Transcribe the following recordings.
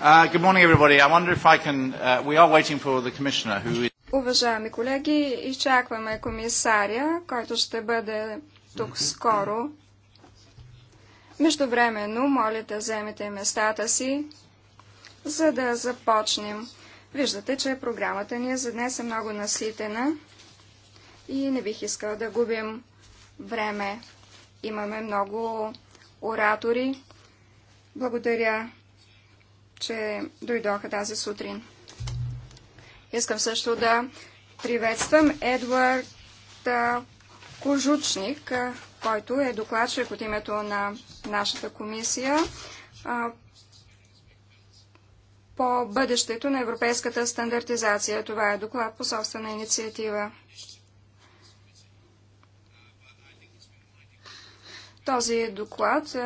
Uh, good morning, everybody. I wonder if I can... Uh, we are waiting for the commissioner who is... Уважаеми колеги, изчакваме комисаря, който ще бъде тук скоро. Междувременно, моля да вземете местата си, за да започнем. Виждате, че програмата ни е за днес е много наситена и не бих искал да губим време. Имаме много оратори. Благодаря че дойдоха тази сутрин. Искам също да приветствам Едвард Кожучник, който е докладчик от името на нашата комисия по бъдещето на европейската стандартизация. Това е доклад по собствена инициатива. Този доклад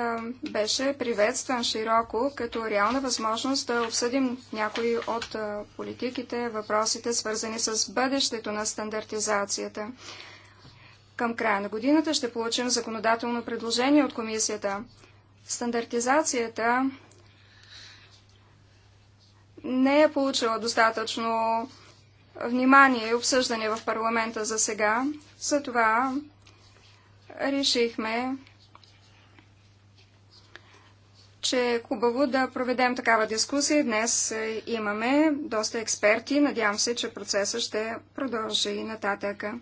беше приветстван широко като реална възможност да обсъдим някои от политиките, въпросите, свързани с бъдещето на стандартизацията. Към края на годината ще получим законодателно предложение от комисията. Стандартизацията не е получила достатъчно внимание и обсъждане в парламента за сега. Затова решихме че е хубаво да проведем такава дискусия. Днес е, имаме доста експерти. Надявам се, че процесът ще продължи и нататъка.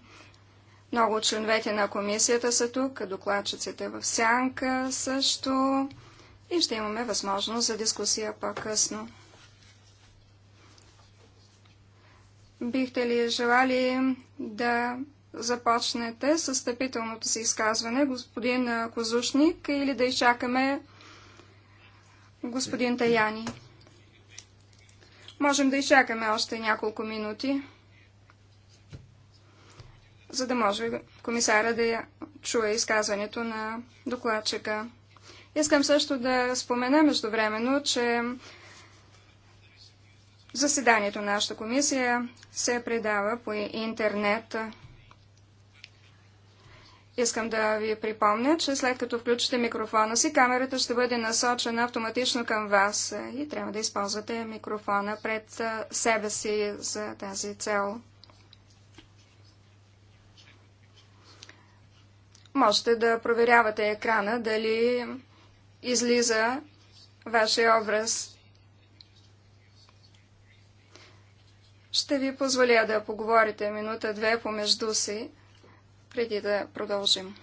Много от членовете на комисията са тук, докладчиците в сянка също и ще имаме възможност за дискусия по-късно. Бихте ли желали да започнете с стъпителното си изказване, господин Козушник, или да изчакаме господин Таяни. Можем да изчакаме още няколко минути, за да може комисара да чуе изказването на докладчика. Искам също да спомена междувременно, че заседанието на нашата комисия се предава по интернет. Искам да ви припомня, че след като включите микрофона си, камерата ще бъде насочена автоматично към вас и трябва да използвате микрофона пред себе си за тази цел. Можете да проверявате екрана дали излиза вашия образ. Ще ви позволя да поговорите минута-две помежду си преди да продължим.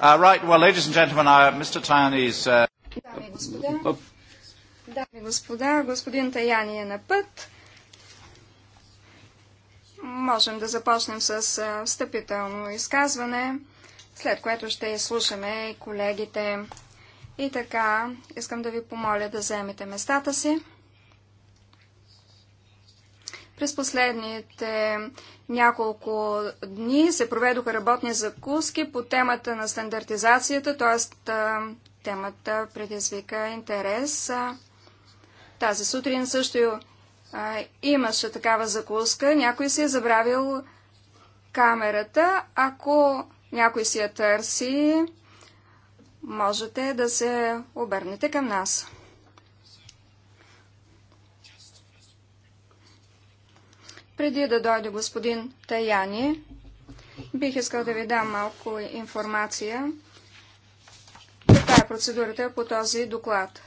Uh, right, well, ladies and gentlemen, uh, Mr. Tajani's... Uh... Дами и господа, дами господа, господин Таяни е на път. Можем да започнем с встъпително изказване, след което ще изслушаме колегите. И така, искам да ви помоля да вземете местата си. През последните няколко дни се проведоха работни закуски по темата на стандартизацията, т.е. темата предизвика интерес. Тази сутрин също имаше такава закуска. Някой си е забравил камерата. Ако някой си я търси, можете да се обърнете към нас. Преди да дойде господин Таяни, бих искал да ви дам малко информация. Каква е процедурата по този доклад?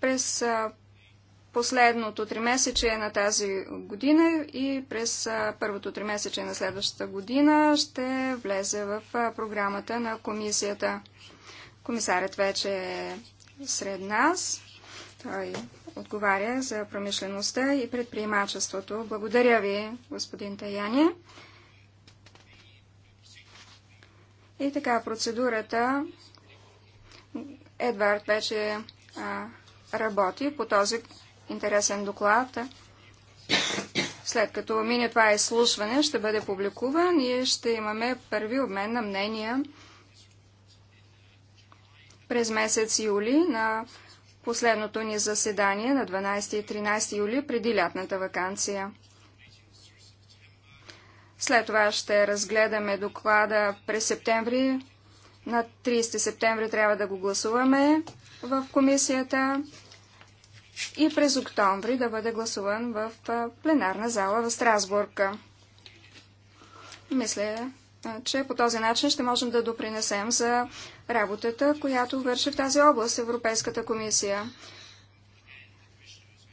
През последното тримесечие на тази година и през първото тримесечие на следващата година ще влезе в програмата на комисията. Комисарят вече е сред нас. Той отговаря за промишлеността и предприемачеството. Благодаря ви, господин Таяни. И така, процедурата Едвард вече а, работи по този интересен доклад. След като мине това изслушване, ще бъде публикуван и ще имаме първи обмен на мнения през месец юли на последното ни заседание на 12 и 13 юли преди лятната вакансия. След това ще разгледаме доклада през септември. На 30 септември трябва да го гласуваме в комисията и през октомври да бъде гласуван в пленарна зала в Страсбург. Мисля, че по този начин ще можем да допринесем за работата, която върши в тази област Европейската комисия.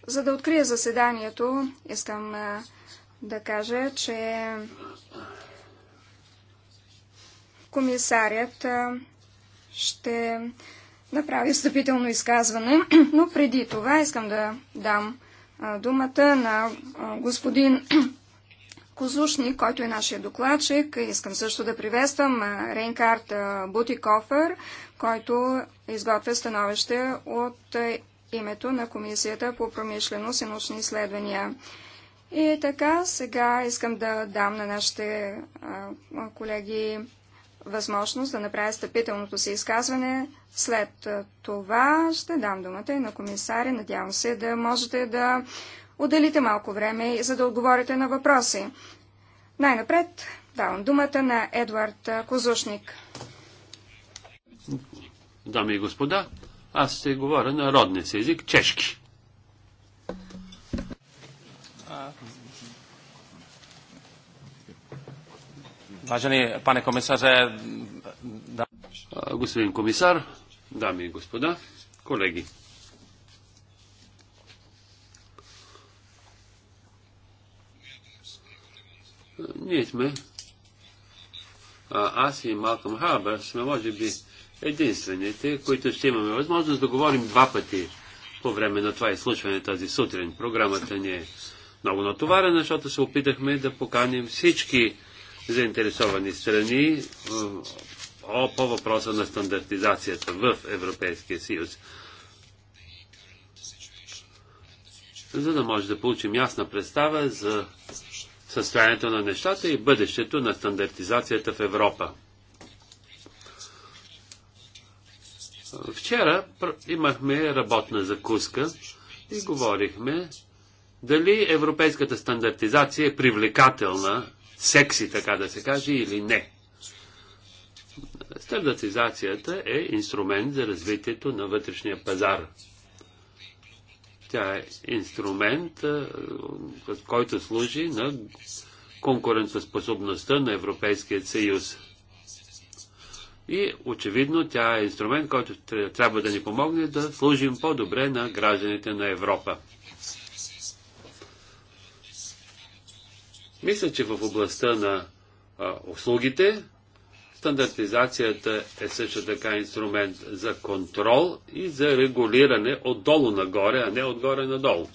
За да открия заседанието, искам да кажа, че комисарят ще направи встъпително изказване, но преди това искам да дам думата на господин Козушник, който е нашия докладчик. Искам също да приветствам Рейнкарт Бутикофер, който изготвя становище от името на Комисията по промишленост и научни изследвания. И така, сега искам да дам на нашите колеги възможност да направя стъпителното си изказване. След това ще дам думата и на комисаря. Надявам се да можете да отделите малко време, за да отговорите на въпроси. Най-напред давам думата на Едуард Козушник. Дами и господа, аз ще говоря на родния си език, чешки. Важени пане комисаре, да... господин комисар, дами и господа, колеги. Ние сме, аз и Малком Харбър сме, може би, единствените, които ще имаме възможност да говорим два пъти по време на това изслушване тази сутрин. Програмата ни е много натоварена, защото се опитахме да поканим всички заинтересовани страни по въпроса на стандартизацията в Европейския съюз. За да може да получим ясна представа за състоянието на нещата и бъдещето на стандартизацията в Европа. Вчера имахме работна закуска и говорихме дали европейската стандартизация е привлекателна, секси така да се каже или не. Стандартизацията е инструмент за развитието на вътрешния пазар. Тя е инструмент, е, е, който служи на конкурентоспособността на Европейския съюз. И очевидно тя е инструмент, който трябва да ни помогне да служим по-добре на гражданите на Европа. Мисля, че в областта на услугите Стандартизацията е също така инструмент за контрол и за регулиране отдолу нагоре, а не отгоре надолу.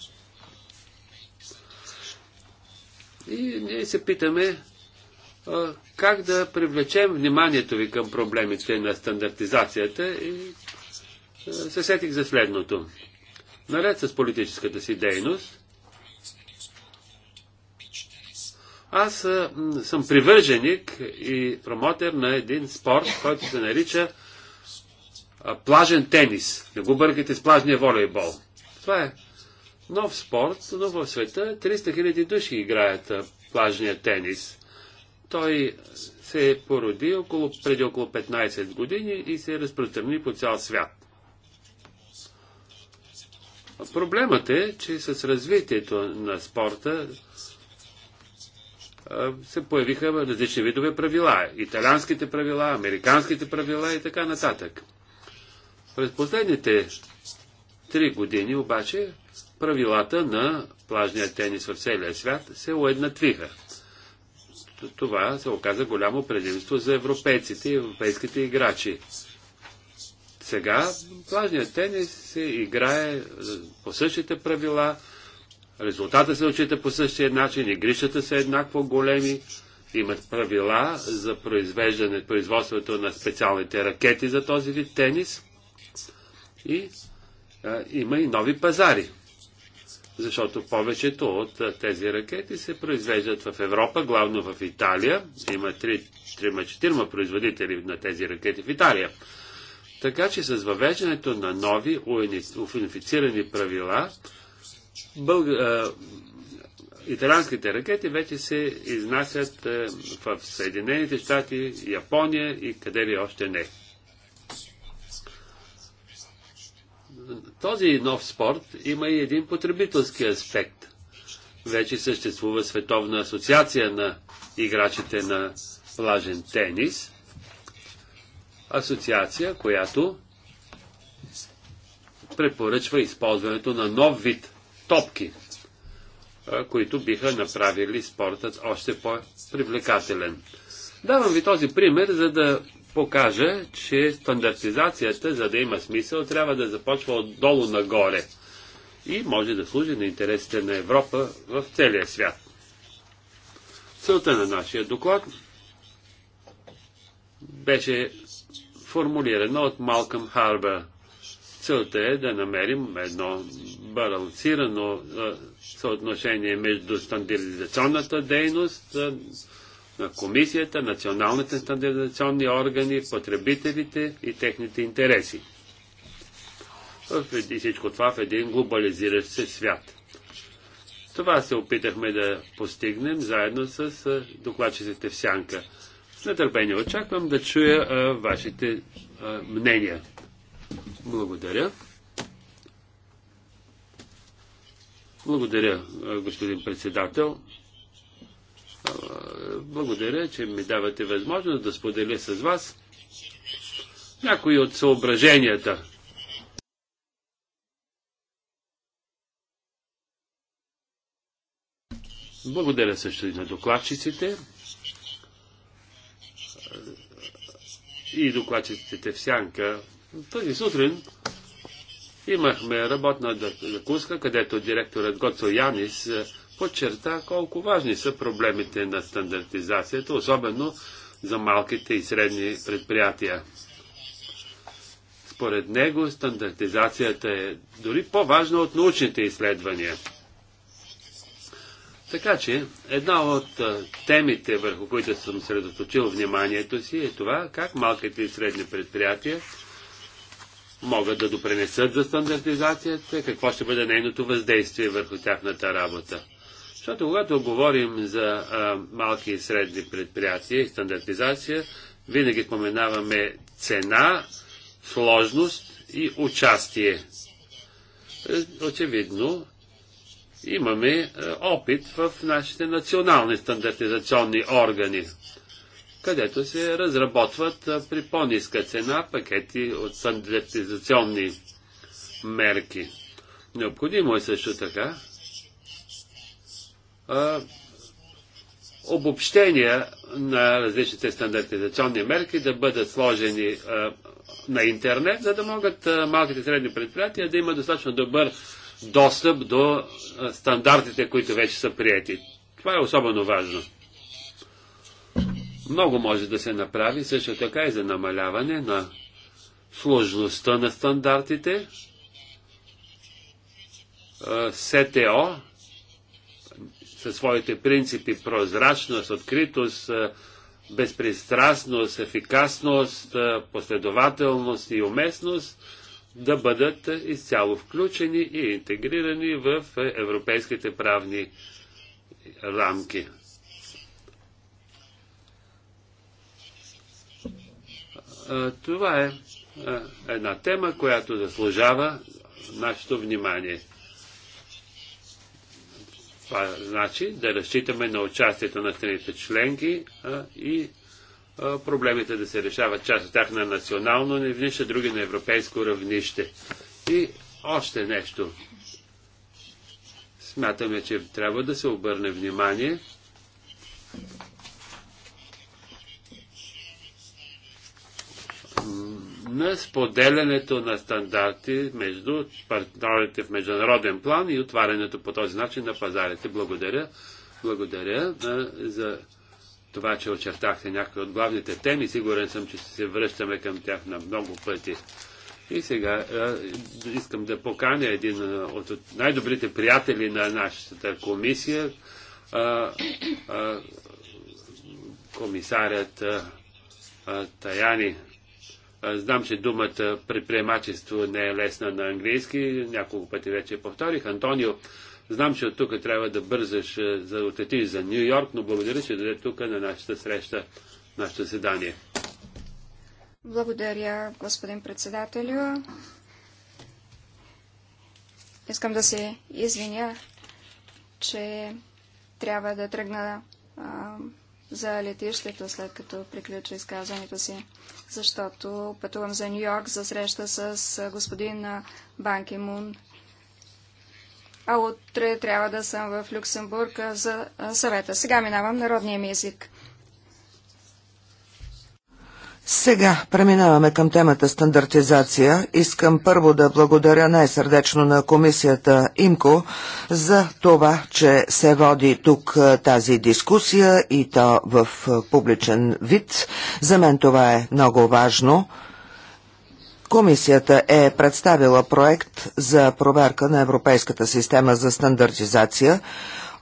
И ние се питаме как да привлечем вниманието ви към проблемите на стандартизацията и се сетих за следното. Наред с политическата си дейност, Аз съм привърженик и промотер на един спорт, който се нарича плажен тенис. Не го бъркайте с плажния волейбол. Това е нов спорт, но в света 300 000 души играят плажния тенис. Той се е породи около, преди около 15 години и се е разпространи по цял свят. Проблемът е, че с развитието на спорта се появиха различни видове правила. Италианските правила, американските правила и така нататък. През последните три години обаче правилата на плажния тенис в целия свят се уеднатвиха. Това се оказа голямо предимство за европейците и европейските играчи. Сега плажният тенис се играе по същите правила, Резултата се отчита по същия начин, игрищата са еднакво големи, имат правила за произвеждане, производството на специалните ракети за този вид тенис и а, има и нови пазари. Защото повечето от а, тези ракети се произвеждат в Европа, главно в Италия. Има 3-4 производители на тези ракети в Италия. Така че с въвеждането на нови унифицирани правила, Бълг... Италианските ракети вече се изнасят в Съединените щати, Япония и къде ли още не. Този нов спорт има и един потребителски аспект. Вече съществува Световна асоциация на играчите на плажен тенис. Асоциация, която препоръчва използването на нов вид топки, които биха направили спортът още по-привлекателен. Давам ви този пример, за да покажа, че стандартизацията, за да има смисъл, трябва да започва отдолу нагоре и може да служи на интересите на Европа в целия свят. Целта на нашия доклад беше формулирана от Малкъм Харбър – Целта е да намерим едно балансирано е, съотношение между стандартизационната дейност е, на комисията, националните стандартизационни органи, потребителите и техните интереси. И всичко това в един глобализиращ се свят. Това се опитахме да постигнем заедно с е, докладчиците в Сянка. С нетърпение очаквам да чуя а, вашите а, мнения. Благодаря. Благодаря, господин председател. Благодаря, че ми давате възможност да споделя с вас някои от съображенията. Благодаря също и на докладчиците и докладчиците в сянка тази сутрин имахме работна закуска, където директорът Гоцо Янис е, подчерта колко важни са проблемите на стандартизацията, особено за малките и средни предприятия. Според него стандартизацията е дори по-важна от научните изследвания. Така че, една от е, темите, върху които съм средоточил вниманието си, е това как малките и средни предприятия могат да допренесат за стандартизацията, какво ще бъде нейното въздействие върху тяхната работа. Защото когато говорим за а, малки и средни предприятия и стандартизация, винаги споменаваме цена, сложност и участие. Очевидно, имаме опит в нашите национални стандартизационни органи където се разработват при по-ниска цена пакети от стандартизационни мерки. Необходимо е също така обобщения на различните стандартизационни мерки да бъдат сложени на интернет, за да могат малките и средни предприятия да имат достатъчно добър достъп до стандартите, които вече са приети. Това е особено важно. Много може да се направи също така и за намаляване на сложността на стандартите. СТО със своите принципи прозрачност, откритост, безпристрастност, ефикасност, последователност и уместност да бъдат изцяло включени и интегрирани в европейските правни рамки. Това е една тема, която заслужава нашето внимание. Това значи да разчитаме на участието на страните членки и проблемите да се решават част от тях на национално равнище, други на европейско равнище. И още нещо. Смятаме, че трябва да се обърне внимание на споделянето на стандарти между партньорите в международен план и отварянето по този начин на пазарите. Благодаря. Благодаря на, за това, че очертахте някои от главните теми. Сигурен съм, че се връщаме към тях на много пъти. И сега е, искам да поканя един от, най-добрите приятели на нашата комисия, е, е, комисарят Таяни. Е, знам, че думата предприемачество не е лесна на английски. Няколко пъти вече повторих. Антонио, знам, че от тук трябва да бързаш е, за да отетиш за Нью Йорк, но благодаря, че даде тук на нашата среща, нашето заседание. Благодаря, господин председателю. Искам да се извиня, че трябва да тръгна а, за летището, след като приключа изказването си, защото пътувам за Нью Йорк за среща с господин Банки Мун. А утре трябва да съм в Люксембург за съвета. Сега минавам народния ми език. Сега преминаваме към темата стандартизация. Искам първо да благодаря най-сърдечно на комисията ИМКО за това, че се води тук тази дискусия и то в публичен вид. За мен това е много важно. Комисията е представила проект за проверка на Европейската система за стандартизация.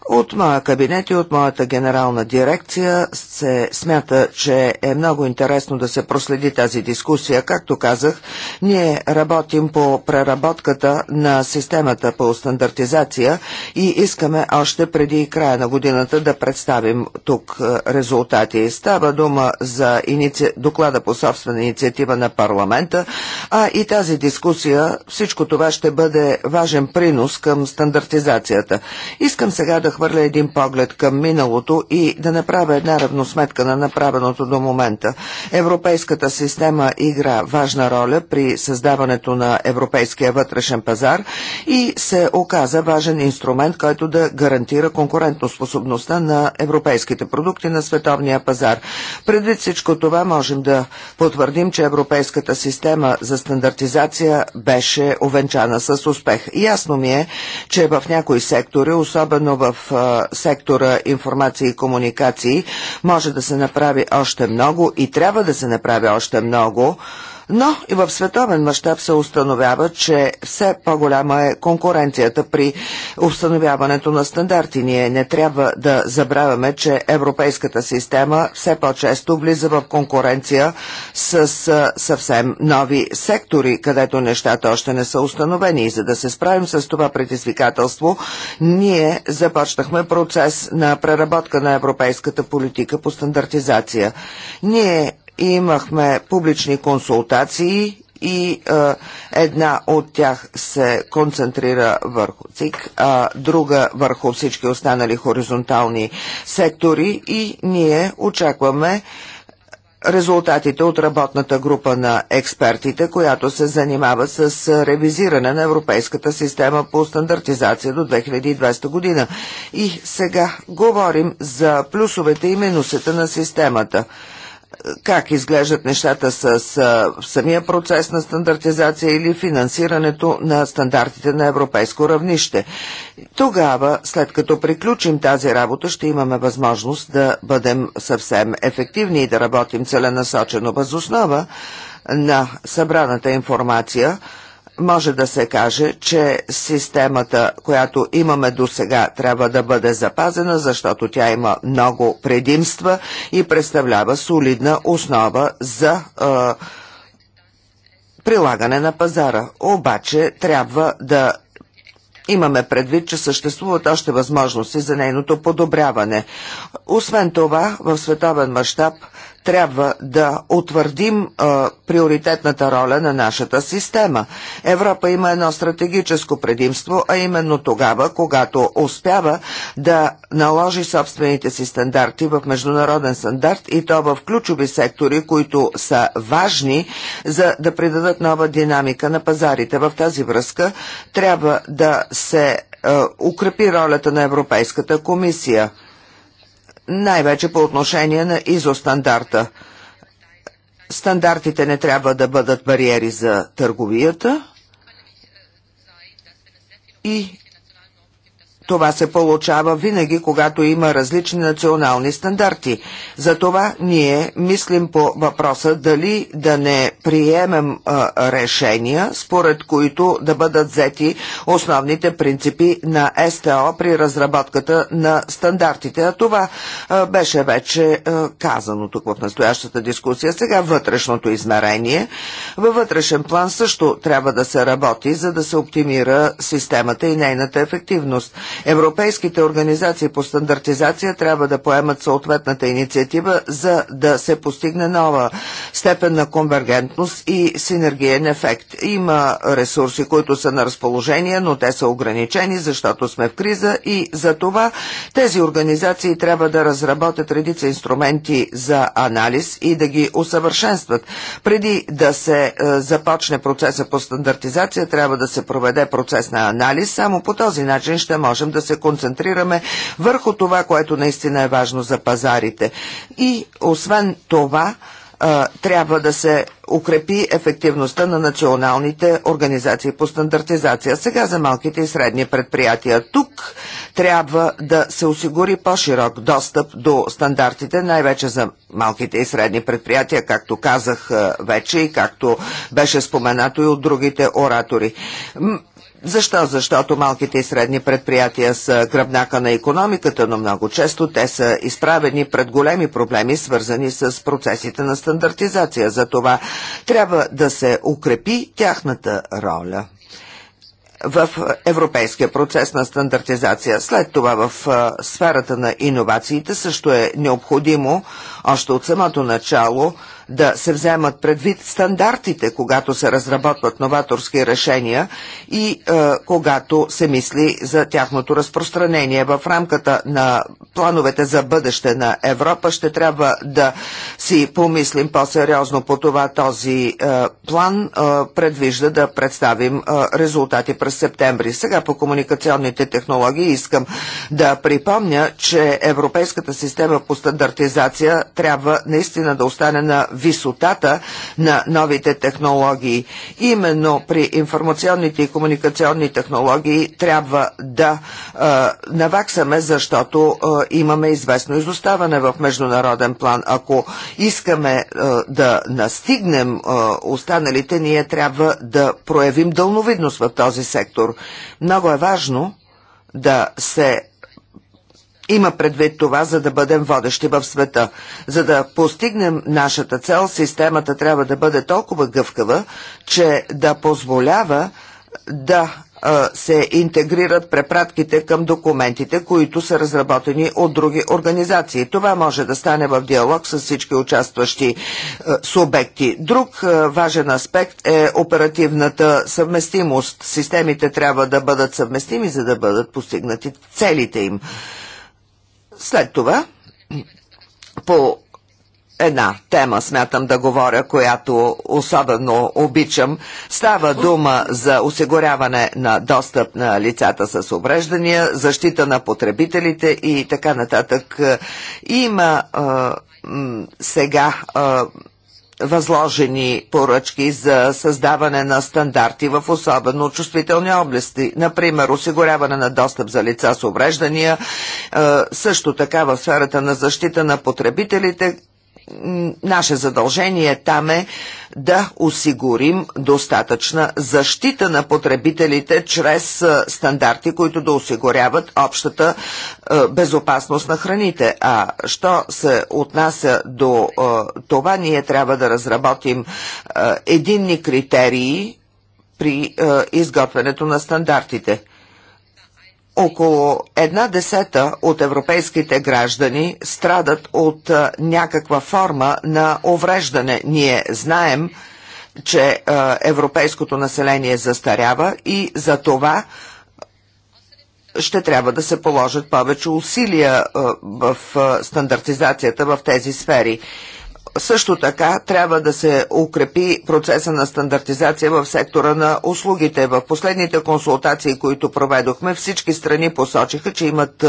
От моя кабинет и от моята генерална дирекция се смята, че е много интересно да се проследи тази дискусия. Както казах, ние работим по преработката на системата по стандартизация и искаме още преди края на годината да представим тук е, резултати. Става дума за иници... доклада по собствена инициатива на парламента, а и тази дискусия, всичко това ще бъде важен принос към стандартизацията. Искам сега да хвърля един поглед към миналото и да направя една равносметка на направеното до момента. Европейската система игра важна роля при създаването на европейския вътрешен пазар и се оказа важен инструмент, който да гарантира конкурентоспособността на европейските продукти на световния пазар. Предвид всичко това можем да потвърдим, че европейската система за стандартизация беше увенчана с успех. Ясно ми е, че в някои сектори, особено в сектора информация и комуникации може да се направи още много и трябва да се направи още много. Но и в световен мащаб се установява, че все по-голяма е конкуренцията при установяването на стандарти. Ние не трябва да забравяме, че европейската система все по-често влиза в конкуренция с съвсем нови сектори, където нещата още не са установени. И за да се справим с това предизвикателство, ние започнахме процес на преработка на европейската политика по стандартизация. Ние имахме публични консултации и е, една от тях се концентрира върху ЦИК, а друга върху всички останали хоризонтални сектори и ние очакваме резултатите от работната група на експертите, която се занимава с ревизиране на европейската система по стандартизация до 2020 година. И сега говорим за плюсовете и минусите на системата как изглеждат нещата с самия процес на стандартизация или финансирането на стандартите на европейско равнище. Тогава, след като приключим тази работа, ще имаме възможност да бъдем съвсем ефективни и да работим целенасочено. Възоснова на събраната информация – може да се каже, че системата, която имаме до сега, трябва да бъде запазена, защото тя има много предимства и представлява солидна основа за а, прилагане на пазара. Обаче трябва да Имаме предвид, че съществуват още възможности за нейното подобряване. Освен това, в световен мащаб трябва да утвърдим а, приоритетната роля на нашата система. Европа има едно стратегическо предимство, а именно тогава, когато успява да наложи собствените си стандарти в международен стандарт и то в ключови сектори, които са важни за да придадат нова динамика на пазарите. В тази връзка трябва да се а, укрепи ролята на Европейската комисия – най-вече по отношение на ИЗО стандарта. Стандартите не трябва да бъдат бариери за търговията и това се получава винаги, когато има различни национални стандарти. Затова ние мислим по въпроса дали да не приемем а, решения, според които да бъдат взети основните принципи на СТО при разработката на стандартите. А това а, беше вече а, казано тук в настоящата дискусия. Сега вътрешното измерение. Във вътрешен план също трябва да се работи, за да се оптимира системата и нейната ефективност. Европейските организации по стандартизация трябва да поемат съответната инициатива, за да се постигне нова степен на конвергентност и синергиен ефект. Има ресурси, които са на разположение, но те са ограничени, защото сме в криза и за това тези организации трябва да разработят редица инструменти за анализ и да ги усъвършенстват. Преди да се е, започне процеса по стандартизация, трябва да се проведе процес на анализ. Само по този начин ще можем можем да се концентрираме върху това, което наистина е важно за пазарите. И освен това, трябва да се укрепи ефективността на националните организации по стандартизация. Сега за малките и средни предприятия. Тук трябва да се осигури по-широк достъп до стандартите, най-вече за малките и средни предприятия, както казах вече и както беше споменато и от другите оратори. Защо? Защото малките и средни предприятия са гръбнака на економиката, но много често те са изправени пред големи проблеми, свързани с процесите на стандартизация. За това трябва да се укрепи тяхната роля в европейския процес на стандартизация. След това в сферата на иновациите също е необходимо още от самото начало да се вземат предвид стандартите, когато се разработват новаторски решения и е, когато се мисли за тяхното разпространение. В рамката на плановете за бъдеще на Европа ще трябва да си помислим по-сериозно по това този е, план е, предвижда да представим е, резултати през септември. Сега по комуникационните технологии искам да припомня, че Европейската система по стандартизация трябва наистина да остане на висотата на новите технологии. Именно при информационните и комуникационни технологии трябва да а, наваксаме, защото а, имаме известно изоставане в международен план. Ако искаме а, да настигнем а, останалите, ние трябва да проявим дълновидност в този сектор. Много е важно да се има предвид това, за да бъдем водещи в света. За да постигнем нашата цел, системата трябва да бъде толкова гъвкава, че да позволява да се интегрират препратките към документите, които са разработени от други организации. Това може да стане в диалог с всички участващи субекти. Друг важен аспект е оперативната съвместимост. Системите трябва да бъдат съвместими, за да бъдат постигнати целите им. След това, по една тема смятам да говоря, която особено обичам. Става дума за осигуряване на достъп на лицата с обреждания, защита на потребителите и така нататък. Има а, сега а, възложени поръчки за създаване на стандарти в особено чувствителни области, например осигуряване на достъп за лица с увреждания, също така в сферата на защита на потребителите, наше задължение там е да осигурим достатъчна защита на потребителите чрез стандарти, които да осигуряват общата безопасност на храните. А що се отнася до това, ние трябва да разработим единни критерии при изготвянето на стандартите около една десета от европейските граждани страдат от някаква форма на увреждане. Ние знаем, че европейското население застарява и за това ще трябва да се положат повече усилия в стандартизацията в тези сфери. Също така трябва да се укрепи процеса на стандартизация в сектора на услугите. В последните консултации, които проведохме, всички страни посочиха, че имат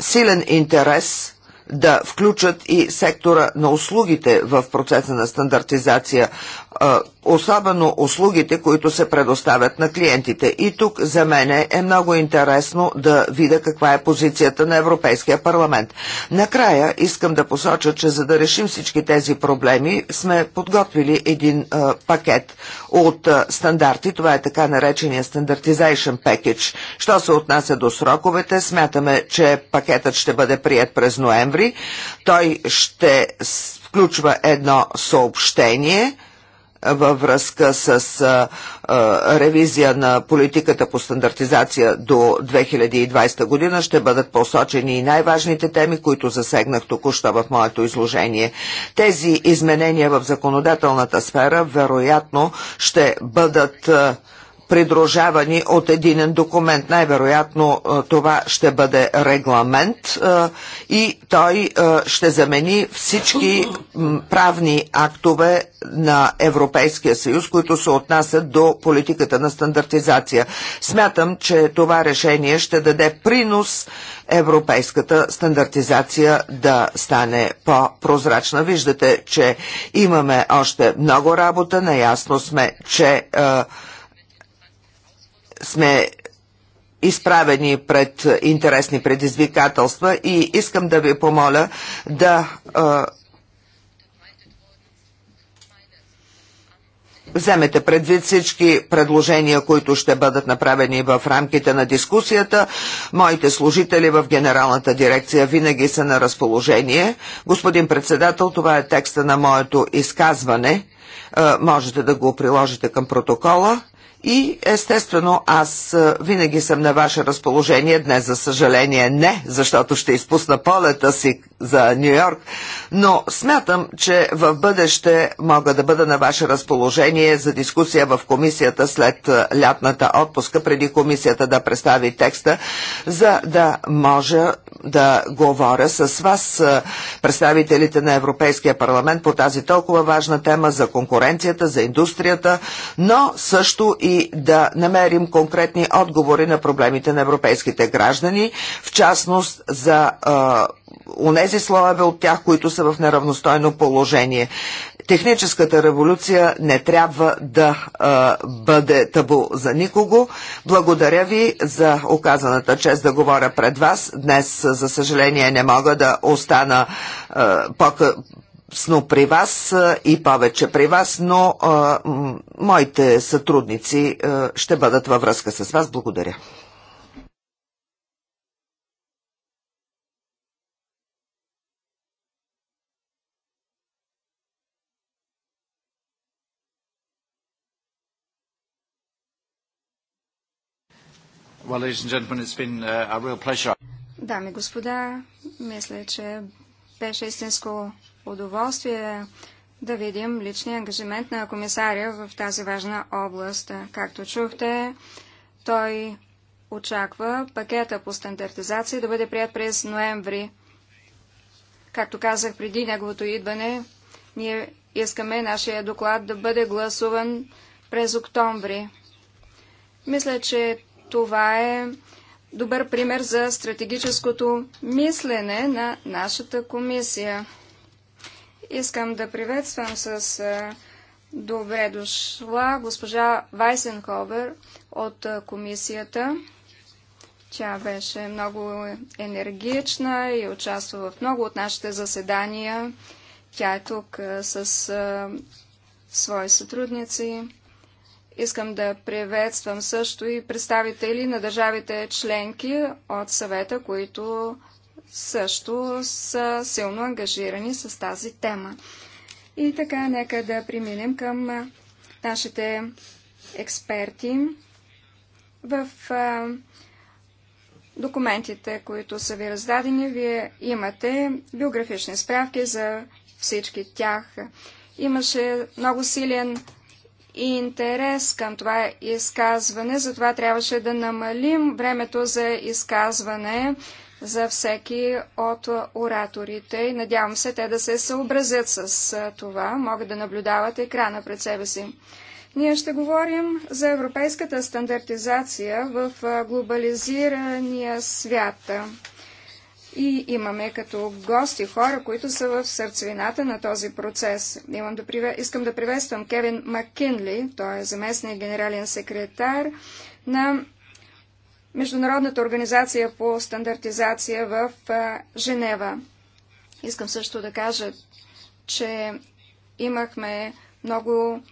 силен интерес да включат и сектора на услугите в процеса на стандартизация особено услугите, които се предоставят на клиентите. И тук за мен е много интересно да видя каква е позицията на Европейския парламент. Накрая искам да посоча, че за да решим всички тези проблеми, сме подготвили един а, пакет от а, стандарти. Това е така наречения стандартизation package. Що се отнася до сроковете, смятаме, че пакетът ще бъде прият през ноември. Той ще включва едно съобщение – във връзка с а, а, ревизия на политиката по стандартизация до 2020 година ще бъдат посочени и най-важните теми, които засегнах току-що в моето изложение. Тези изменения в законодателната сфера вероятно ще бъдат а, придружавани от един документ. Най-вероятно е, това ще бъде регламент е, и той е, ще замени всички правни актове на Европейския съюз, които се отнасят до политиката на стандартизация. Смятам, че това решение ще даде принос европейската стандартизация да стане по-прозрачна. Виждате, че имаме още много работа. Наясно сме, че е, сме изправени пред интересни предизвикателства и искам да ви помоля да вземете предвид всички предложения, които ще бъдат направени в рамките на дискусията. Моите служители в Генералната дирекция винаги са на разположение. Господин председател, това е текста на моето изказване. можете да го приложите към протокола. И естествено, аз е, винаги съм на ваше разположение. Днес, за съжаление, не, защото ще изпусна полета си за Нью Йорк, но смятам, че в бъдеще мога да бъда на ваше разположение за дискусия в комисията след е, лятната отпуска, преди комисията да представи текста, за да може да говоря с вас, представителите на Европейския парламент, по тази толкова важна тема за конкуренцията, за индустрията, но също и да намерим конкретни отговори на проблемите на европейските граждани, в частност за унези слоеве от тях, които са в неравностойно положение техническата революция не трябва да а, бъде табу за никого. Благодаря ви за оказаната чест да говоря пред вас. Днес, за съжаление, не мога да остана а, по сно при вас а, и повече при вас, но а, моите сътрудници а, ще бъдат във връзка с вас. Благодаря. Uh, Дами и господа, мисля, че беше истинско удоволствие да видим личния ангажимент на комисаря в тази важна област. Както чухте, той очаква пакета по стандартизация да бъде прият през ноември. Както казах преди неговото идване, ние искаме нашия доклад да бъде гласуван през октомври. Мисля, че това е добър пример за стратегическото мислене на нашата комисия. Искам да приветствам с добре дошла госпожа Вайсенховер от комисията. Тя беше много енергична и участва в много от нашите заседания. Тя е тук с свои сътрудници. Искам да приветствам също и представители на държавите членки от съвета, които също са силно ангажирани с тази тема. И така, нека да преминем към нашите експерти в документите, които са ви раздадени, вие имате биографични справки за всички тях. Имаше много силен интерес към това изказване, затова трябваше да намалим времето за изказване за всеки от ораторите. Надявам се те да се съобразят с това. Могат да наблюдават екрана пред себе си. Ние ще говорим за европейската стандартизация в глобализирания свят. И имаме като гости хора, които са в сърцевината на този процес. Имам да приве... Искам да приветствам Кевин Маккинли, той е заместник генерален секретар на Международната организация по стандартизация в Женева. Искам също да кажа, че имахме много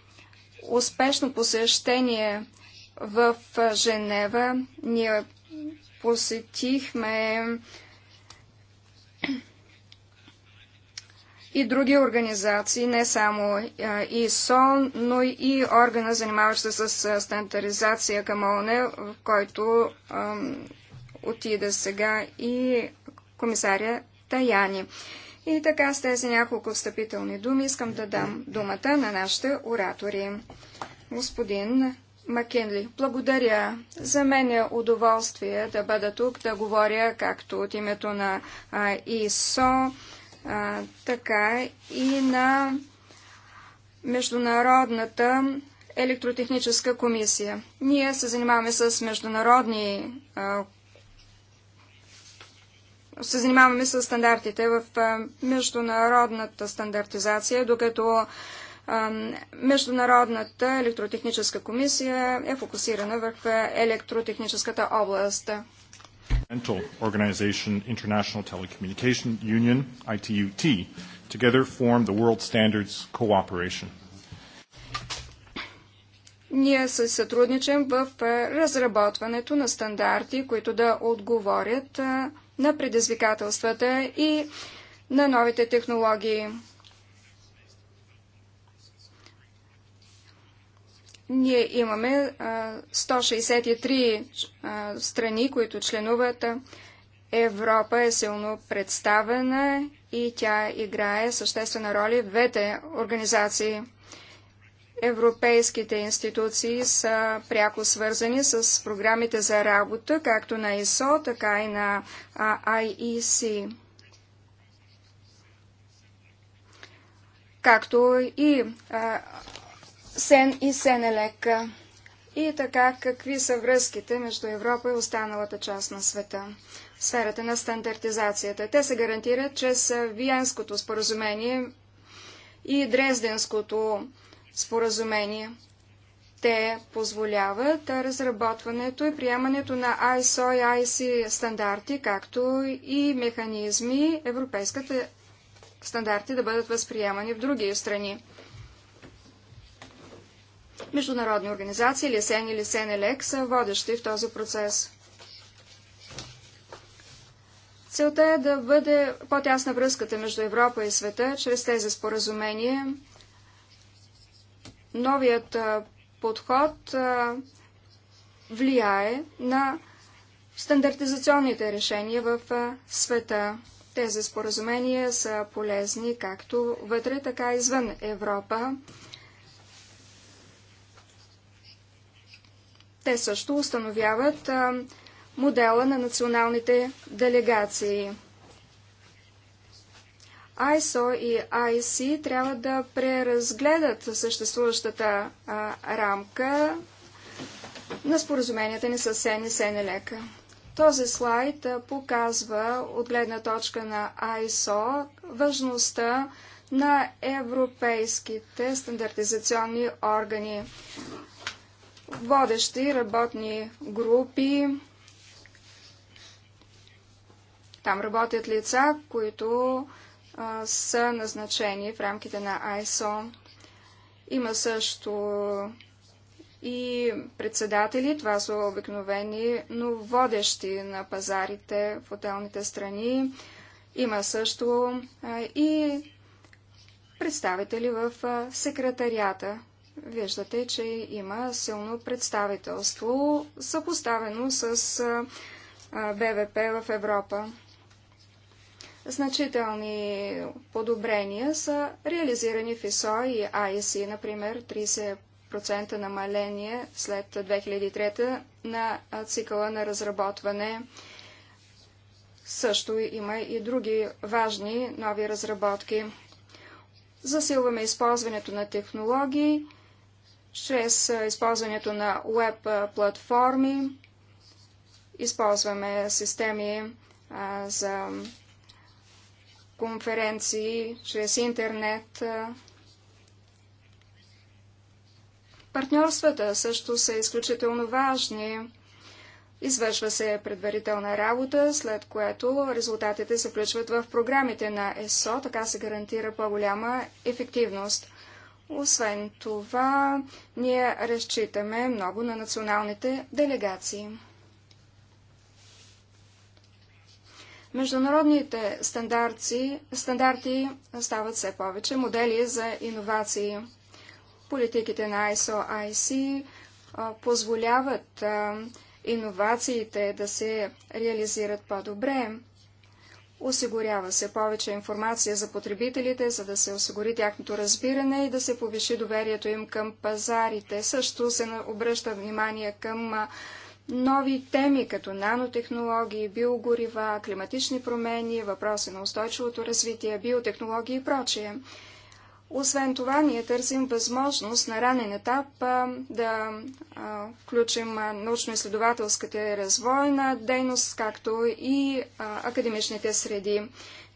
успешно посещение в Женева. Ние посетихме и други организации, не само ИСО, но и органа, занимаващ се с стандартизация към ООН, в който ам, отида сега и комисаря Таяни. И така с тези няколко встъпителни думи искам да дам думата на нашите оратори. Господин Макенли, благодаря. За мен е удоволствие да бъда тук, да говоря както от името на ИСО, а, така и на Международната електротехническа комисия. Ние се занимаваме с международни а, се занимаваме с стандартите в международната стандартизация, докато Международната електротехническа комисия е фокусирана върху електротехническата област. Intergovernmental Organization International Telecommunication Union, ITUT, together form the World Standards Cooperation. Ние се сътрудничим в разработването на стандарти, които да отговорят на предизвикателствата и на новите технологии. Ние имаме 163 страни, които членуват. Европа е силно представена и тя играе съществена роля в двете организации. Европейските институции са пряко свързани с програмите за работа, както на ИСО, така и на IEC. Както и Сен и Сенелек. И така, какви са връзките между Европа и останалата част на света? В сферата на стандартизацията. Те се гарантират че с Виенското споразумение и Дрезденското споразумение. Те позволяват разработването и приемането на ISO и IC стандарти, както и механизми европейската стандарти да бъдат възприемани в други страни. Международни организации, Лесен и Елек, са водещи в този процес. Целта е да бъде по-тясна връзката между Европа и света чрез тези споразумения. Новият подход влияе на стандартизационните решения в света. Тези споразумения са полезни както вътре, така и извън Европа. Те също установяват модела на националните делегации. ISO и IC трябва да преразгледат съществуващата а, рамка на споразуменията ни с СЕН и Този слайд показва от гледна точка на ISO важността на европейските стандартизационни органи водещи работни групи. Там работят лица, които а, са назначени в рамките на ISO. Има също и председатели, това са обикновени, но водещи на пазарите в отделните страни. Има също а, и представители в а, секретарията виждате, че има силно представителство, съпоставено с БВП в Европа. Значителни подобрения са реализирани в ИСО и АИСИ, например 30% намаление след 2003 на цикъла на разработване. Също има и други важни нови разработки. Засилваме използването на технологии, чрез използването на веб платформи. Използваме системи за конференции чрез интернет. Партньорствата също са изключително важни. Извършва се предварителна работа, след което резултатите се включват в програмите на ЕСО, така се гарантира по-голяма ефективност. Освен това, ние разчитаме много на националните делегации. Международните стандарти, стандарти стават все повече модели за иновации. Политиките на ISO-IC позволяват иновациите да се реализират по-добре. Осигурява се повече информация за потребителите, за да се осигури тяхното разбиране и да се повиши доверието им към пазарите. Също се обръща внимание към нови теми, като нанотехнологии, биогорива, климатични промени, въпроси на устойчивото развитие, биотехнологии и прочие. Освен това, ние търсим възможност на ранен етап да включим научно-изследователската развойна дейност, както и академичните среди.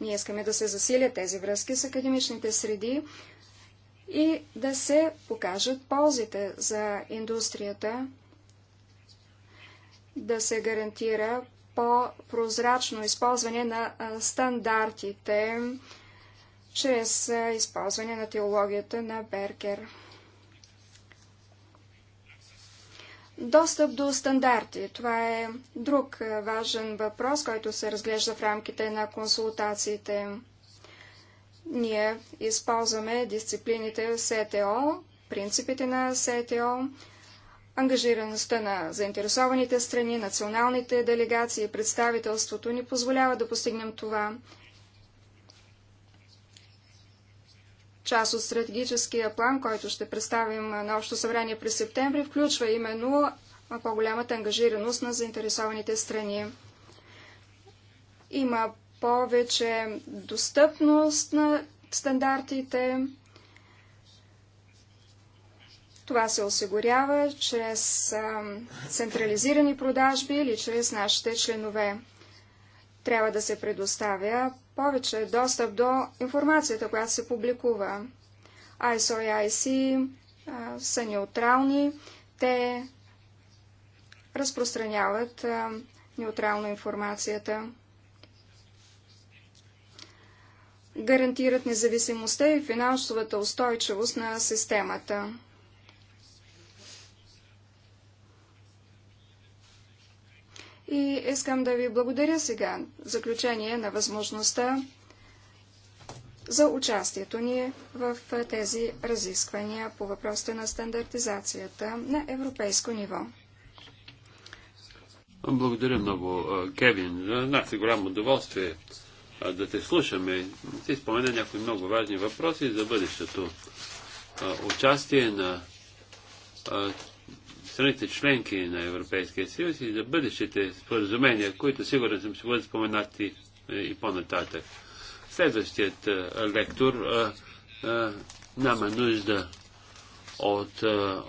Ние искаме да се засилят тези връзки с академичните среди и да се покажат ползите за индустрията, да се гарантира по-прозрачно използване на стандартите, чрез е, използване на теологията на Беркер. Достъп до стандарти. Това е друг е, важен въпрос, който се разглежда в рамките на консултациите. Ние използваме дисциплините в СТО, принципите на СТО, Ангажираността на заинтересованите страни, националните делегации и представителството ни позволява да постигнем това. Част от стратегическия план, който ще представим на общо събрание през септември, включва именно по-голямата ангажираност на заинтересованите страни. Има повече достъпност на стандартите. Това се осигурява чрез централизирани продажби или чрез нашите членове. Трябва да се предоставя повече достъп до информацията, която се публикува. ISO и IC а, са неутрални. Те разпространяват а, неутрално информацията. Гарантират независимостта и финансовата устойчивост на системата. И искам да ви благодаря сега, в заключение на възможността за участието ни в тези разисквания по въпросите на стандартизацията на европейско ниво. Благодаря много, Кевин. За нас е голямо удоволствие да те слушаме. Ти спомена някои много важни въпроси за бъдещето. Участие на страните членки на Европейския съюз и за бъдещите споразумения, които сигурно съм ще бъдат споменати е, и по-нататък. Следващият е, лектор а, е, а, няма нужда от а,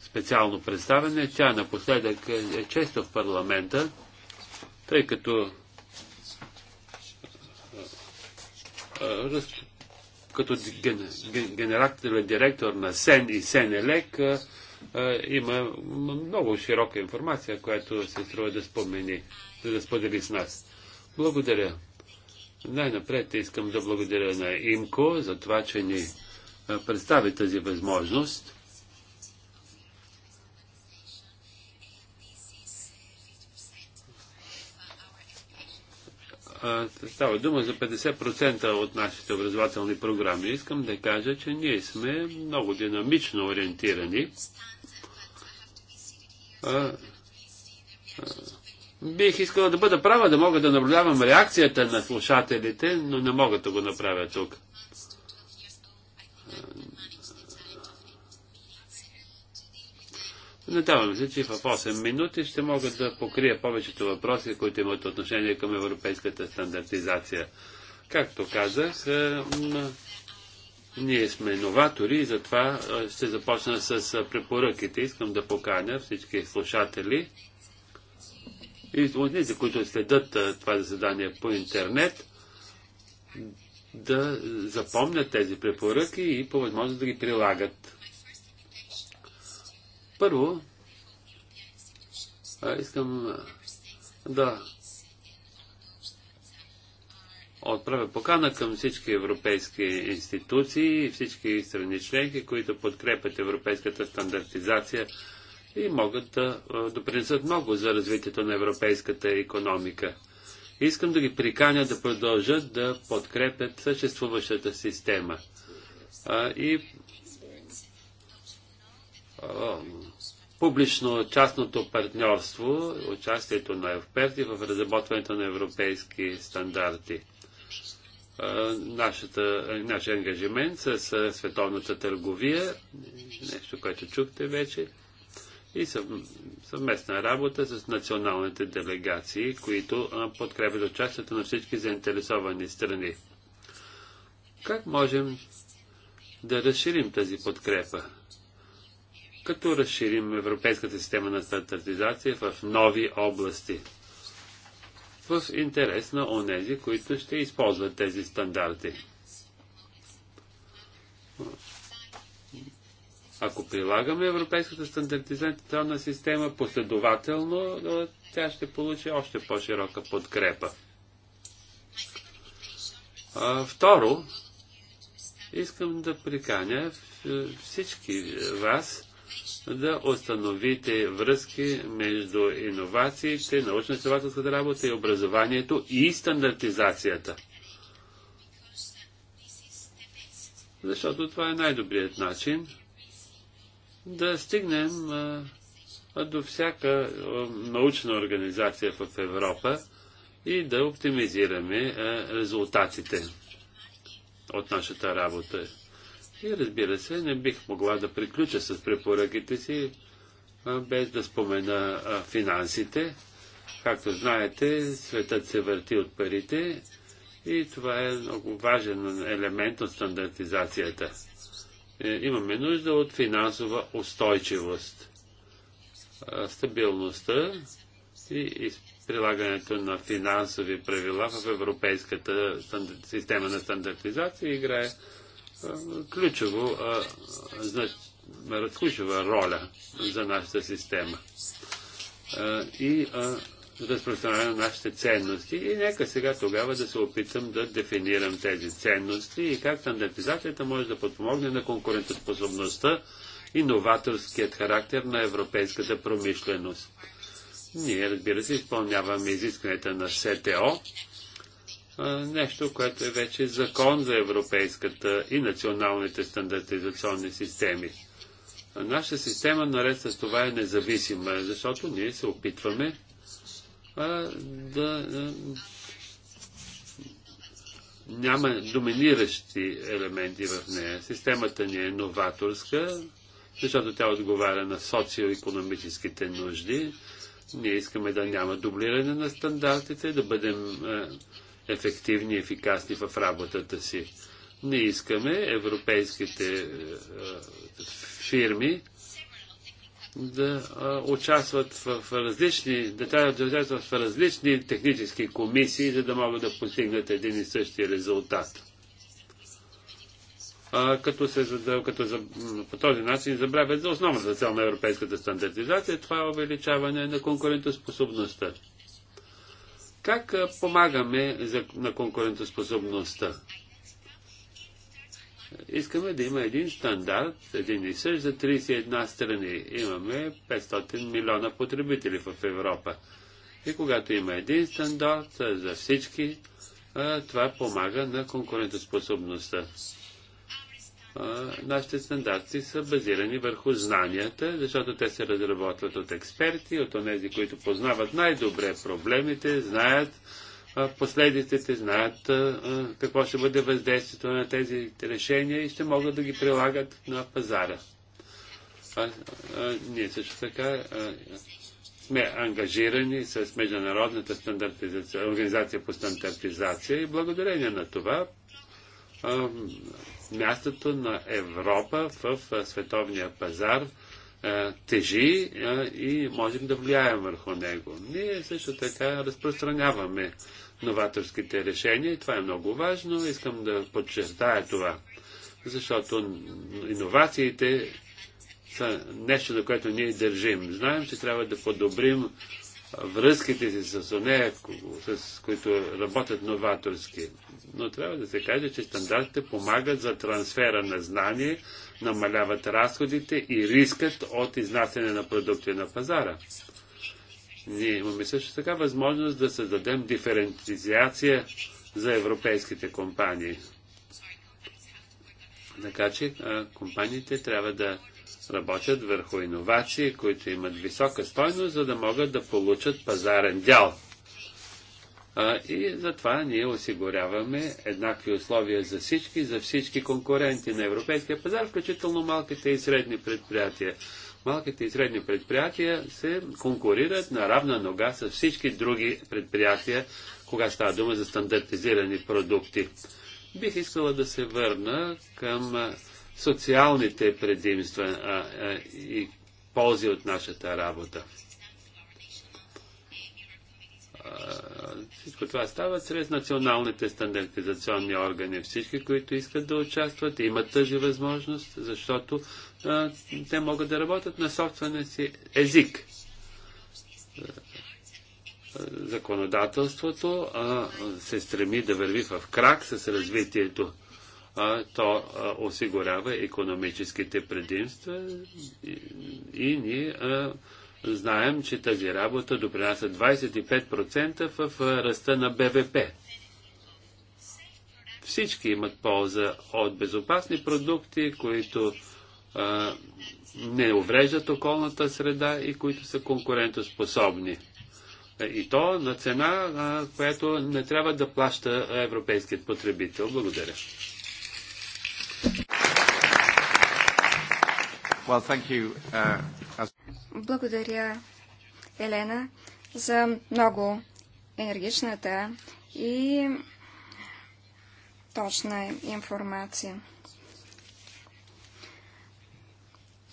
специално представяне. Тя напоследък е често в парламента, тъй като като генерал директор на СЕН и СЕНЕЛЕК има много широка информация, която се струва да спомени, да сподели с нас. Благодаря. Най-напред искам да благодаря на ИМКО за това, че ни представи тази възможност Става дума за 50% от нашите образователни програми. Искам да кажа, че ние сме много динамично ориентирани. А, а, бих искала да бъда права, да мога да наблюдавам реакцията на слушателите, но не мога да го направя тук. Надявам се, че в 8 минути ще мога да покрия повечето въпроси, които имат отношение към европейската стандартизация. Както казах, е, ние сме новатори и затова е, ще започна с е, препоръките. Искам да поканя всички слушатели и тези, които следят това заседание по интернет, да запомнят тези препоръки и по възможност да ги прилагат. Първо, а, искам да отправя покана към всички европейски институции и всички страни членки, които подкрепят европейската стандартизация и могат да допринесат много за развитието на европейската економика. Искам да ги приканя да продължат да подкрепят съществуващата система. А, и а, публично-частното партньорство, участието на експерти в разработването на европейски стандарти. Нашата, нашия ангажимент с световната търговия, нещо, което чухте вече, и съвместна работа с националните делегации, които подкрепят участието на всички заинтересовани страни. Как можем да разширим тази подкрепа? като разширим европейската система на стандартизация в нови области в интерес на онези, които ще използват тези стандарти. Ако прилагаме европейската стандартизационна система последователно, тя ще получи още по-широка подкрепа. Второ, искам да приканя всички вас да установите връзки между иновациите, научно-изследователската работа и образованието и стандартизацията. Защото това е най-добрият начин да стигнем а, до всяка научна организация в Европа и да оптимизираме а, резултатите от нашата работа. И разбира се, не бих могла да приключа с препоръките си, без да спомена финансите. Както знаете, светът се върти от парите и това е много важен елемент от стандартизацията. Е, имаме нужда от финансова устойчивост. Стабилността и прилагането на финансови правила в европейската система на стандартизация играе ключово, значи, ключову роля за нашата система и разпространяване на нашите ценности. И нека сега тогава да се опитам да дефинирам тези ценности и как стандартизацията може да подпомогне на конкурентоспособността и новаторският характер на европейската промишленост. Ние, разбира се, изпълняваме изискванията на СТО, нещо, което е вече закон за европейската и националните стандартизационни системи. Наша система наред с това е независима, защото ние се опитваме а, да а, няма доминиращи елементи в нея. Системата ни е новаторска, защото тя отговаря на социо-економическите нужди. Ние искаме да няма дублиране на стандартите, да бъдем а, ефективни и ефикасни в работата си. Ние искаме европейските е, е, фирми да е, участват в различни, да трябва да участват в различни технически комисии, за да могат да постигнат един и същи резултат. А, като, се, като за, по този начин забравят за основната цел на европейската стандартизация, това е увеличаване на конкурентоспособността. Как помагаме за, на конкурентоспособността? Искаме да има един стандарт, един и същ за 31 страни. Имаме 500 милиона потребители в Европа. И когато има един стандарт за всички, това помага на конкурентоспособността. Нашите стандарти са базирани върху знанията, защото те се разработват от експерти, от тези, които познават най-добре проблемите, знаят последиците, знаят какво ще бъде въздействието на тези решения и ще могат да ги прилагат на пазара. А, а, ние също така а, сме ангажирани с Международната стандартизация, организация по стандартизация и благодарение на това мястото на Европа в световния пазар тежи и можем да влияем върху него. Ние също така разпространяваме новаторските решения и това е много важно. Искам да подчертая това, защото иновациите са нещо, на което ние държим. Знаем, че трябва да подобрим връзките си с нея, с които работят новаторски. Но трябва да се каже, че стандартите помагат за трансфера на знание, намаляват разходите и рискът от изнасяне на продукти на пазара. Ние имаме също така възможност да създадем диференциация за европейските компании. Така че а, компаниите трябва да работят върху иновации, които имат висока стойност, за да могат да получат пазарен дял. А, и затова ние осигуряваме еднакви условия за всички, за всички конкуренти на европейския пазар, включително малките и средни предприятия. Малките и средни предприятия се конкурират на равна нога с всички други предприятия, кога става дума за стандартизирани продукти. Бих искала да се върна към социалните предимства а, а, и ползи от нашата работа. А, всичко това става чрез националните стандартизационни органи. Всички, които искат да участват, имат тази възможност, защото а, те могат да работят на собствения си език. Законодателството а, се стреми да върви в крак с развитието то осигурява економическите предимства и, ние знаем, че тази работа допринася 25% в ръста на БВП. Всички имат полза от безопасни продукти, които не увреждат околната среда и които са конкурентоспособни. И то на цена, която не трябва да плаща европейският потребител. Благодаря. Well, thank you, uh, as... Благодаря, Елена, за много енергичната и точна информация.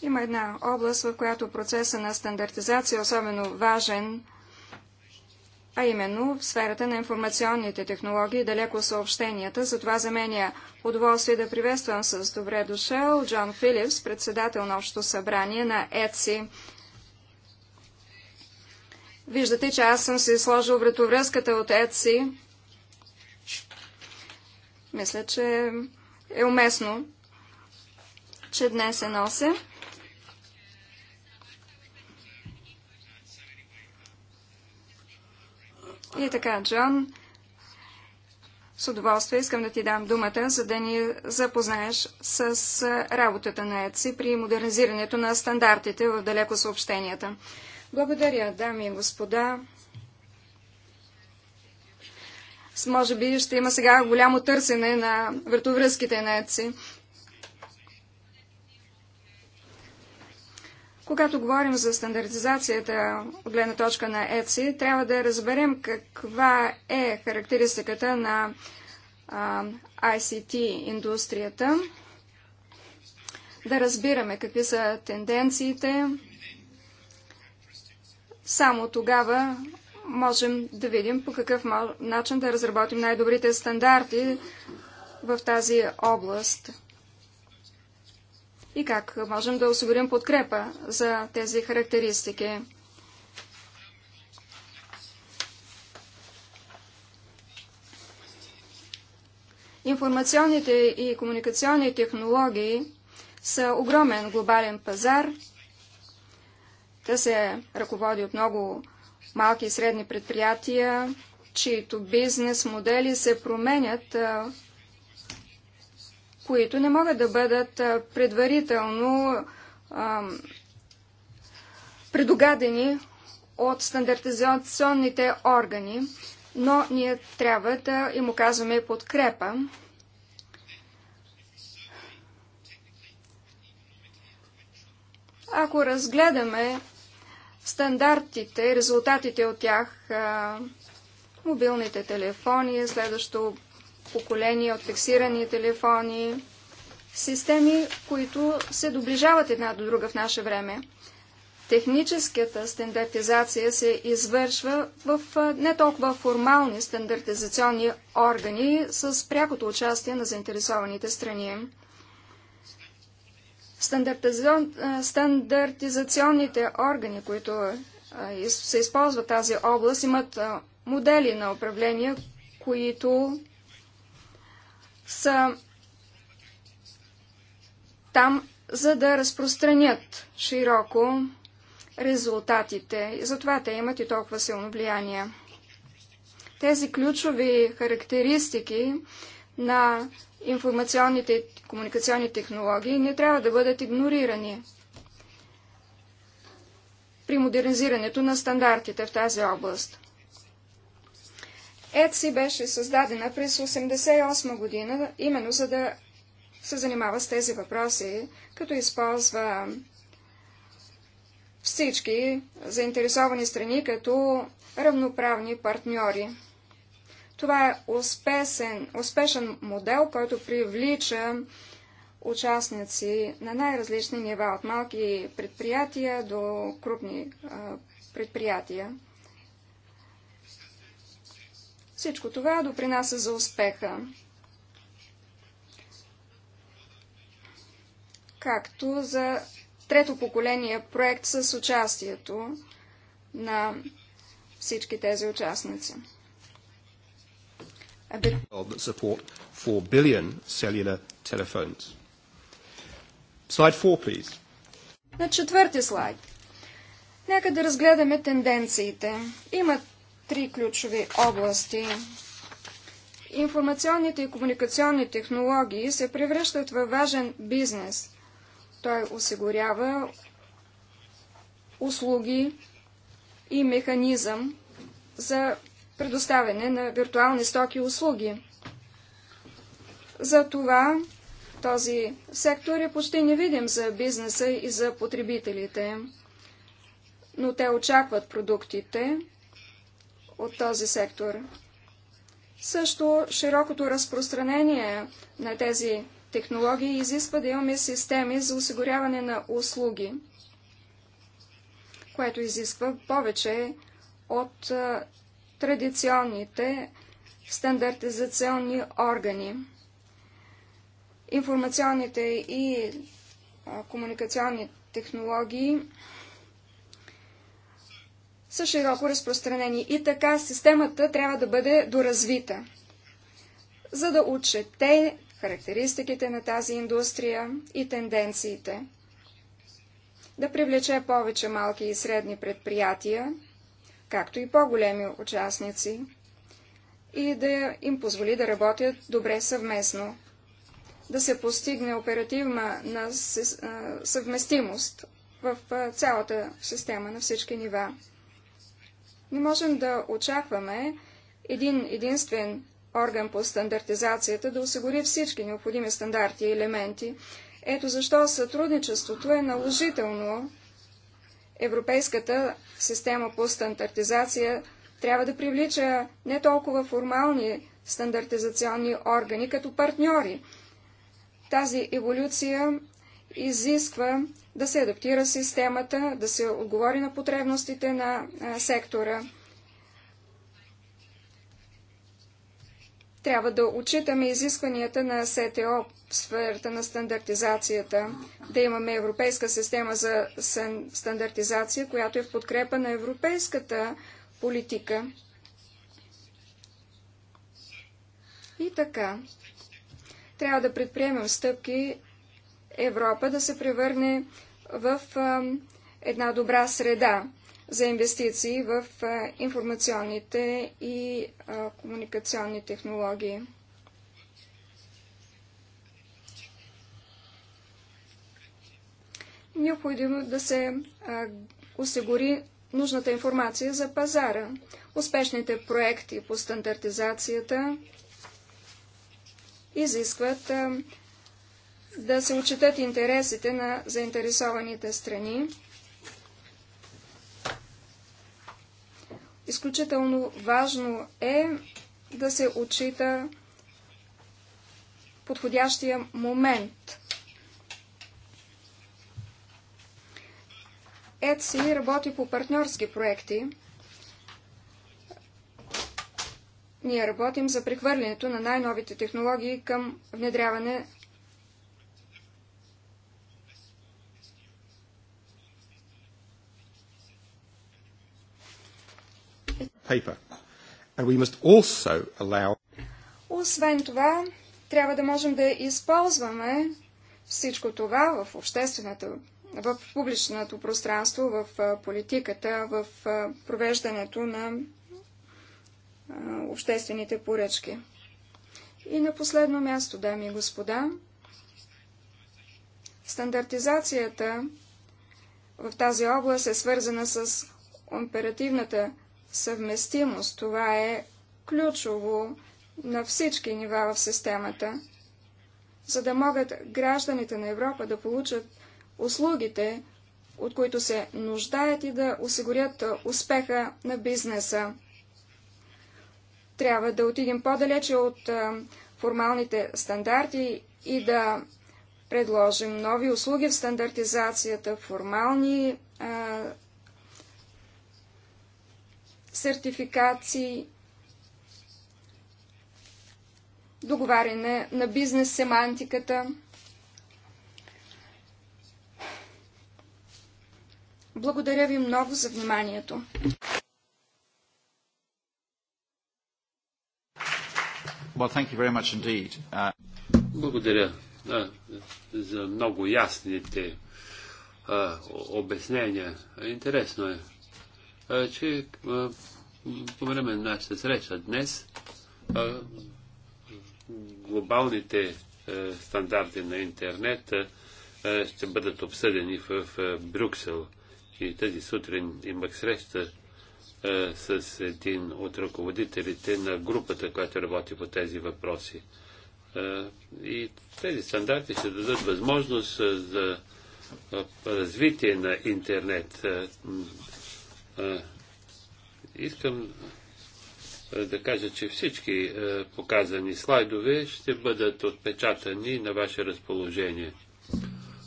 Има една област, в която процеса на стандартизация е особено важен а именно в сферата на информационните технологии и далеко съобщенията. Затова за мен е удоволствие да приветствам с добре дошъл Джон Филипс, председател на Общото събрание на ЕЦИ. Виждате, че аз съм си сложил вратовръзката от ЕЦИ. Мисля, че е уместно, че днес се нося. И така, Джон, с удоволствие искам да ти дам думата, за да ни запознаеш с работата на ЕЦИ при модернизирането на стандартите в далеко съобщенията. Благодаря, дами и господа. Може би ще има сега голямо търсене на въртовръзките на ЕЦИ. Когато говорим за стандартизацията от гледна точка на ЕЦИ, трябва да разберем каква е характеристиката на а, ICT индустрията, да разбираме какви са тенденциите. Само тогава можем да видим по какъв начин да разработим най-добрите стандарти в тази област и как можем да осигурим подкрепа за тези характеристики. Информационните и комуникационни технологии са огромен глобален пазар. Те се ръководи от много малки и средни предприятия, чието бизнес модели се променят които не могат да бъдат предварително предугадени предогадени от стандартизационните органи, но ние трябва да им оказваме подкрепа. Ако разгледаме стандартите, резултатите от тях, мобилните телефони, следващо поколения от фиксирани телефони, системи, които се доближават една до друга в наше време. Техническата стандартизация се извършва в не толкова формални стандартизационни органи с прякото участие на заинтересованите страни. Стандартизон... Стандартизационните органи, които се използват тази област, имат модели на управление, които са там, за да разпространят широко резултатите. И затова те имат и толкова силно влияние. Тези ключови характеристики на информационните и комуникационни технологии не трябва да бъдат игнорирани при модернизирането на стандартите в тази област. ЕЦИ беше създадена през 1988 година, именно за да се занимава с тези въпроси, като използва всички заинтересовани страни като равноправни партньори. Това е успешен, успешен модел, който привлича участници на най-различни нива, от малки предприятия до крупни а, предприятия. Всичко това допринася за успеха. Както за трето поколение проект с участието на всички тези участници. На четвърти слайд. Нека да разгледаме тенденциите. Имат три ключови области. Информационните и комуникационни технологии се превръщат в важен бизнес. Той осигурява услуги и механизъм за предоставяне на виртуални стоки и услуги. Затова този сектор е почти невидим за бизнеса и за потребителите, но те очакват продуктите от този сектор. Също широкото разпространение на тези технологии изисква да имаме системи за осигуряване на услуги, което изисква повече от традиционните стандартизационни органи. Информационните и комуникационни технологии са широко разпространени. И така системата трябва да бъде доразвита, за да учете характеристиките на тази индустрия и тенденциите, да привлече повече малки и средни предприятия, както и по-големи участници, и да им позволи да работят добре съвместно, да се постигне оперативна съвместимост в цялата система на всички нива не можем да очакваме един единствен орган по стандартизацията да осигури всички необходими стандарти и елементи. Ето защо сътрудничеството е наложително. Европейската система по стандартизация трябва да привлича не толкова формални стандартизационни органи като партньори. Тази еволюция изисква да се адаптира системата, да се отговори на потребностите на сектора. Трябва да отчитаме изискванията на СТО в сферата на стандартизацията, да имаме европейска система за стандартизация, която е в подкрепа на европейската политика. И така, трябва да предприемем стъпки Европа да се превърне в една добра среда за инвестиции в информационните и комуникационни технологии. Необходимо да се осигури нужната информация за пазара, успешните проекти по стандартизацията изискват да се отчитат интересите на заинтересованите страни. Изключително важно е да се отчита подходящия момент. ЕЦИ работи по партньорски проекти. Ние работим за прехвърлянето на най-новите технологии към внедряване paper. And we must also allow... Освен това, трябва да можем да използваме всичко това в обществената, в публичното пространство, в политиката, в провеждането на обществените поръчки. И на последно място, дами и господа, стандартизацията в тази област е свързана с оперативната съвместимост. Това е ключово на всички нива в системата, за да могат гражданите на Европа да получат услугите, от които се нуждаят и да осигурят успеха на бизнеса. Трябва да отидем по-далече от формалните стандарти и да предложим нови услуги в стандартизацията, формални сертификации, договаряне на бизнес семантиката. Благодаря ви много за вниманието. Well, thank you very much indeed. Uh... Благодаря uh, за много ясните uh, обяснения. Интересно е че по време на нашата среща днес глобалните е, стандарти на интернет е, ще бъдат обсъдени в е, Брюксел. И тази сутрин имах среща с един от ръководителите на групата, която работи по тези въпроси. И тези стандарти ще дадат възможност за развитие на интернет. Искам да кажа, че всички показани слайдове ще бъдат отпечатани на ваше разположение.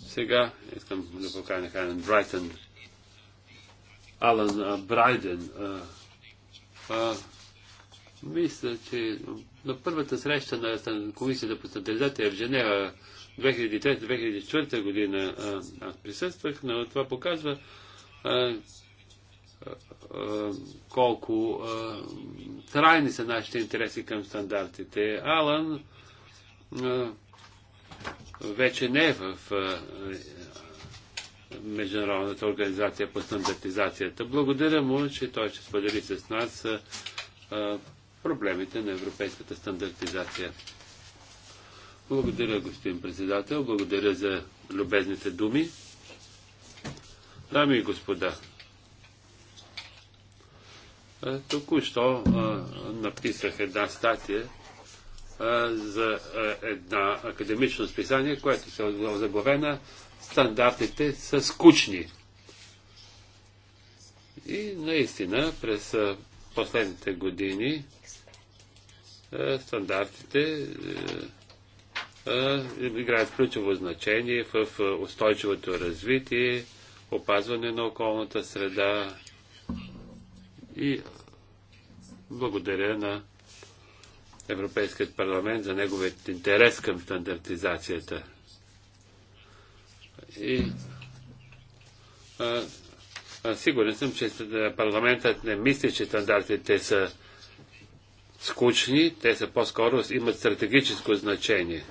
Сега искам да поканя Хайлен Брайтън, Алан Брайден. Мисля, че на първата среща на Комисията по стандартизация в Женева 2003-2004 година аз присъствах, но това показва, е, колко е, трайни са нашите интереси към стандартите. Алан е, вече не е в Международната организация по стандартизацията. Благодаря му, че той ще сподели с нас проблемите на европейската стандартизация. Благодаря, господин председател. Благодаря за любезните думи. Дами и господа, Току-що написах една статия за една академично списание, което се е на Стандартите са скучни. И наистина през последните години стандартите играят ключово значение в устойчивото развитие, опазване на околната среда, и благодаря на Европейският парламент за неговият интерес към стандартизацията. И а, а, сигурен съм, че парламентът не мисли, че стандартите са скучни, те са по-скоро имат стратегическо значение.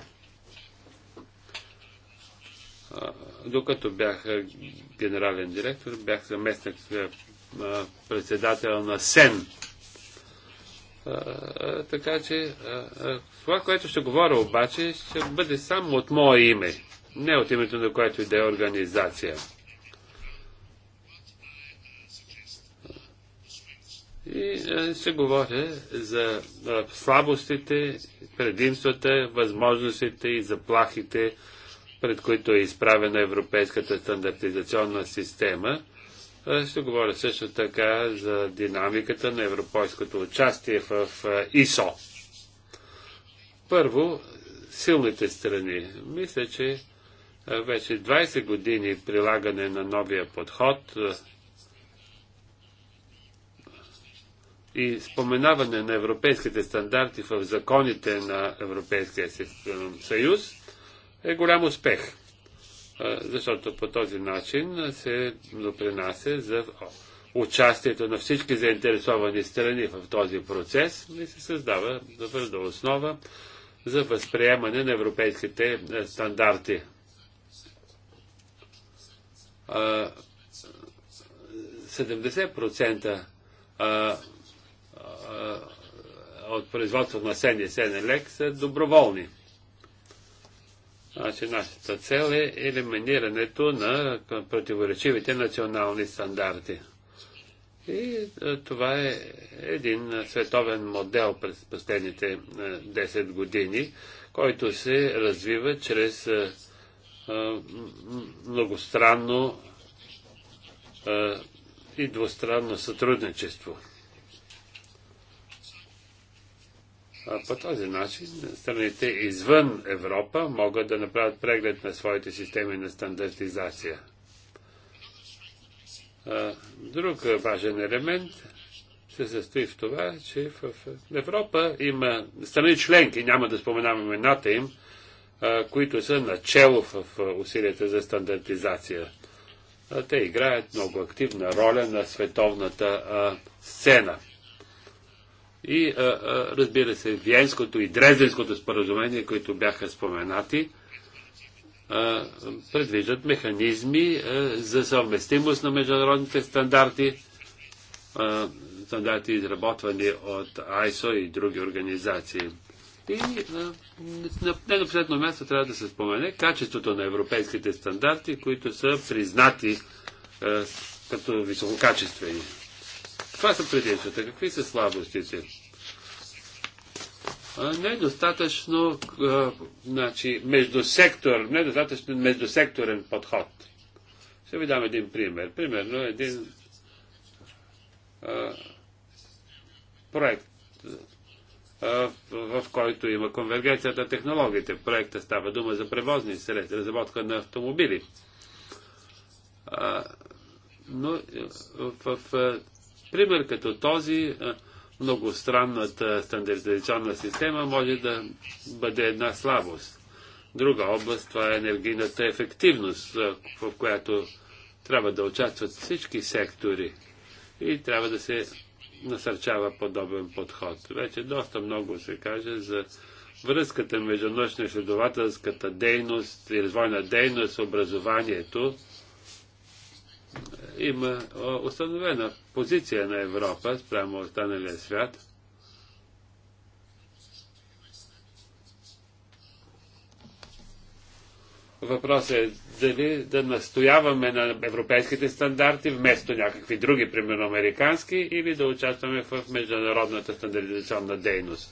А, докато бях генерален директор, бях заместник председател на СЕН. Така че това, което ще говоря обаче, ще бъде само от мое име, не от името на което и да е организация. И ще говоря за слабостите, предимствата, възможностите и заплахите, пред които е изправена европейската стандартизационна система – ще говоря също така за динамиката на европейското участие в ИСО. Първо, силните страни. Мисля, че вече 20 години прилагане на новия подход и споменаване на европейските стандарти в законите на Европейския съюз е голям успех защото по този начин се допринася за участието на всички заинтересовани страни в този процес и се създава добра основа за възприемане на европейските е, стандарти. А, 70% а, а, от производството на СНС на лек са доброволни. Значи, нашата цел е елиминирането на противоречивите национални стандарти. И това е един световен модел през последните 10 години, който се развива чрез многостранно и двустранно сътрудничество. По този начин страните извън Европа могат да направят преглед на своите системи на стандартизация. Друг важен елемент се състои в това, че в Европа има страни членки, няма да споменавам имената им, които са начало в усилията за стандартизация. Те играят много активна роля на световната сцена и разбира се, Виенското и Дрезденското споразумение, които бяха споменати, предвиждат механизми за съвместимост на международните стандарти, стандарти изработвани от ISO и други организации. И на последно място трябва да се спомене качеството на европейските стандарти, които са признати като висококачествени. Това са предимствата. Какви са слабостите? недостатъчно а, значи, междусектор, недостатъчно междусекторен подход. Ще ви дам един пример. Примерно един а, проект, а, в, който има конвергенция на технологиите. проекта става дума за превозни средства, разработка на автомобили. А, но в, в Пример като този, е, многостранната стандартизационна система може да бъде една слабост. Друга област това е енергийната ефективност, е, в която трябва да участват всички сектори и трябва да се насърчава подобен подход. Вече доста много се каже за връзката между научно-изследователската дейност и развойна дейност, образованието има установена позиция на Европа спрямо останалия свят. Въпросът е дали да настояваме на европейските стандарти вместо някакви други, примерно американски, или да участваме в международната стандартизационна дейност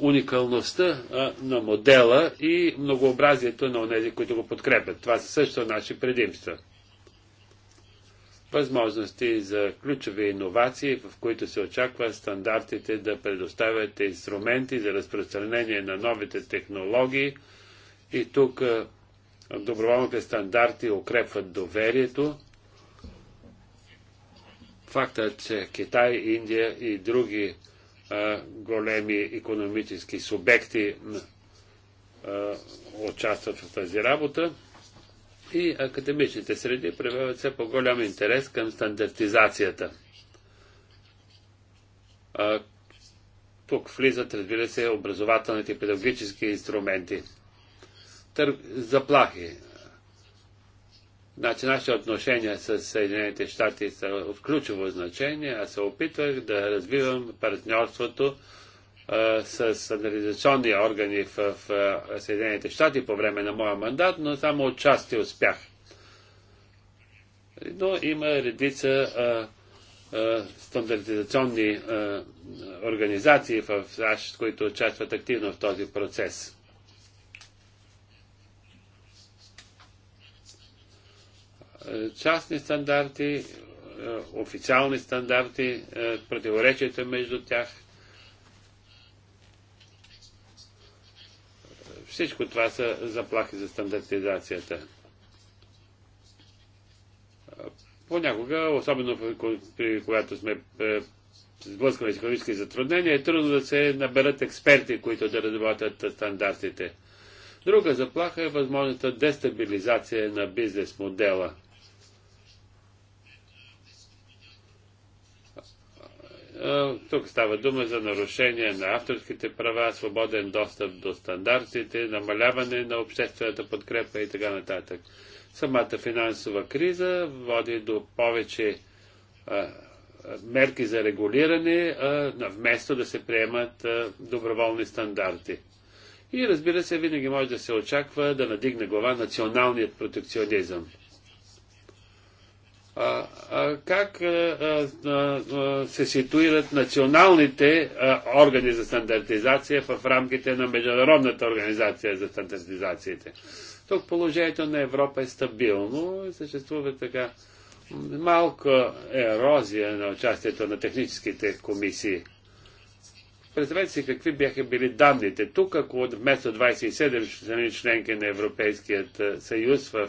уникалността на модела и многообразието на онези, които го подкрепят. Това са също наши предимства. Възможности за ключови иновации, в които се очаква стандартите да предоставят инструменти за разпространение на новите технологии. И тук доброволните стандарти укрепват доверието. Фактът, че Китай, Индия и други големи економически субекти участват в тази работа и академичните среди проявяват все по-голям интерес към стандартизацията. Тук влизат, разбира се, образователните и педагогически инструменти. Търг... Заплахи. Значи, нашите отношения с Съединените щати са от ключово значение. Аз се опитвах да развивам партньорството с анализационни органи в, Съединените щати по време на моя мандат, но само отчасти успях. Но има редица стандартизационни организации в САЩ, които участват активно в този процес. частни стандарти, е, официални стандарти, е, противоречията между тях. Всичко това са заплахи за стандартизацията. Понякога, особено при когато сме е, сблъскали с економически затруднения, е трудно да се наберат експерти, които да разработят стандартите. Друга заплаха е възможната дестабилизация на бизнес модела – Тук става дума за нарушение на авторските права, свободен достъп до стандартите, намаляване на обществената подкрепа и така нататък. Самата финансова криза води до повече а, мерки за регулиране, а, вместо да се приемат а, доброволни стандарти. И разбира се, винаги може да се очаква да надигне глава националният протекционизъм как се ситуират националните органи за стандартизация в рамките на Международната организация за стандартизациите. Тук положението на Европа е стабилно и съществува така малка ерозия на участието на техническите комисии. Представете си какви бяха били данните. Тук, ако вместо 27 членки на Европейският съюз в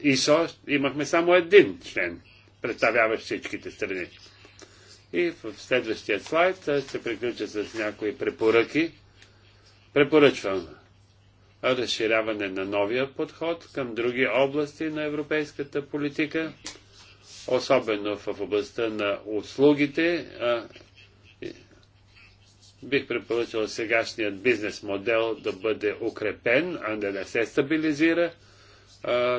ИСО имахме само един член, представяващ всичките страни. И в следващия слайд се приключа с някои препоръки. Препоръчвам разширяване на новия подход към други области на европейската политика, особено в областта на услугите. Бих препоръчал сегашният бизнес модел да бъде укрепен, а не да се стабилизира –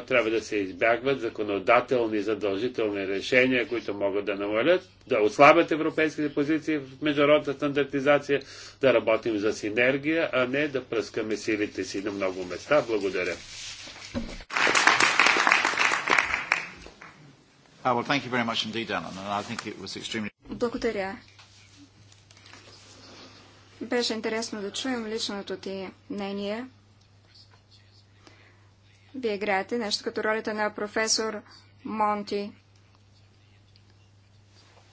трябва да се избягват законодателни задължителни решения, които могат да намалят, да ослабят европейските позиции в международната стандартизация, да работим за синергия, а не да пръскаме силите си на много места. Благодаря. Ah, Благодаря. Беше интересно да чуем личното ти мнение. Вие играете нещо като ролята на професор Монти.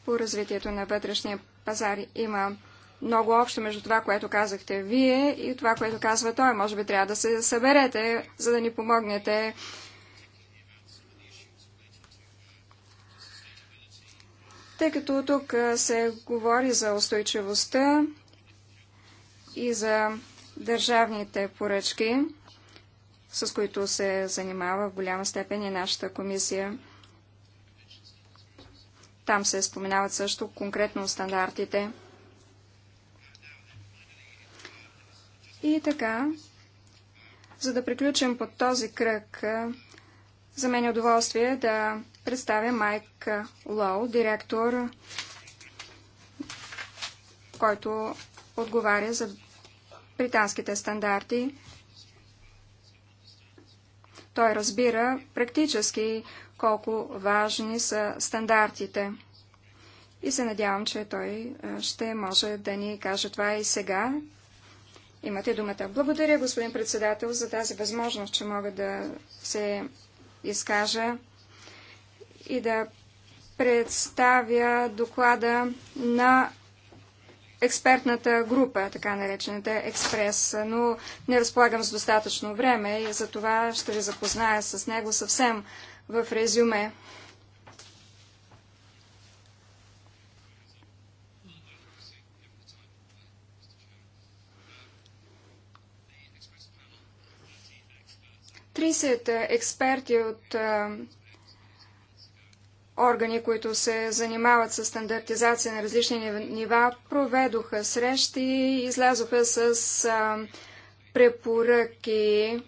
По развитието на вътрешния пазар има много общо между това, което казахте вие и това, което казва той. Може би трябва да се съберете, за да ни помогнете. Тъй като тук се говори за устойчивостта и за държавните поръчки, с които се занимава в голяма степен и нашата комисия. Там се споменават също конкретно стандартите. И така, за да приключим под този кръг, за мен е удоволствие да представя Майк Лоу, директор, който отговаря за британските стандарти. Той разбира практически колко важни са стандартите. И се надявам, че той ще може да ни каже това и сега. Имате думата. Благодаря, господин председател, за тази възможност, че мога да се изкажа и да представя доклада на експертната група, така наречената експрес, но не разполагам с достатъчно време и за това ще ви запозная с него съвсем в резюме. Тридесет експерти от органи, които се занимават с стандартизация на различни нива, проведоха срещи и излязоха с препоръки.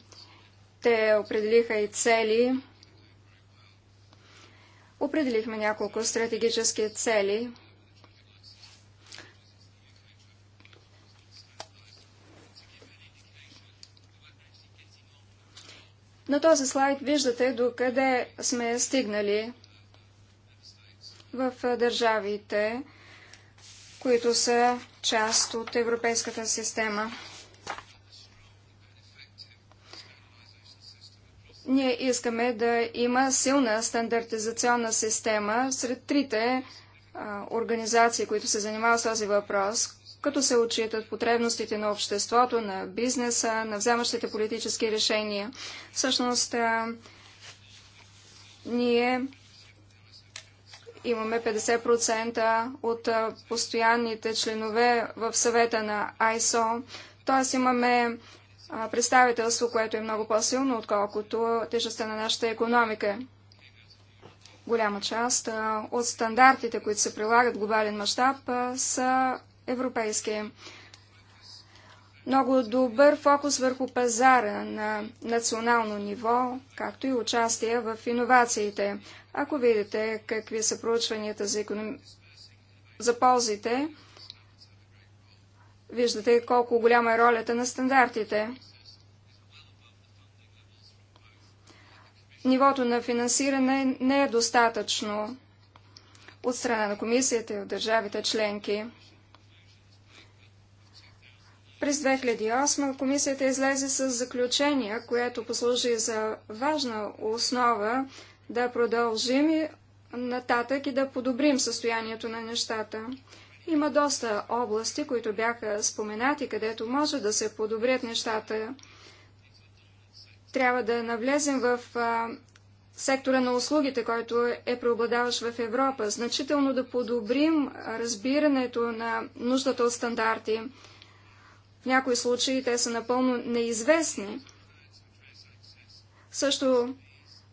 Те определиха и цели. Определихме няколко стратегически цели. На този слайд виждате докъде сме стигнали в държавите, които са част от европейската система. Ние искаме да има силна стандартизационна система сред трите а, организации, които се занимават с този въпрос, като се отчитат потребностите на обществото, на бизнеса, на вземащите политически решения. Всъщност, а, ние Имаме 50% от постоянните членове в съвета на ISO. Т.е. имаме представителство, което е много по-силно, отколкото тежестта на нашата економика. Голяма част от стандартите, които се прилагат в глобален мащаб, са европейски много добър фокус върху пазара на национално ниво, както и участие в иновациите. Ако видите какви са проучванията за, економ... за ползите, виждате колко голяма е ролята на стандартите. Нивото на финансиране не е достатъчно от страна на комисията и от държавите членки. През 2008 комисията излезе с заключение, което послужи за важна основа да продължим нататък и да подобрим състоянието на нещата. Има доста области, които бяха споменати, където може да се подобрят нещата. Трябва да навлезем в а, сектора на услугите, който е преобладаващ в Европа, значително да подобрим разбирането на нуждата от стандарти. В някои случаи те са напълно неизвестни. Също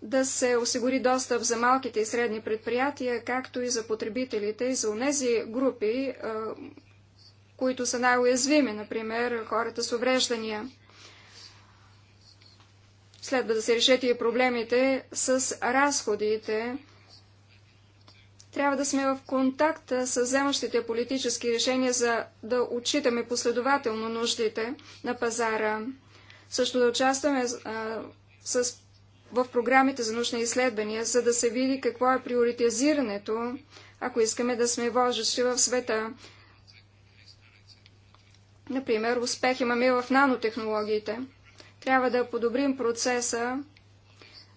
да се осигури достъп за малките и средни предприятия, както и за потребителите и за тези групи, които са най-уязвими, например хората с увреждания. Следва да се решат и проблемите с разходите трябва да сме в контакт с вземащите политически решения, за да отчитаме последователно нуждите на пазара. Също да участваме а, с, в програмите за научни изследвания, за да се види какво е приоритизирането, ако искаме да сме вождащи в света. Например, успех имаме в нанотехнологиите. Трябва да подобрим процеса,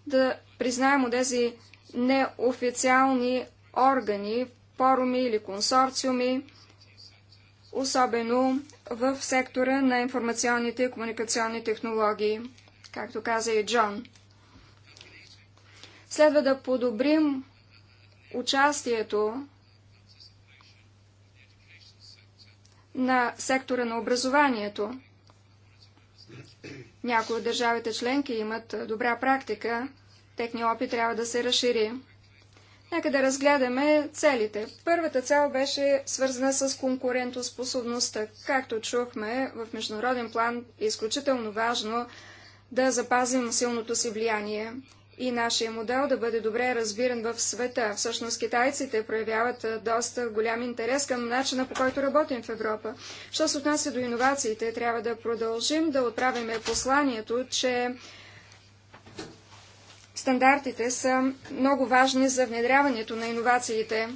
да признаем от тези неофициални органи, форуми или консорциуми, особено в сектора на информационните и комуникационни технологии, както каза и Джон. Следва да подобрим участието на сектора на образованието. Някои от държавите членки имат добра практика, техния опит трябва да се разшири. Нека да разгледаме целите. Първата цел беше свързана с конкурентоспособността. Както чухме, в международен план е изключително важно да запазим силното си влияние и нашия модел да бъде добре разбиран в света. Всъщност китайците проявяват доста голям интерес към начина по който работим в Европа. Що се отнася до иновациите, трябва да продължим да отправим посланието, че Стандартите са много важни за внедряването на иновациите.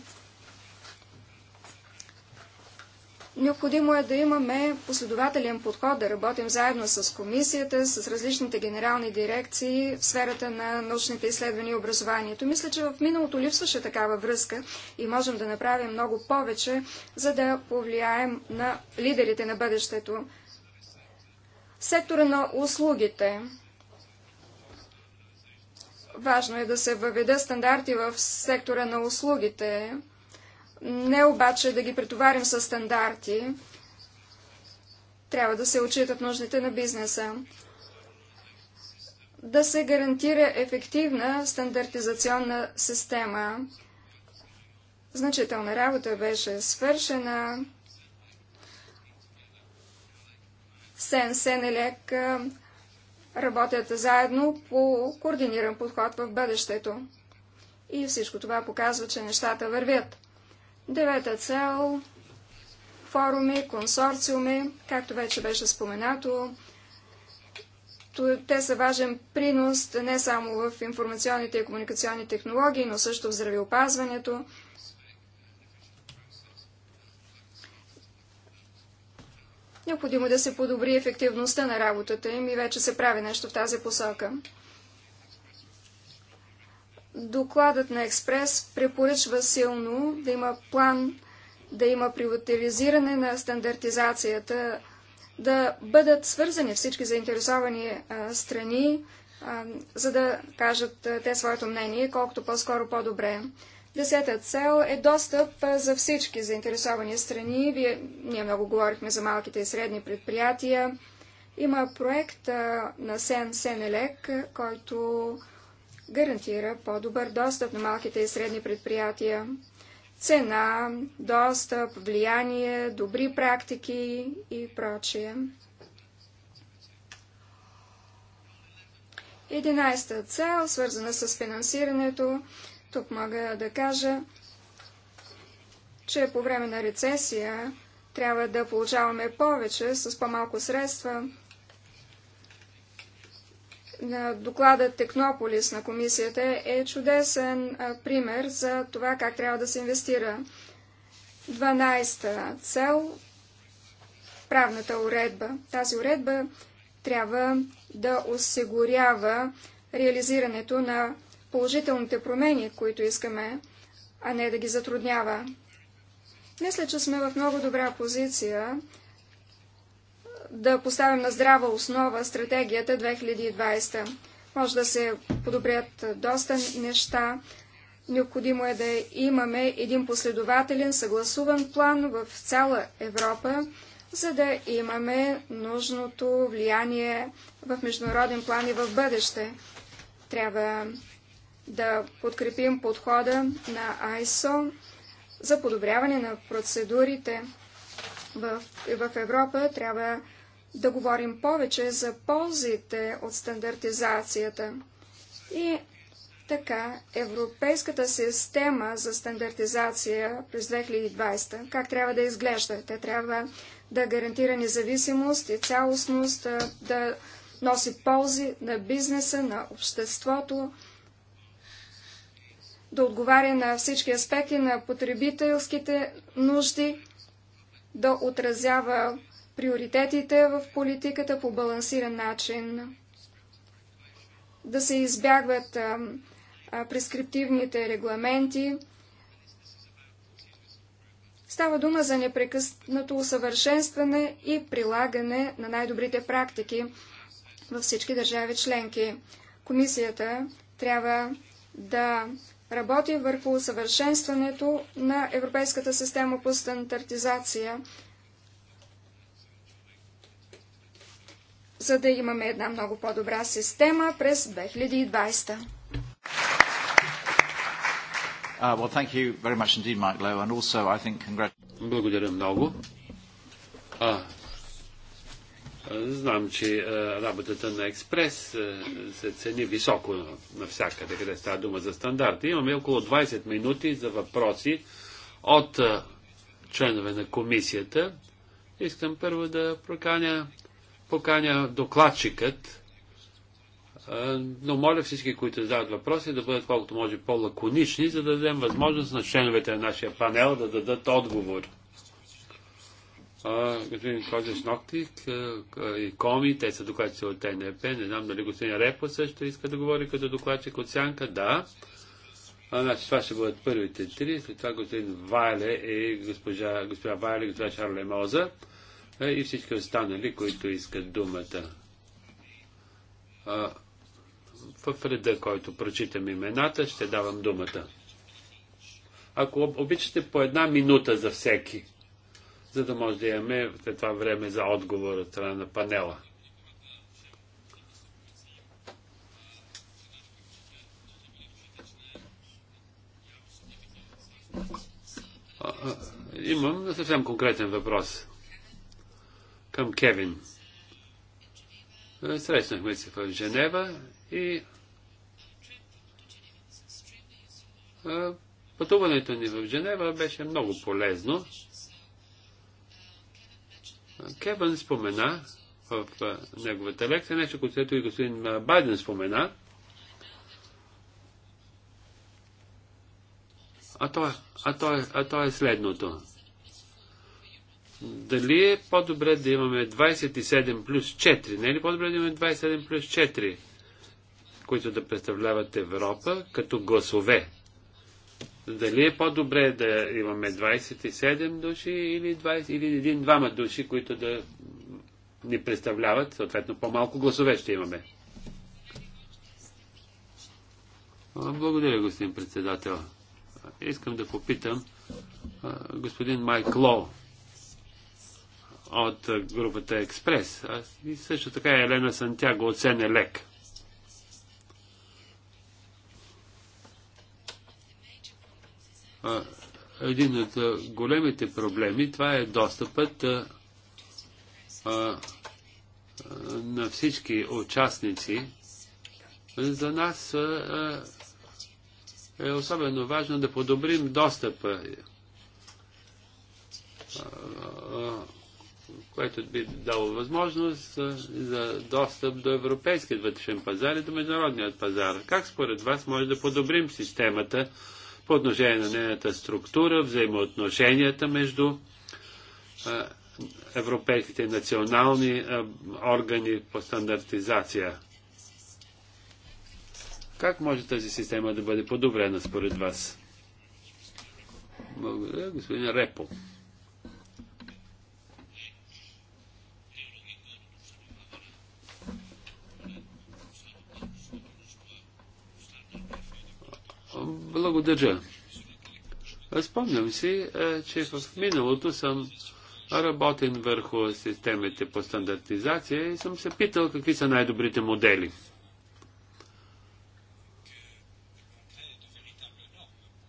Необходимо е да имаме последователен подход, да работим заедно с комисията, с различните генерални дирекции в сферата на научните изследвания и образованието. Мисля, че в миналото липсваше такава връзка и можем да направим много повече, за да повлияем на лидерите на бъдещето. Сектора на услугите – Важно е да се въведат стандарти в сектора на услугите, не обаче да ги претоварим с стандарти. Трябва да се отчитат нуждите на бизнеса. Да се гарантира ефективна стандартизационна система. Значителна работа беше свършена. Сен Сенелек работят заедно по координиран подход в бъдещето. И всичко това показва, че нещата вървят. Девета цел – форуми, консорциуми, както вече беше споменато, те са важен принос не само в информационните и комуникационни технологии, но също в здравеопазването, Необходимо е да се подобри ефективността на работата им и вече се прави нещо в тази посока. Докладът на Експрес препоръчва силно да има план, да има приватизиране на стандартизацията, да бъдат свързани всички заинтересовани страни, за да кажат те своето мнение, колкото по-скоро по-добре. Десета цел е достъп за всички заинтересовани страни. Вие, ние много говорихме за малките и средни предприятия. Има проект на Сен Сенелек, който гарантира по-добър достъп на малките и средни предприятия. Цена, достъп, влияние, добри практики и прочие. Единайста цел, свързана с финансирането, тук мога да кажа, че по време на рецесия трябва да получаваме повече с по-малко средства. Докладът Технополис на комисията е чудесен пример за това как трябва да се инвестира. 12-та цел – правната уредба. Тази уредба трябва да осигурява реализирането на положителните промени, които искаме, а не да ги затруднява. Мисля, че сме в много добра позиция да поставим на здрава основа стратегията 2020. Може да се подобрят доста неща. Необходимо е да имаме един последователен, съгласуван план в цяла Европа, за да имаме нужното влияние в международен план и в бъдеще. Трябва да подкрепим подхода на ISO за подобряване на процедурите в, в Европа. Трябва да говорим повече за ползите от стандартизацията. И така, европейската система за стандартизация през 2020, как трябва да изглежда? Те трябва да гарантира независимост и цялостност, да носи ползи на бизнеса, на обществото, да отговаря на всички аспекти на потребителските нужди, да отразява приоритетите в политиката по балансиран начин, да се избягват прескриптивните регламенти. Става дума за непрекъснато усъвършенстване и прилагане на най-добрите практики във всички държави членки. Комисията трябва да работи върху усъвършенстването на Европейската система по стандартизация, за да имаме една много по-добра система през 2020. Uh, well, thank you very much indeed, Mike Lowe, and also, I think, Благодаря много. А, Знам, че е, работата на експрес е, се цени високо навсякъде, къде става дума за стандарти. Имаме около 20 минути за въпроси от е, членове на комисията. Искам първо да проканя, поканя докладчикът, но моля всички, които задават въпроси, да бъдат колкото може по-лаконични, за да дадем възможност на членовете на нашия панел да дадат отговор господин Козеш Ноктик и Коми, те са докладчици от ТНП. Не знам дали господин Репо също иска да говори като докладчик от Сянка. Да. А, значи, това ще бъдат първите три. След това господин Вайле и госпожа, госпожа Вайле, госпожа Шарле Моза и всички останали, които искат думата. А, в реда, който прочитам имената, ще давам думата. Ако обичате по една минута за всеки за да може да имаме това време за отговор от страна на панела. Имам съвсем конкретен въпрос към Кевин. Срещнахме се в Женева и пътуването ни в Женева беше много полезно. Кевън спомена в неговата лекция нещо, което и господин Байден спомена, а то, е, а то, е, а то е следното. Дали е по-добре да имаме 27 плюс 4? Не е ли по-добре да имаме 27 плюс 4, които да представляват Европа като гласове? Дали е по-добре да имаме 27 души или, 20, или един-двама души, които да ни представляват, съответно по-малко гласове ще имаме. Благодаря, господин председател. Искам да попитам господин Майк Ло от групата Експрес, и също така Елена Сантяго от Сенелек. един от големите проблеми, това е достъпът на всички участници. За нас е особено важно да подобрим достъпа, което би дало възможност за достъп до европейският вътрешен пазар и до международният пазар. Как според вас може да подобрим системата по отношение на нейната структура, взаимоотношенията между европейските национални органи по стандартизация. Как може тази система да бъде подобрена според вас? Благодаря, господин Репо. Благодаря. Спомням си, е, че в миналото съм работен върху системите по стандартизация и съм се питал какви са най-добрите модели.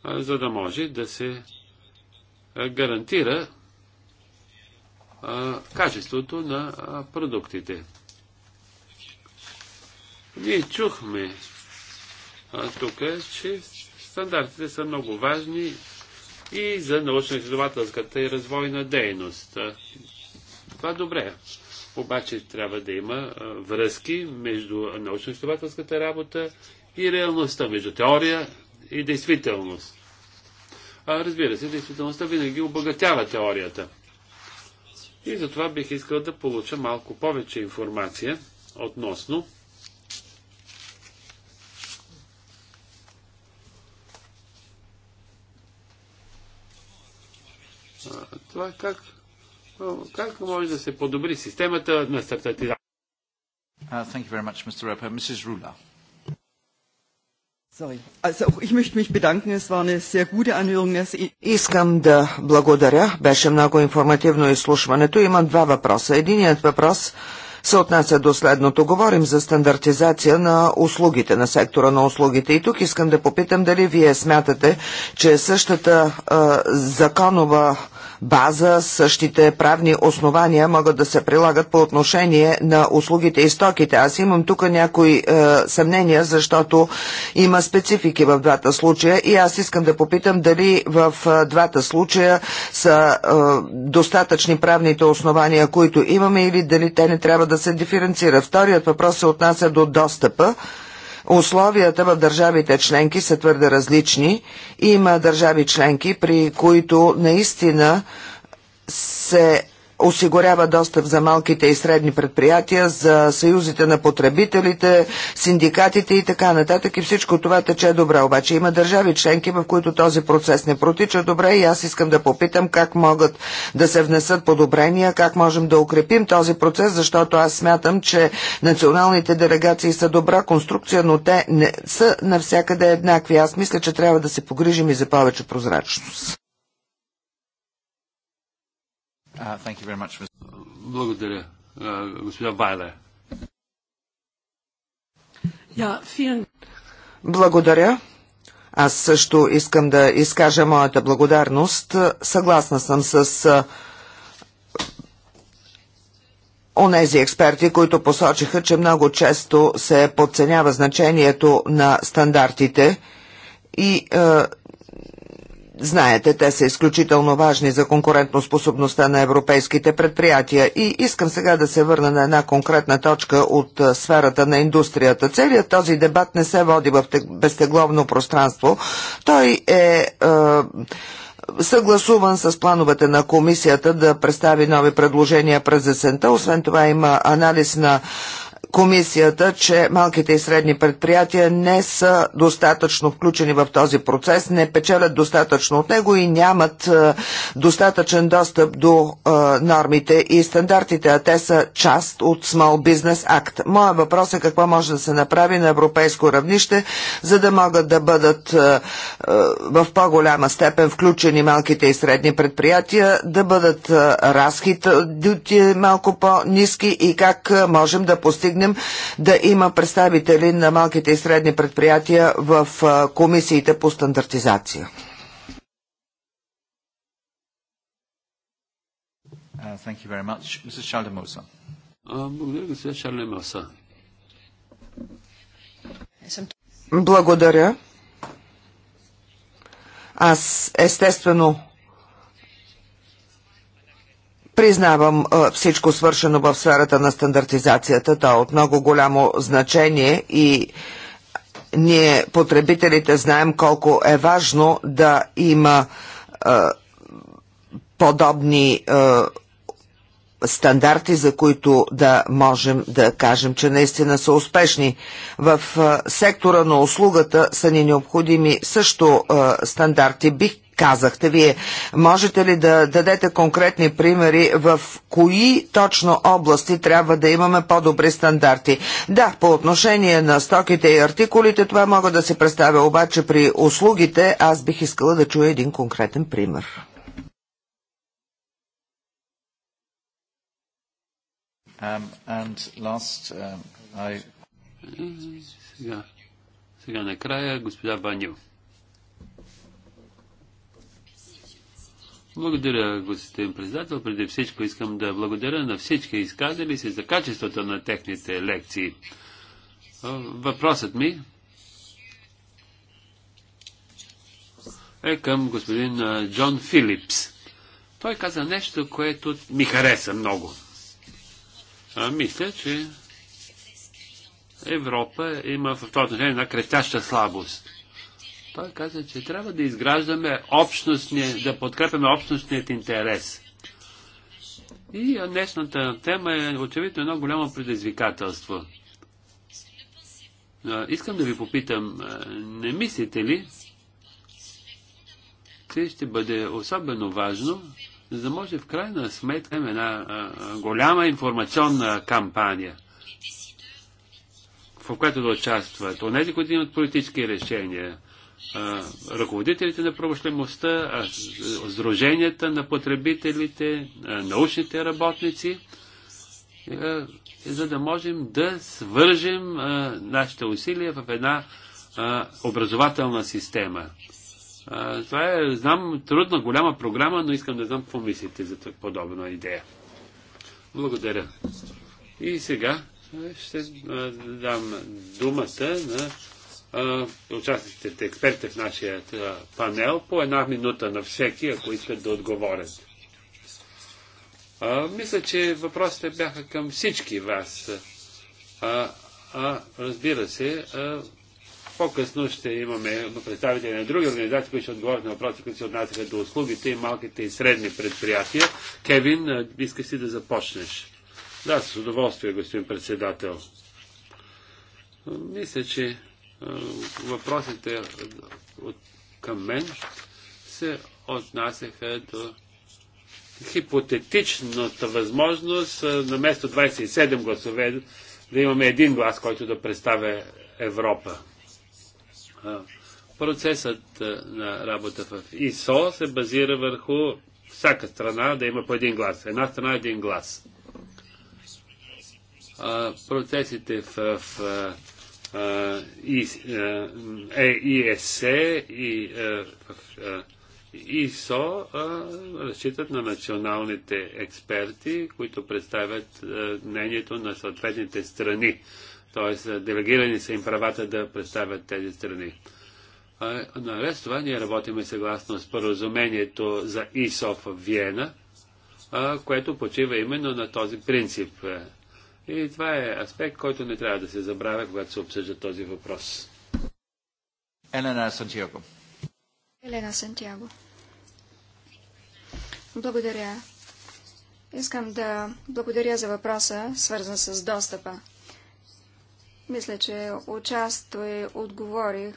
За да може да се е, гарантира качеството на продуктите. Ние чухме тук, че Стандартите са много важни и за научно-изследователската и развойна дейност. Това добре. Обаче трябва да има връзки между научно-изследователската работа и реалността, между теория и действителност. А, разбира се, действителността винаги обогатява теорията. И затова бих искал да получа малко повече информация относно това как, как може да се подобри системата на стартатизация. Uh, Искам да благодаря. Беше много информативно изслушването. Имам два въпроса. Единият въпрос се отнася до следното. Говорим за стандартизация на услугите, на сектора на услугите. И тук искам да попитам дали вие смятате, че същата е, законова база, същите правни основания могат да се прилагат по отношение на услугите и стоките. Аз имам тук някои е, съмнения, защото има специфики в двата случая и аз искам да попитам дали в е, двата случая са е, достатъчни правните основания, които имаме или дали те не трябва да се диференцират. Вторият въпрос се отнася до достъпа условията в държавите членки са твърде различни. Има държави членки, при които наистина се осигурява достъп за малките и средни предприятия, за съюзите на потребителите, синдикатите и така нататък. И всичко това тече добре. Обаче има държави членки, в които този процес не протича добре и аз искам да попитам как могат да се внесат подобрения, как можем да укрепим този процес, защото аз смятам, че националните делегации са добра конструкция, но те не са навсякъде еднакви. Аз мисля, че трябва да се погрижим и за повече прозрачност. Uh, very much, Благодаря, Господин Вайле. Благодаря. Аз също искам да изкажа моята благодарност. Съгласна съм с Онези експерти, които посочиха, че много често се подценява значението на стандартите и е, Знаете, те са изключително важни за конкурентоспособността на европейските предприятия и искам сега да се върна на една конкретна точка от сферата на индустрията. Целият този дебат не се води в безтегловно пространство. Той е, е съгласуван с плановете на комисията да представи нови предложения през есента. Освен това има анализ на комисията, че малките и средни предприятия не са достатъчно включени в този процес, не печелят достатъчно от него и нямат е, достатъчен достъп до е, нормите и стандартите, а те са част от Small Business Act. Моя въпрос е какво може да се направи на европейско равнище, за да могат да бъдат е, в по-голяма степен включени малките и средни предприятия, да бъдат разхитите малко по-низки и как можем да постигнем припомням, да има представители на малките и средни предприятия в комисиите по стандартизация. Uh, thank you very much. Mrs. Благодаря, господин Благодаря. Аз естествено Признавам всичко свършено в сферата на стандартизацията. То е от много голямо значение и ние, потребителите, знаем колко е важно да има е, подобни е, стандарти, за които да можем да кажем, че наистина са успешни. В сектора на услугата са ни необходими също е, стандарти. Бих казахте вие. Можете ли да дадете конкретни примери в кои точно области трябва да имаме по-добри стандарти? Да, по отношение на стоките и артикулите това мога да се представя, обаче при услугите аз бих искала да чуя един конкретен пример. Um, and last, um, I... сега, сега накрая госпожа Банил. Благодаря, господин председател. Преди всичко искам да благодаря на всички изказали се за качеството на техните лекции. Въпросът ми е към господин Джон Филипс. Той каза нещо, което ми хареса много. А, мисля, че Европа има в това отношение една крещяща слабост – той каза, че трябва да изграждаме общностния, да подкрепяме общностният интерес. И днешната тема е очевидно едно голямо предизвикателство. Искам да ви попитам, не мислите ли, че ще бъде особено важно, за да може в крайна сметка една голяма информационна кампания, в която да участват онези, които имат политически решения, ръководителите на промишлеността, сдруженията на потребителите, научните работници, за да можем да свържем нашите усилия в една образователна система. Това е, знам, трудна, голяма програма, но искам да знам какво мислите за подобна идея. Благодаря. И сега ще дам думата на участниците, експерти в нашия панел, по една минута на всеки, ако искат да отговорят. А, мисля, че въпросите бяха към всички вас. А, а разбира се, по-късно ще имаме представители на други организации, които ще отговорят на въпроси, които се отнасяха до услугите и малките и средни предприятия. Кевин, искаш си да започнеш? Да, с удоволствие, господин председател. Мисля, че е, въпросите от, към мен се отнасяха до хипотетичната възможност е, на место 27 гласове да имаме един глас, който да представя Европа. Е, процесът на работа в ИСО се базира върху всяка страна да има по един глас. Една страна един глас. Процесите в, в ЕИСЕ и е, ИСО е разчитат на националните експерти, които представят мнението на съответните страни. Т.е. делегирани са им правата да представят тези страни. Наред с това ние работиме съгласно споразумението за ИСО в Виена, което почива именно на този принцип. И това е аспект, който не трябва да се забравя, когато се обсъжда този въпрос. Елена Сантьяго. Елена Сантьяго. Благодаря. Искам да благодаря за въпроса, свързан с достъпа. Мисля, че участво и отговорих.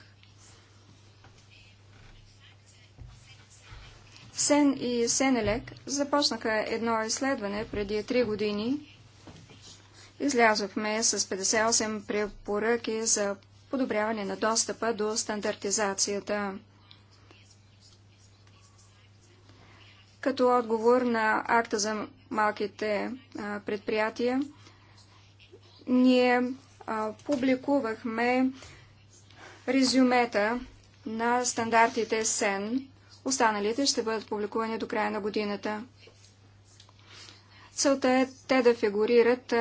Сен и Сенелек започнаха едно изследване преди три години Излязохме с 58 препоръки за подобряване на достъпа до стандартизацията. Като отговор на акта за малките предприятия, ние публикувахме резюмета на стандартите СЕН. Останалите ще бъдат публикувани до края на годината. Целта е те да фигурират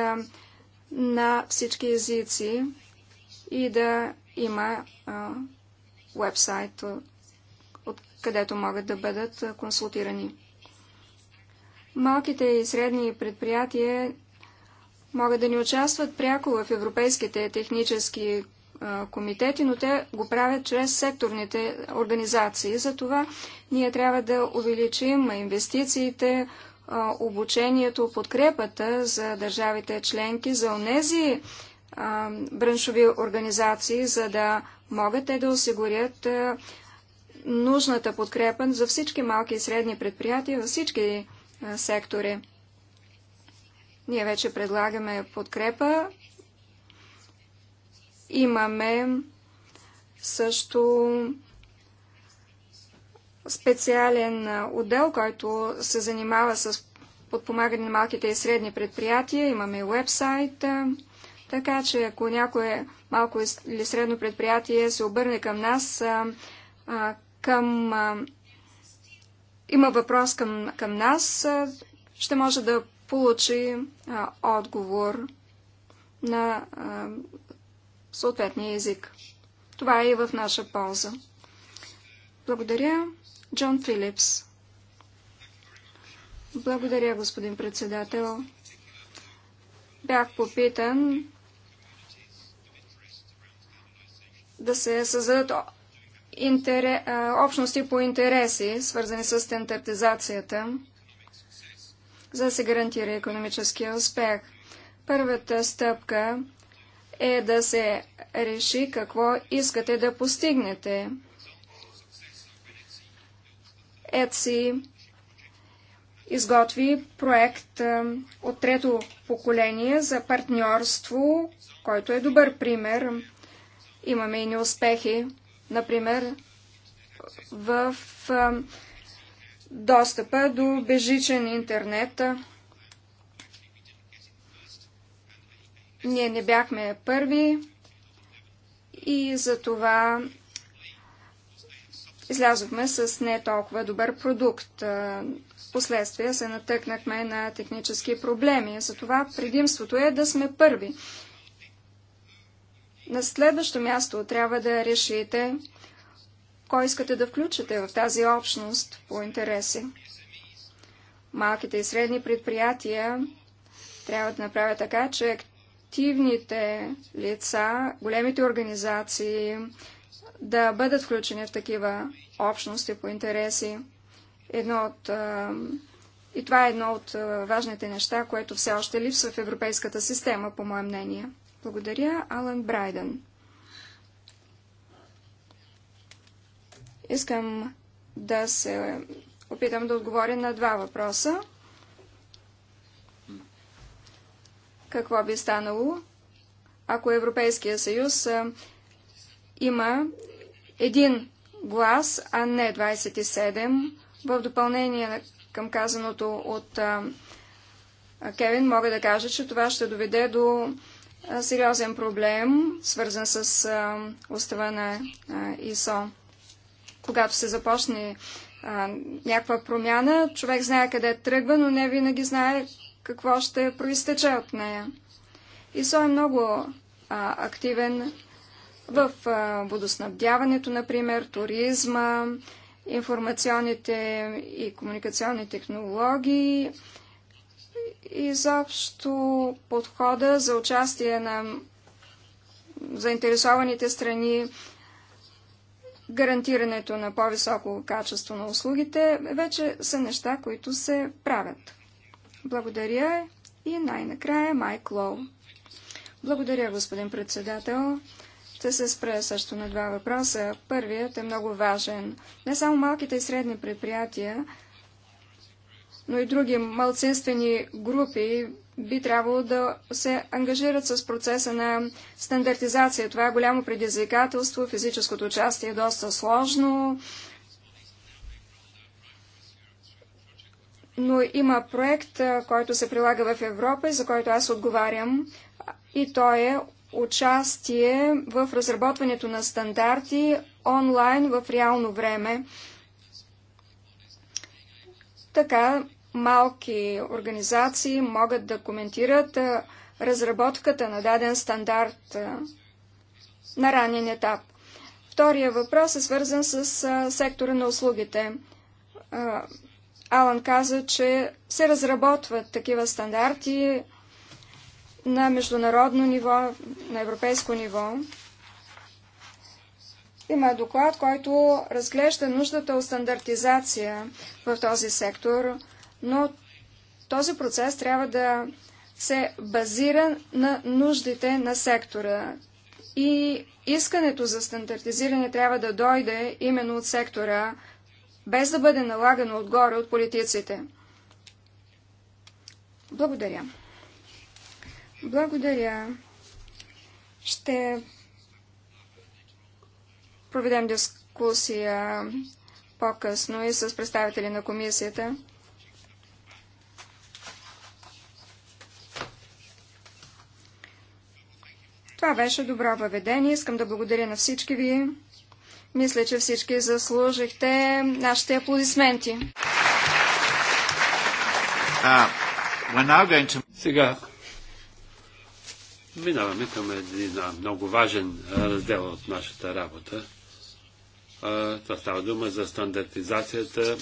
на всички езици и да има уебсайт, вебсайт, от където могат да бъдат консултирани. Малките и средни предприятия могат да не участват пряко в европейските технически комитети, но те го правят чрез секторните организации. Затова ние трябва да увеличим инвестициите, обучението, подкрепата за държавите членки, за онези браншови организации, за да могат те да осигурят нужната подкрепа за всички малки и средни предприятия, във всички сектори. Ние вече предлагаме подкрепа. Имаме също специален отдел, който се занимава с подпомагане на малките и средни предприятия. Имаме вебсайт, така че ако някое малко или средно предприятие се обърне към нас, към, има въпрос към, към нас, ще може да получи отговор на съответния език. Това е и в наша полза. Благодаря. Джон Филипс. Благодаря, господин председател. Бях попитан да се създадат интере... общности по интереси, свързани с стандартизацията, за да се гарантира економическия успех. Първата стъпка е да се реши какво искате да постигнете ЕЦИ изготви проект е, от трето поколение за партньорство, който е добър пример. Имаме и неуспехи, например, в е, достъпа до бежичен интернет. Ние не бяхме първи и за това излязохме с не толкова добър продукт. Последствия се натъкнахме на технически проблеми. Затова предимството е да сме първи. На следващо място трябва да решите кой искате да включите в тази общност по интереси. Малките и средни предприятия трябва да направят така, че активните лица, големите организации, да бъдат включени в такива общности по интереси. Едно от, и това е едно от важните неща, което все още липсва в европейската система, по мое мнение. Благодаря, Алан Брайден. Искам да се опитам да отговоря на два въпроса. Какво би станало, ако Европейския съюз има един глас, а не 27. В допълнение към казаното от а, Кевин, мога да кажа, че това ще доведе до а, сериозен проблем, свързан с а, устава на ИСО. Когато се започне някаква промяна, човек знае къде тръгва, но не винаги знае какво ще проистече от нея. ИСО е много активен в водоснабдяването, например, туризма, информационните и комуникационни технологии, изобщо подхода за участие на заинтересованите страни, гарантирането на по-високо качество на услугите, вече са неща, които се правят. Благодаря и най-накрая Майк Лоу. Благодаря, господин председател. Ще се спра също на два въпроса. Първият е много важен. Не само малките и средни предприятия, но и други малцинствени групи би трябвало да се ангажират с процеса на стандартизация. Това е голямо предизвикателство. Физическото участие е доста сложно. Но има проект, който се прилага в Европа, и за който аз отговарям. И той е участие в разработването на стандарти онлайн в реално време. Така малки организации могат да коментират разработката на даден стандарт на ранен етап. Втория въпрос е свързан с сектора на услугите. Алан каза, че се разработват такива стандарти на международно ниво, на европейско ниво. Има доклад, който разглежда нуждата от стандартизация в този сектор, но този процес трябва да се базира на нуждите на сектора. И искането за стандартизиране трябва да дойде именно от сектора, без да бъде налагано отгоре от политиците. Благодаря. Благодаря. Ще проведем дискусия по-късно и с представители на комисията. Това беше добро въведение. Искам да благодаря на всички ви. Мисля, че всички заслужихте нашите аплодисменти. Uh, to... Сега Минаваме към един много важен раздел от нашата работа. Това става дума за стандартизацията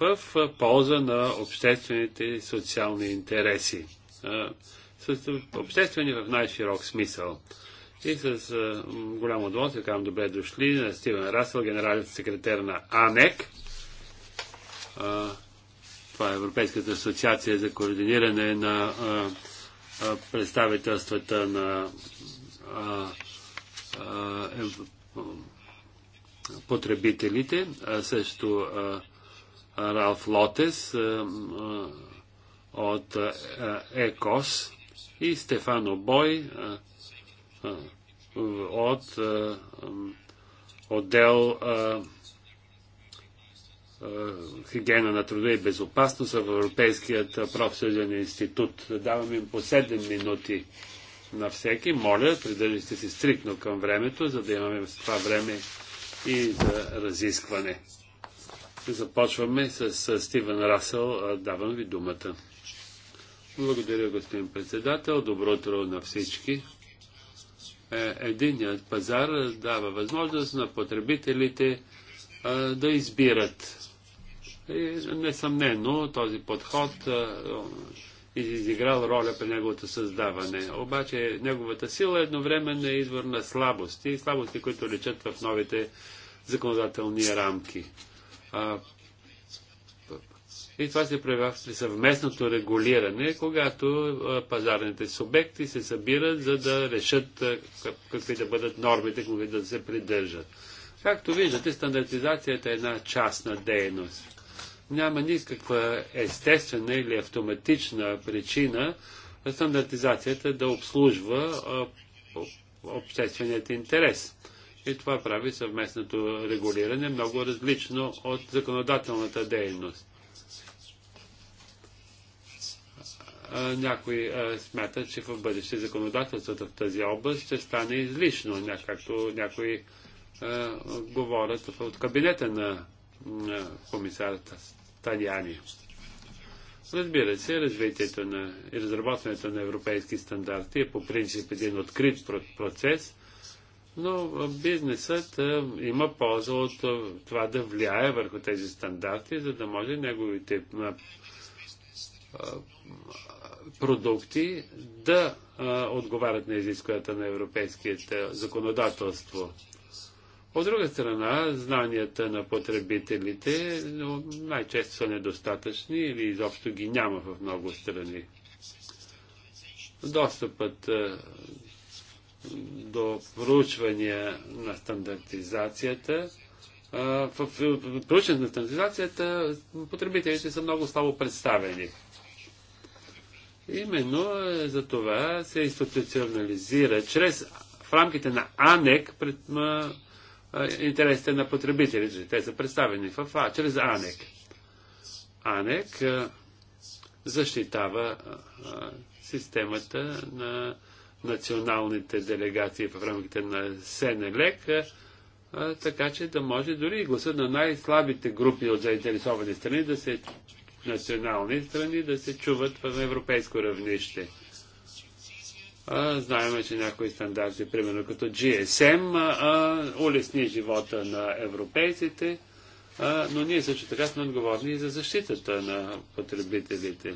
в полза на обществените и социални интереси. Обществени в най-широк смисъл. И с голямо удоволствие казвам добре дошли на Стивен Расъл, генерален секретар на АНЕК. Това е Европейската асоциация за координиране на представителствата на потребителите, също Ралф Лотес от ЕКОС и Стефано Бой от отдел хигиена на труда и безопасност в Европейският профсъден институт. Давам им по 7 минути на всеки. Моля, придържайте се стриктно към времето, за да имаме с това време и за разискване. Започваме с, Стивен Расъл. Давам ви думата. Благодаря, господин председател. Добро утро на всички. Е, единият пазар дава възможност на потребителите да избират и несъмнено този подход е, изиграл роля при неговото създаване. Обаче неговата сила е едновременно е извор на слабости, слабости, които лечат в новите законодателни рамки. А, и това се проявява при съвместното регулиране, когато пазарните субекти се събират, за да решат какви да бъдат нормите, които да се придържат. Както виждате, стандартизацията е една частна дейност няма никаква естествена или автоматична причина стандартизацията да обслужва общественият интерес. И това прави съвместното регулиране много различно от законодателната дейност. Някои смятат, че в бъдеще законодателството в тази област ще стане излишно, както някои говорят от кабинета на на комисарата Таняни. Разбира се, развитието на и разработването на европейски стандарти е по принцип един открит процес, но бизнесът има полза от това да влияе върху тези стандарти, за да може неговите продукти да отговарят на изискванията на европейските законодателство. От друга страна, знанията на потребителите най-често са недостатъчни или изобщо ги няма в много страни. Достъпът е, до проучвания на стандартизацията. Е, в проучването на стандартизацията потребителите са много слабо представени. Именно е, за това се институционализира чрез в рамките на АНЕК пред, интересите на потребителите. Те са представени в А, чрез АНЕК. АНЕК защитава системата на националните делегации в рамките на СНЛЕК, така че да може дори и гласа на най-слабите групи от заинтересовани страни да се национални страни да се чуват в европейско равнище. Знаеме, че някои стандарти, примерно като GSM, улесни живота на европейците, но ние също така сме отговорни и за защитата на потребителите.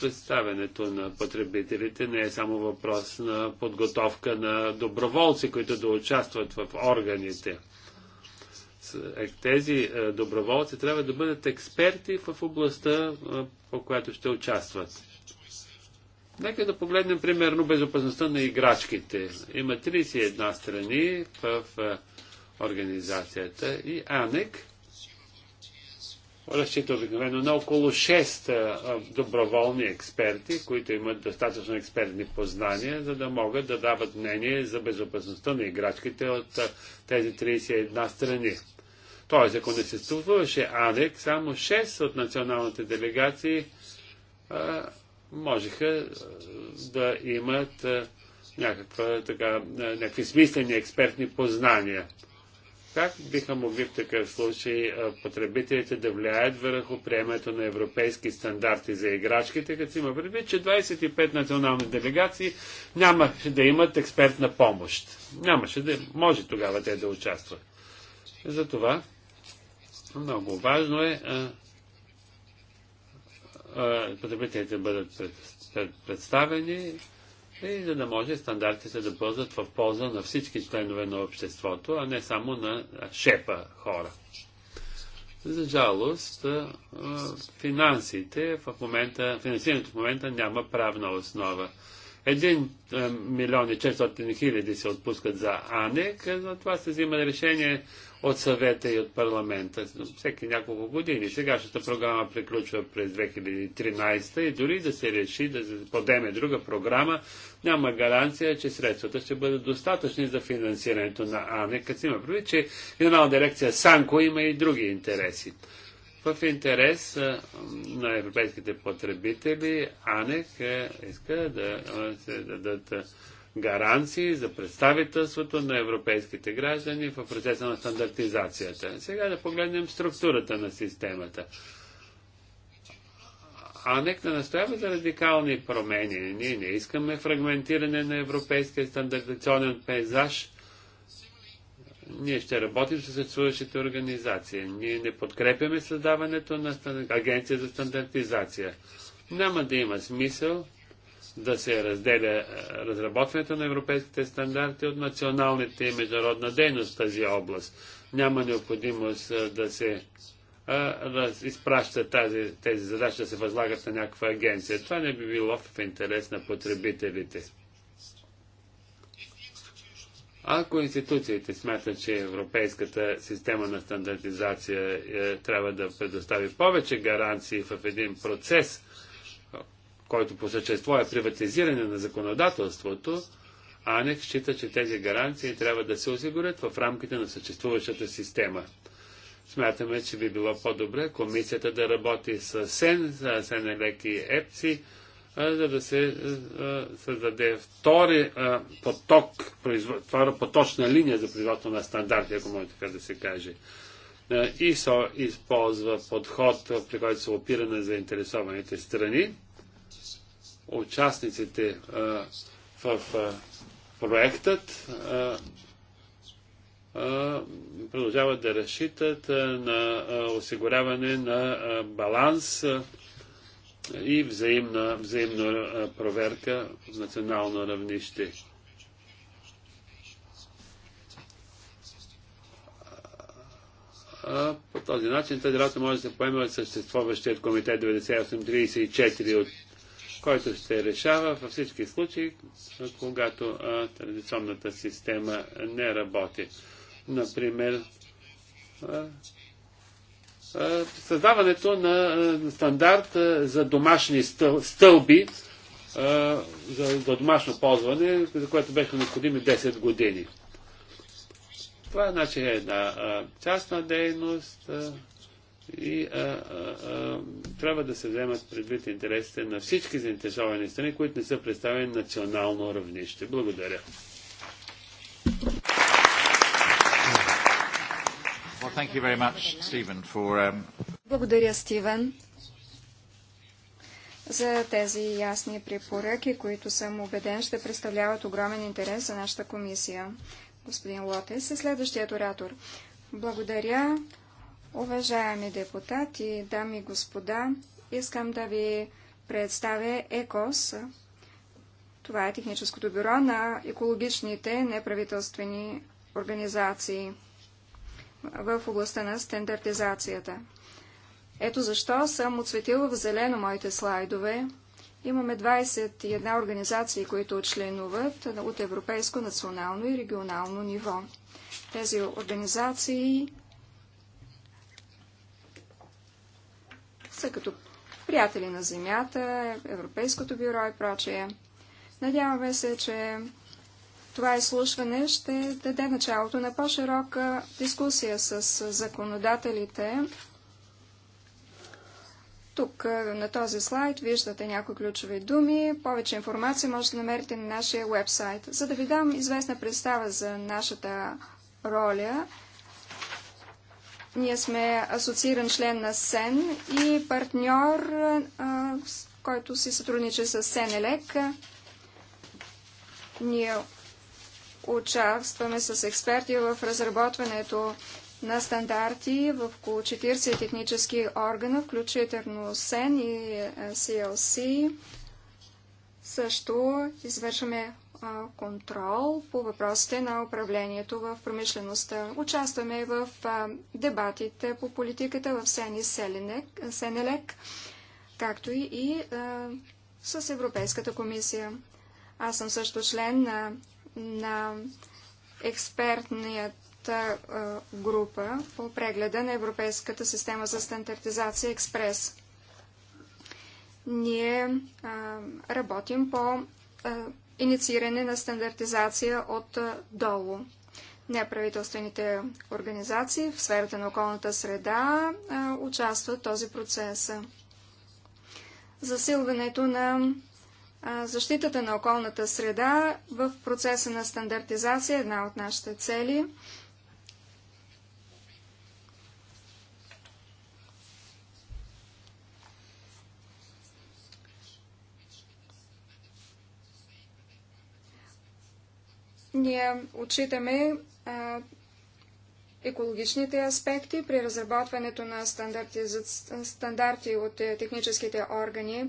Представянето на потребителите не е само въпрос на подготовка на доброволци, които да участват в органите. Е, тези е, доброволци трябва да бъдат експерти в областта, е, по която ще участват. Нека да погледнем примерно безопасността на играчките. Има 31 страни в е, организацията и АНЕК разчита обикновено на около 6 е, е, доброволни експерти, които имат достатъчно експертни познания, за да могат да дават мнение за безопасността на играчките от тези 31 страни. Тоест, ако не се ступваше АНЕК, само 6 от националните делегации можеха да имат някаква, така, някакви смислени експертни познания. Как биха могли в такъв случай потребителите да влияят върху приемането на европейски стандарти за играчките, като си има предвид, че 25 национални делегации нямаше да имат експертна помощ. Нямаше да може тогава те да участват. Затова много важно е потребителите бъдат представени и за да може стандартите да бъдат в полза на всички членове на обществото, а не само на шепа хора. За жалост, финансите в момента, финансирането в момента няма правна основа. 1 милион и 400 хиляди се отпускат за АНЕК, за това се взима решение от съвета и от парламента. Всеки няколко години. Сегашната програма приключва през 2013 и дори да се реши да подеме друга програма, няма гаранция, че средствата ще бъдат достатъчни за финансирането на АНЕ, като има прави, че Генерална дирекция Санко има и други интереси. В интерес на европейските потребители АНЕК е, иска да се дадат гаранции за представителството на европейските граждани в процеса на стандартизацията. Сега да погледнем структурата на системата. А нека да настоява за радикални промени. Ние не искаме фрагментиране на европейския стандартационен пейзаж. Ние ще работим с съществуващите организации. Ние не подкрепяме създаването на агенция за стандартизация. Няма да има смисъл да се разделя е, разработването на европейските стандарти от националните и международна дейност в тази област. Няма необходимост е, да се да е, изпраща тази, тези задачи да се възлагат на някаква агенция. Това не би било в интерес на потребителите. Ако институциите смятат, че европейската система на стандартизация е, трябва да предостави повече гаранции в един процес който по същество е приватизиране на законодателството, Анекс счита, че тези гаранции трябва да се осигурят в рамките на съществуващата система. Смятаме, че би било по-добре комисията да работи с СЕН, СЕНЕЛЕК и ЕПСИ, за да се създаде втори поток, втора поточна линия за производство на стандарти, ако може така да се каже. ИСО използва подход, при който се опира на заинтересованите страни участниците в проектът продължават да разчитат на осигуряване на баланс и взаимна, взаимна проверка в национално равнище. По този начин тази работа може да се поеме от съществуващият комитет 9834 от който ще решава във всички случаи, когато а, традиционната система не работи. Например, а, а, създаването на а, стандарт а, за домашни стъл, стълби а, за, за домашно ползване, за което беха необходими 10 години. Това значи е една а, частна дейност. А, и а, а, а, трябва да се вземат предвид интересите на всички заинтересовани страни, които не са представени национално равнище. Благодаря. Well, thank you very much, Stephen, for, um... Благодаря, Стивен, за тези ясни препоръки, които съм убеден ще представляват огромен интерес за нашата комисия. Господин Лотес е следващият оратор. Благодаря. Уважаеми депутати, дами и господа, искам да ви представя ЕКОС. Това е техническото бюро на екологичните неправителствени организации в областта на стандартизацията. Ето защо съм отсветила в зелено моите слайдове. Имаме 21 организации, които членуват от европейско, национално и регионално ниво. Тези организации са като приятели на Земята, Европейското бюро и прочее. Надяваме се, че това изслушване ще даде началото на по-широка дискусия с законодателите. Тук е, на този слайд виждате някои ключови думи. Повече информация може да намерите на нашия вебсайт. За да ви дам известна представа за нашата роля, ние сме асоцииран член на СЕН и партньор, който си сътрудничи с СЕНЕЛЕК. Ние участваме с експерти в разработването на стандарти в около 40 технически органа, включително СЕН и CLC. Е, Също извършваме контрол по въпросите на управлението в промишлеността. Участваме в дебатите по политиката в Сени Сенелек, както и с Европейската комисия. Аз съм също член на, на експертната група по прегледа на Европейската система за стандартизация Експрес. Ние а, работим по иницииране на стандартизация от долу. Неправителствените организации в сферата на околната среда участват в този процес. Засилването на защитата на околната среда в процеса на стандартизация е една от нашите цели. Ние отчитаме а, екологичните аспекти при разработването на стандарти, за, стандарти от е, техническите органи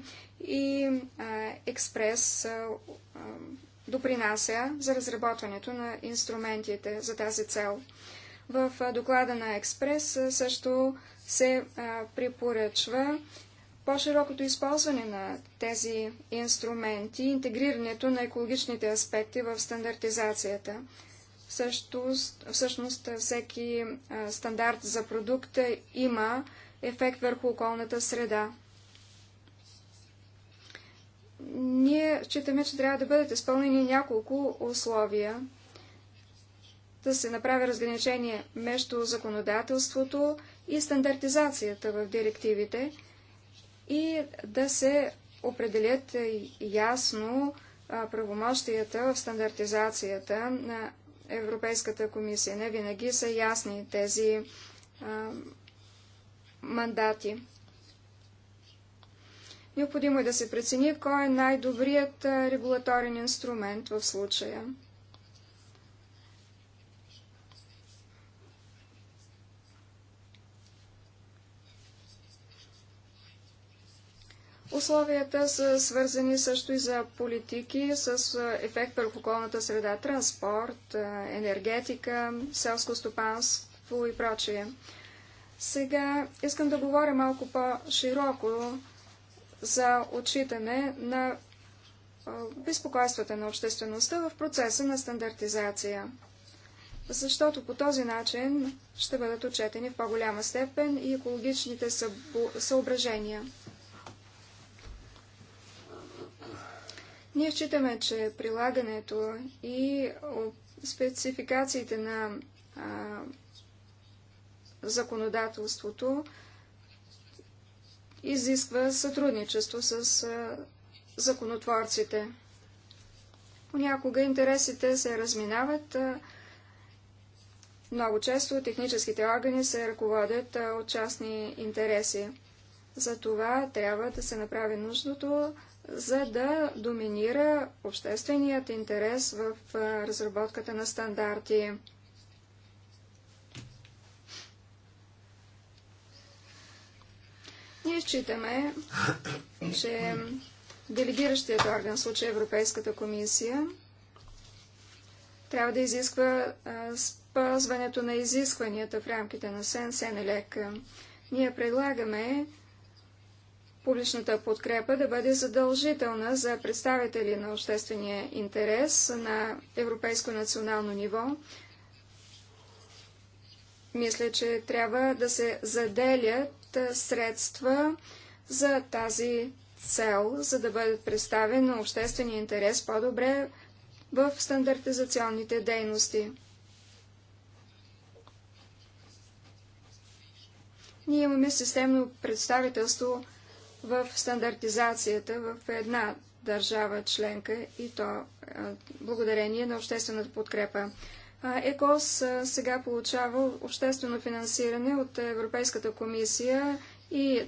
и а, експрес а, а, допринася за разработването на инструментите за тази цел. В доклада на Експрес също се препоръчва по-широкото използване на тези инструменти, интегрирането на екологичните аспекти в стандартизацията. Също, всъщност всеки стандарт за продукта има ефект върху околната среда. Ние считаме, че трябва да бъдат изпълнени няколко условия. Да се направи разграничение между законодателството и стандартизацията в директивите – и да се определят е, ясно правомощията в стандартизацията на Европейската комисия. Не винаги са ясни тези мандати. Необходимо е да се прецени кой е най-добрият регулаторен инструмент в случая. Условията са свързани също и за политики с ефект върху околната среда, транспорт, енергетика, селско стопанство и прочие. Сега искам да говоря малко по-широко за отчитане на безпокойствата на обществеността в процеса на стандартизация. Защото по този начин ще бъдат отчетени в по-голяма степен и екологичните съображения. Ние считаме, че прилагането и спецификациите на а, законодателството изисква сътрудничество с а, законотворците. Понякога интересите се разминават. А, много често техническите органи се ръководят а, от частни интереси. За това трябва да се направи нужното, за да доминира общественият интерес в разработката на стандарти. Ние считаме, че делегиращият орган, в случая Европейската комисия, трябва да изисква спазването на изискванията в рамките на Сен Сенелек. Ние предлагаме публичната подкрепа да бъде задължителна за представители на обществения интерес на европейско национално ниво. Мисля, че трябва да се заделят средства за тази цел, за да бъде представен на обществения интерес по-добре в стандартизационните дейности. Ние имаме системно представителство в стандартизацията в една държава членка и то благодарение на обществената подкрепа. ЕКОС сега получава обществено финансиране от Европейската комисия и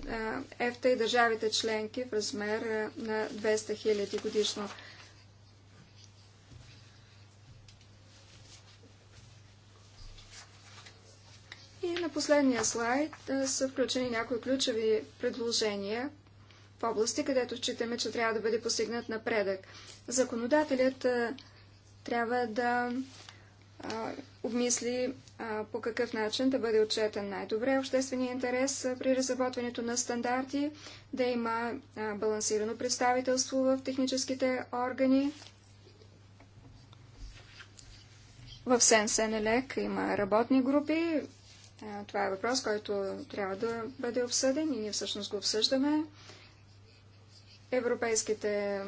ЕФТА и държавите членки в размер на 200 000 годишно. И на последния слайд са включени някои ключови предложения в области, където считаме, че трябва да бъде постигнат напредък. Законодателят трябва да обмисли по какъв начин да бъде отчетен най-добре обществения интерес при разработването на стандарти, да има балансирано представителство в техническите органи. В СЕНСЕНЕЛЕК има работни групи. Това е въпрос, който трябва да бъде обсъден и ние всъщност го обсъждаме европейските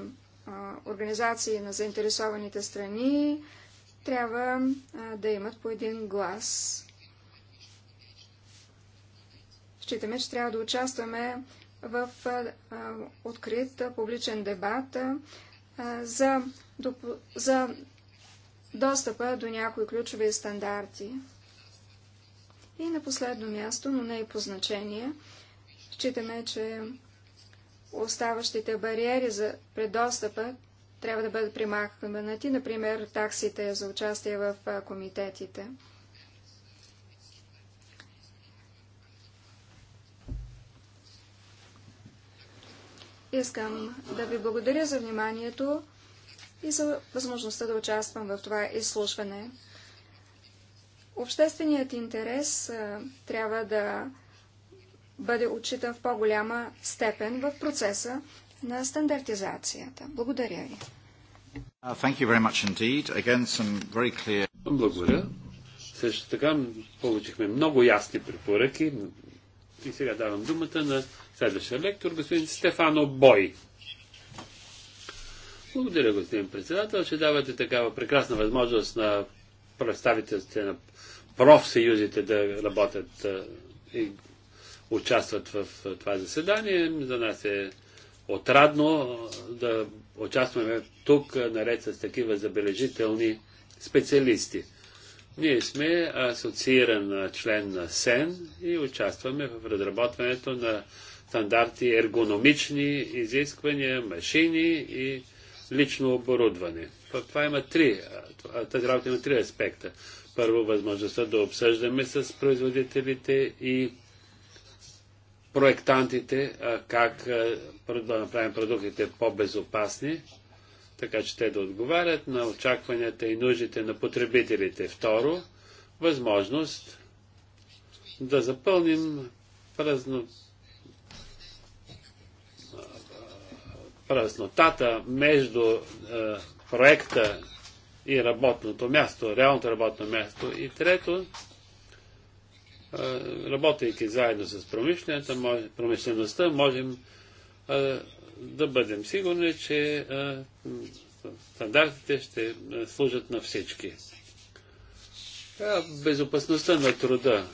организации на заинтересованите страни трябва да имат по един глас. Считаме, че трябва да участваме в открит публичен дебат за, за достъпа до някои ключови стандарти. И на последно място, но не и по значение, считаме, че оставащите бариери за предостъпа трябва да бъдат примахнати, например, таксите за участие в комитетите. Искам да ви благодаря за вниманието и за възможността да участвам в това изслушване. Общественият интерес трябва да бъде отчитан в по-голяма степен в процеса на стандартизацията. Благодаря ви. Uh, Благодаря. Също така получихме много ясни препоръки. И сега давам думата на следващия лектор, господин Стефано Бой. Благодаря, господин председател, че давате такава прекрасна възможност на представителите на профсъюзите да работят и участват в това заседание. За нас е отрадно да участваме тук, наред с такива забележителни специалисти. Ние сме асоцииран член на СЕН и участваме в разработването на стандарти ергономични изисквания, машини и лично оборудване. това има три, тази работа има три аспекта. Първо, възможността да обсъждаме с производителите и проектантите как да направим продуктите по-безопасни, така че те да отговарят на очакванията и нуждите на потребителите. Второ, възможност да запълним празно... празнотата между проекта и работното място, реалното работно място. И трето, работейки заедно с промишлеността, можем да бъдем сигурни, че стандартите ще служат на всички. Безопасността на труда,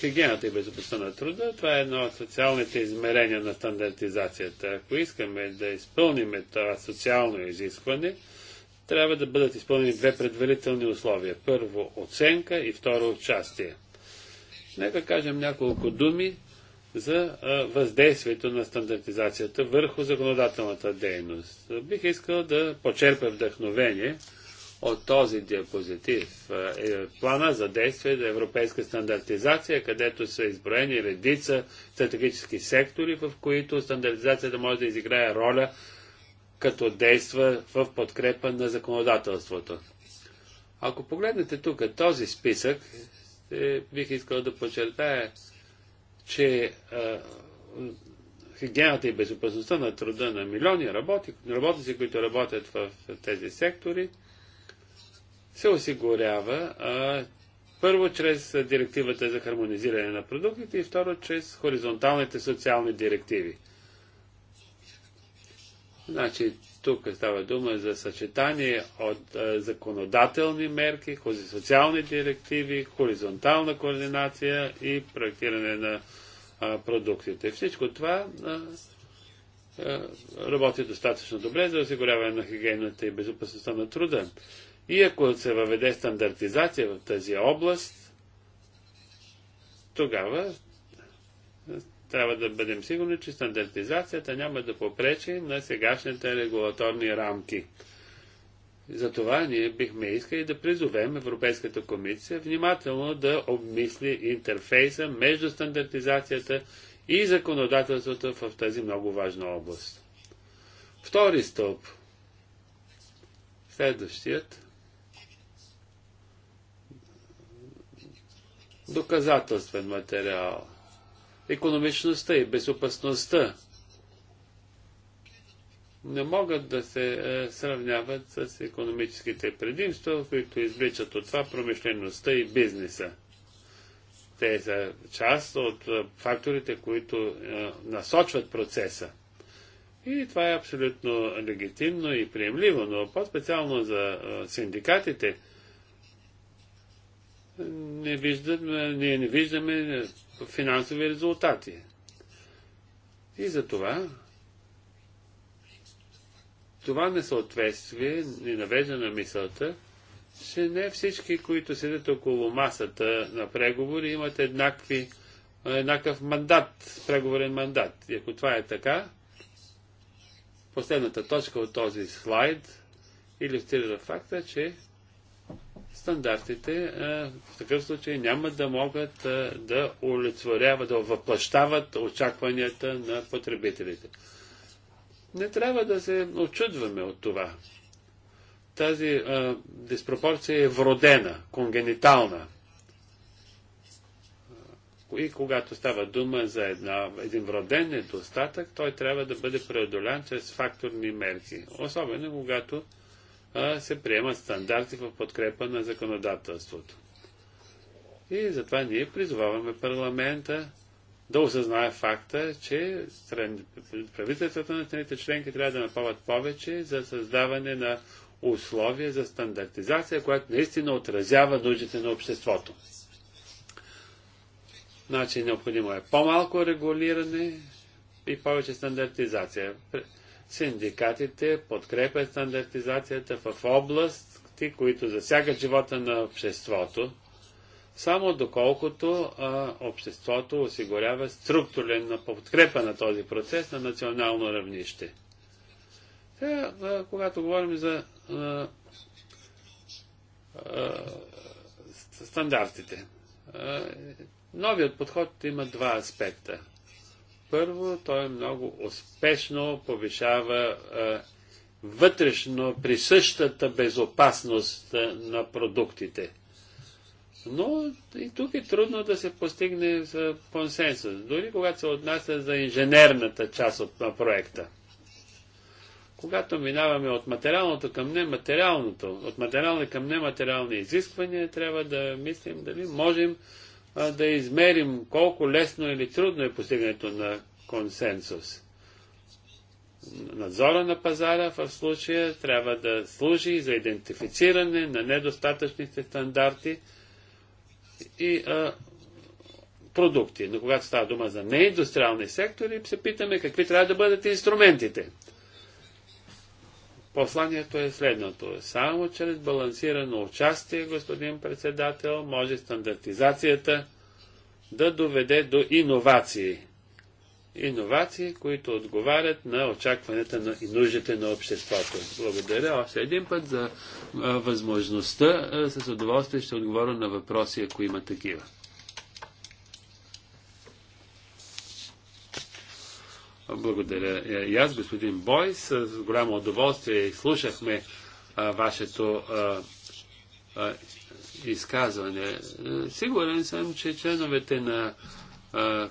хигиената и безопасността на труда, това е едно от социалните измерения на стандартизацията. Ако искаме да изпълним това социално изискване, трябва да бъдат изпълнени две предварителни условия. Първо оценка и второ участие. Нека кажем няколко думи за въздействието на стандартизацията върху законодателната дейност. Бих искал да почерпя вдъхновение от този диапозитив. Е, плана за действие за европейска стандартизация, където са изброени редица стратегически сектори, в които стандартизацията може да изиграе роля като действа в подкрепа на законодателството. Ако погледнете тук този списък, бих искал да подчертая, че а, хигиената и безопасността на труда на милиони работи, работници, които работят в тези сектори, се осигурява а, първо чрез директивата за хармонизиране на продуктите и второ чрез хоризонталните социални директиви. Значи, тук става дума за съчетание от а, е, законодателни мерки, социални директиви, хоризонтална координация и проектиране на а, продуктите. Всичко това а, е, е, работи достатъчно добре за осигуряване на хигиената и безопасността на труда. И ако се въведе стандартизация в тази област, тогава трябва да бъдем сигурни, че стандартизацията няма да попречи на сегашните регулаторни рамки. Затова ние бихме искали да призовем Европейската комисия внимателно да обмисли интерфейса между стандартизацията и законодателството в тази много важна област. Втори стълб. Следващият. Доказателствен материал економичността и безопасността не могат да се е, сравняват с економическите предимства, които извличат от това промишлеността и бизнеса. Те са част от е, факторите, които е, насочват процеса. И това е абсолютно легитимно и приемливо, но по-специално за е, синдикатите – не, виждаме, ние не виждаме финансови резултати. И за това това несъответствие ни навежда на мисълта, че не всички, които седят около масата на преговори, имат еднакви, еднакъв мандат, преговорен мандат. И ако това е така, последната точка от този слайд иллюстрира факта, че стандартите в такъв случай няма да могат да олицетворяват, да въплащават очакванията на потребителите. Не трябва да се очудваме от това. Тази а, диспропорция е вродена, конгенитална. И когато става дума за една, един вроден недостатък, той трябва да бъде преодолян чрез факторни мерки. Особено когато се приемат стандарти в подкрепа на законодателството. И затова ние призоваваме парламента да осъзнае факта, че правителствата на страните членки трябва да напават повече за създаване на условия за стандартизация, която наистина отразява нуждите на обществото. Значи необходимо е по-малко регулиране и повече стандартизация. Синдикатите подкрепят стандартизацията в области, които засягат живота на обществото, само доколкото а, обществото осигурява структурна подкрепа на този процес на национално равнище. Те, а, когато говорим за а, а, стандартите, а, новият подход има два аспекта. Първо, той много успешно повишава е, вътрешно присъщата безопасност е, на продуктите. Но и тук е трудно да се постигне консенсус, дори когато се отнася за инженерната част от, на проекта. Когато минаваме от материалното към нематериалното, от материални към нематериални изисквания, трябва да мислим дали можем да измерим колко лесно или трудно е постигането на консенсус. Надзора на пазара в случая трябва да служи за идентифициране на недостатъчните стандарти и а, продукти. Но когато става дума за неиндустриални сектори, се питаме какви трябва да бъдат инструментите. Посланието е следното. Само чрез балансирано участие, господин председател, може стандартизацията да доведе до иновации. Иновации, които отговарят на очакванията на и нуждите на обществото. Благодаря още един път за възможността. с удоволствие ще отговоря на въпроси, ако има такива. Благодаря. Е, и аз, господин Бойс, с голямо удоволствие слушахме вашето изказване. Е, сигурен съм, че членовете на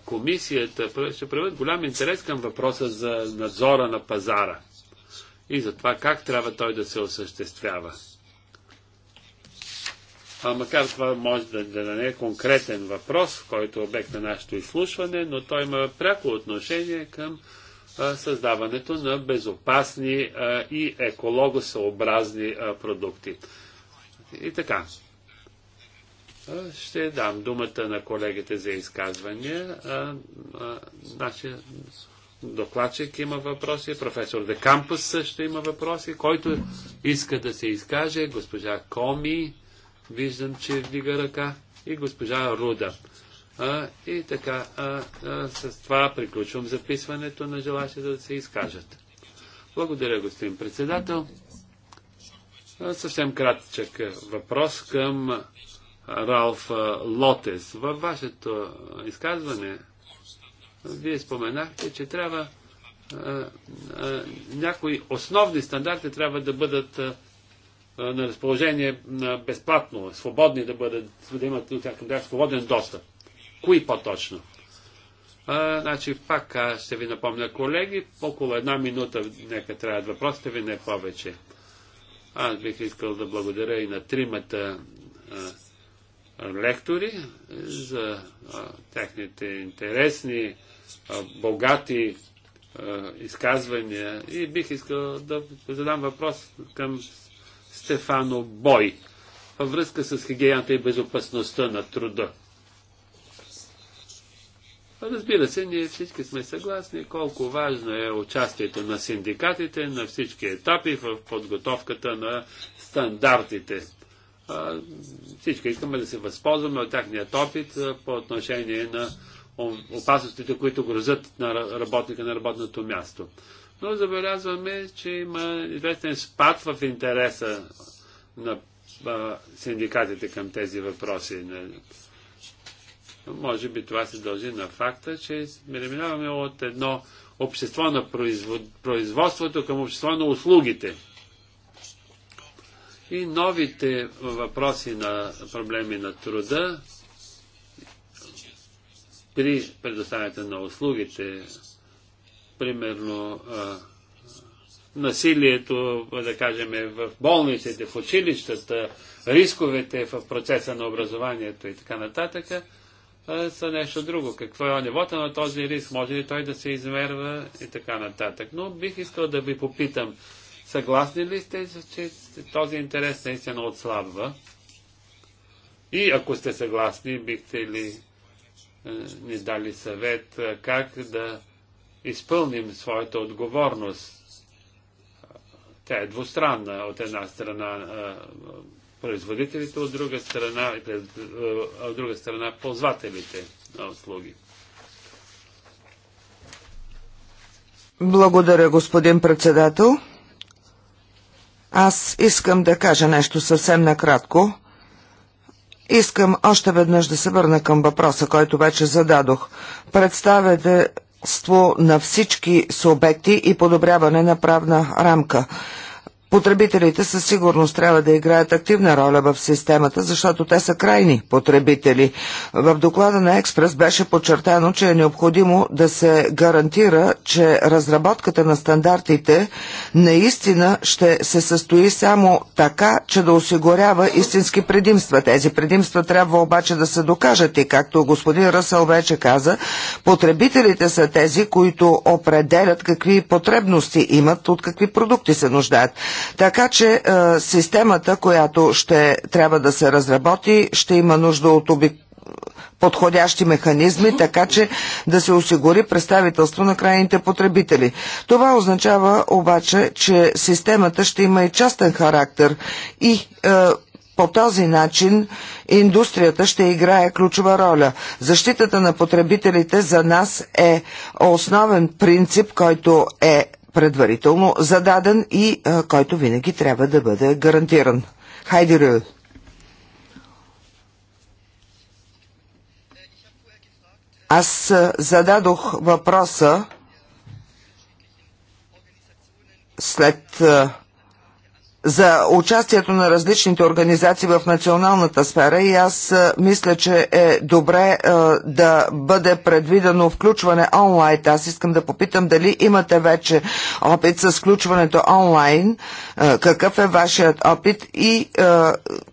комисията ще проявят голям интерес към въпроса за надзора на пазара и за това как трябва той да се осъществява а макар това може да, да не е конкретен въпрос, който е обект на нашето изслушване, но той има пряко отношение към а, създаването на безопасни а, и екологосъобразни а, продукти. И така. Ще дам думата на колегите за изказвания. Нашия докладчик има въпроси, професор Декампус също има въпроси. Който иска да се изкаже, госпожа Коми, Виждам, че вдига ръка и госпожа Руда. А, и така, а, а, с това приключвам записването на желащите да се изкажат. Благодаря, господин председател. А, съвсем кратчък въпрос към Ралф Лотес. Във вашето изказване вие споменахте, че трябва а, а, някои основни стандарти трябва да бъдат на разположение на безплатно, свободни да бъдат, да имат към тях свободен достъп. Кои по-точно? А, значи, пак а, ще ви напомня, колеги, около една минута нека трябва въпросите ви, не повече. Аз бих искал да благодаря и на тримата а, лектори за а, техните интересни, а, богати а, изказвания и бих искал да задам въпрос към Стефано Бой във връзка с хигиената и безопасността на труда. Разбира се, ние всички сме съгласни колко важно е участието на синдикатите на всички етапи в подготовката на стандартите. Всички искаме да се възползваме от тяхният опит по отношение на опасностите, които грозят на работника на работното място но забелязваме, че има известен спад в интереса на а, синдикатите към тези въпроси. Може би това се дължи на факта, че преминаваме от едно общество на производ... производството към общество на услугите. И новите въпроси на проблеми на труда при предоставянето на услугите, примерно а, насилието, да кажем, в болниците, в училищата, рисковете в процеса на образованието и така нататък, а, са нещо друго. Какво е нивото на този риск? Може ли той да се измерва и така нататък? Но бих искал да ви попитам, съгласни ли сте, че този интерес наистина отслабва? И ако сте съгласни, бихте ли ни дали съвет как да изпълним своята отговорност. Тя е двустранна. От една страна производителите, от друга страна, от друга страна ползвателите на услуги. Благодаря, господин председател. Аз искам да кажа нещо съвсем накратко. Искам още веднъж да се върна към въпроса, който вече зададох. Представете на всички субекти и подобряване на правна рамка. Потребителите със сигурност трябва да играят активна роля в системата, защото те са крайни потребители. В доклада на Експрес беше подчертано, че е необходимо да се гарантира, че разработката на стандартите наистина ще се състои само така, че да осигурява истински предимства. Тези предимства трябва обаче да се докажат и, както господин Ръсъл вече каза, потребителите са тези, които определят какви потребности имат, от какви продукти се нуждаят. Така че е, системата, която ще трябва да се разработи, ще има нужда от обикновено подходящи механизми, така че да се осигури представителство на крайните потребители. Това означава обаче, че системата ще има и частен характер и е, по този начин индустрията ще играе ключова роля. Защитата на потребителите за нас е основен принцип, който е предварително зададен и а, който винаги трябва да бъде гарантиран. Хайде, Рю. Аз зададох въпроса след а, за участието на различните организации в националната сфера и аз мисля, че е добре да бъде предвидено включване онлайн. Аз искам да попитам дали имате вече опит с включването онлайн, какъв е вашият опит и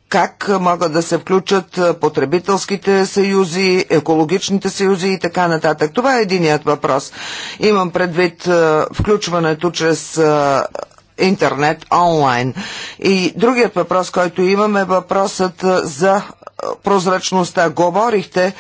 как могат да се включат потребителските съюзи, екологичните съюзи и така нататък. Това е единият въпрос. Имам предвид включването чрез интернет онлайн. И другият въпрос, който имаме, е въпросът за прозрачността. Говорихте,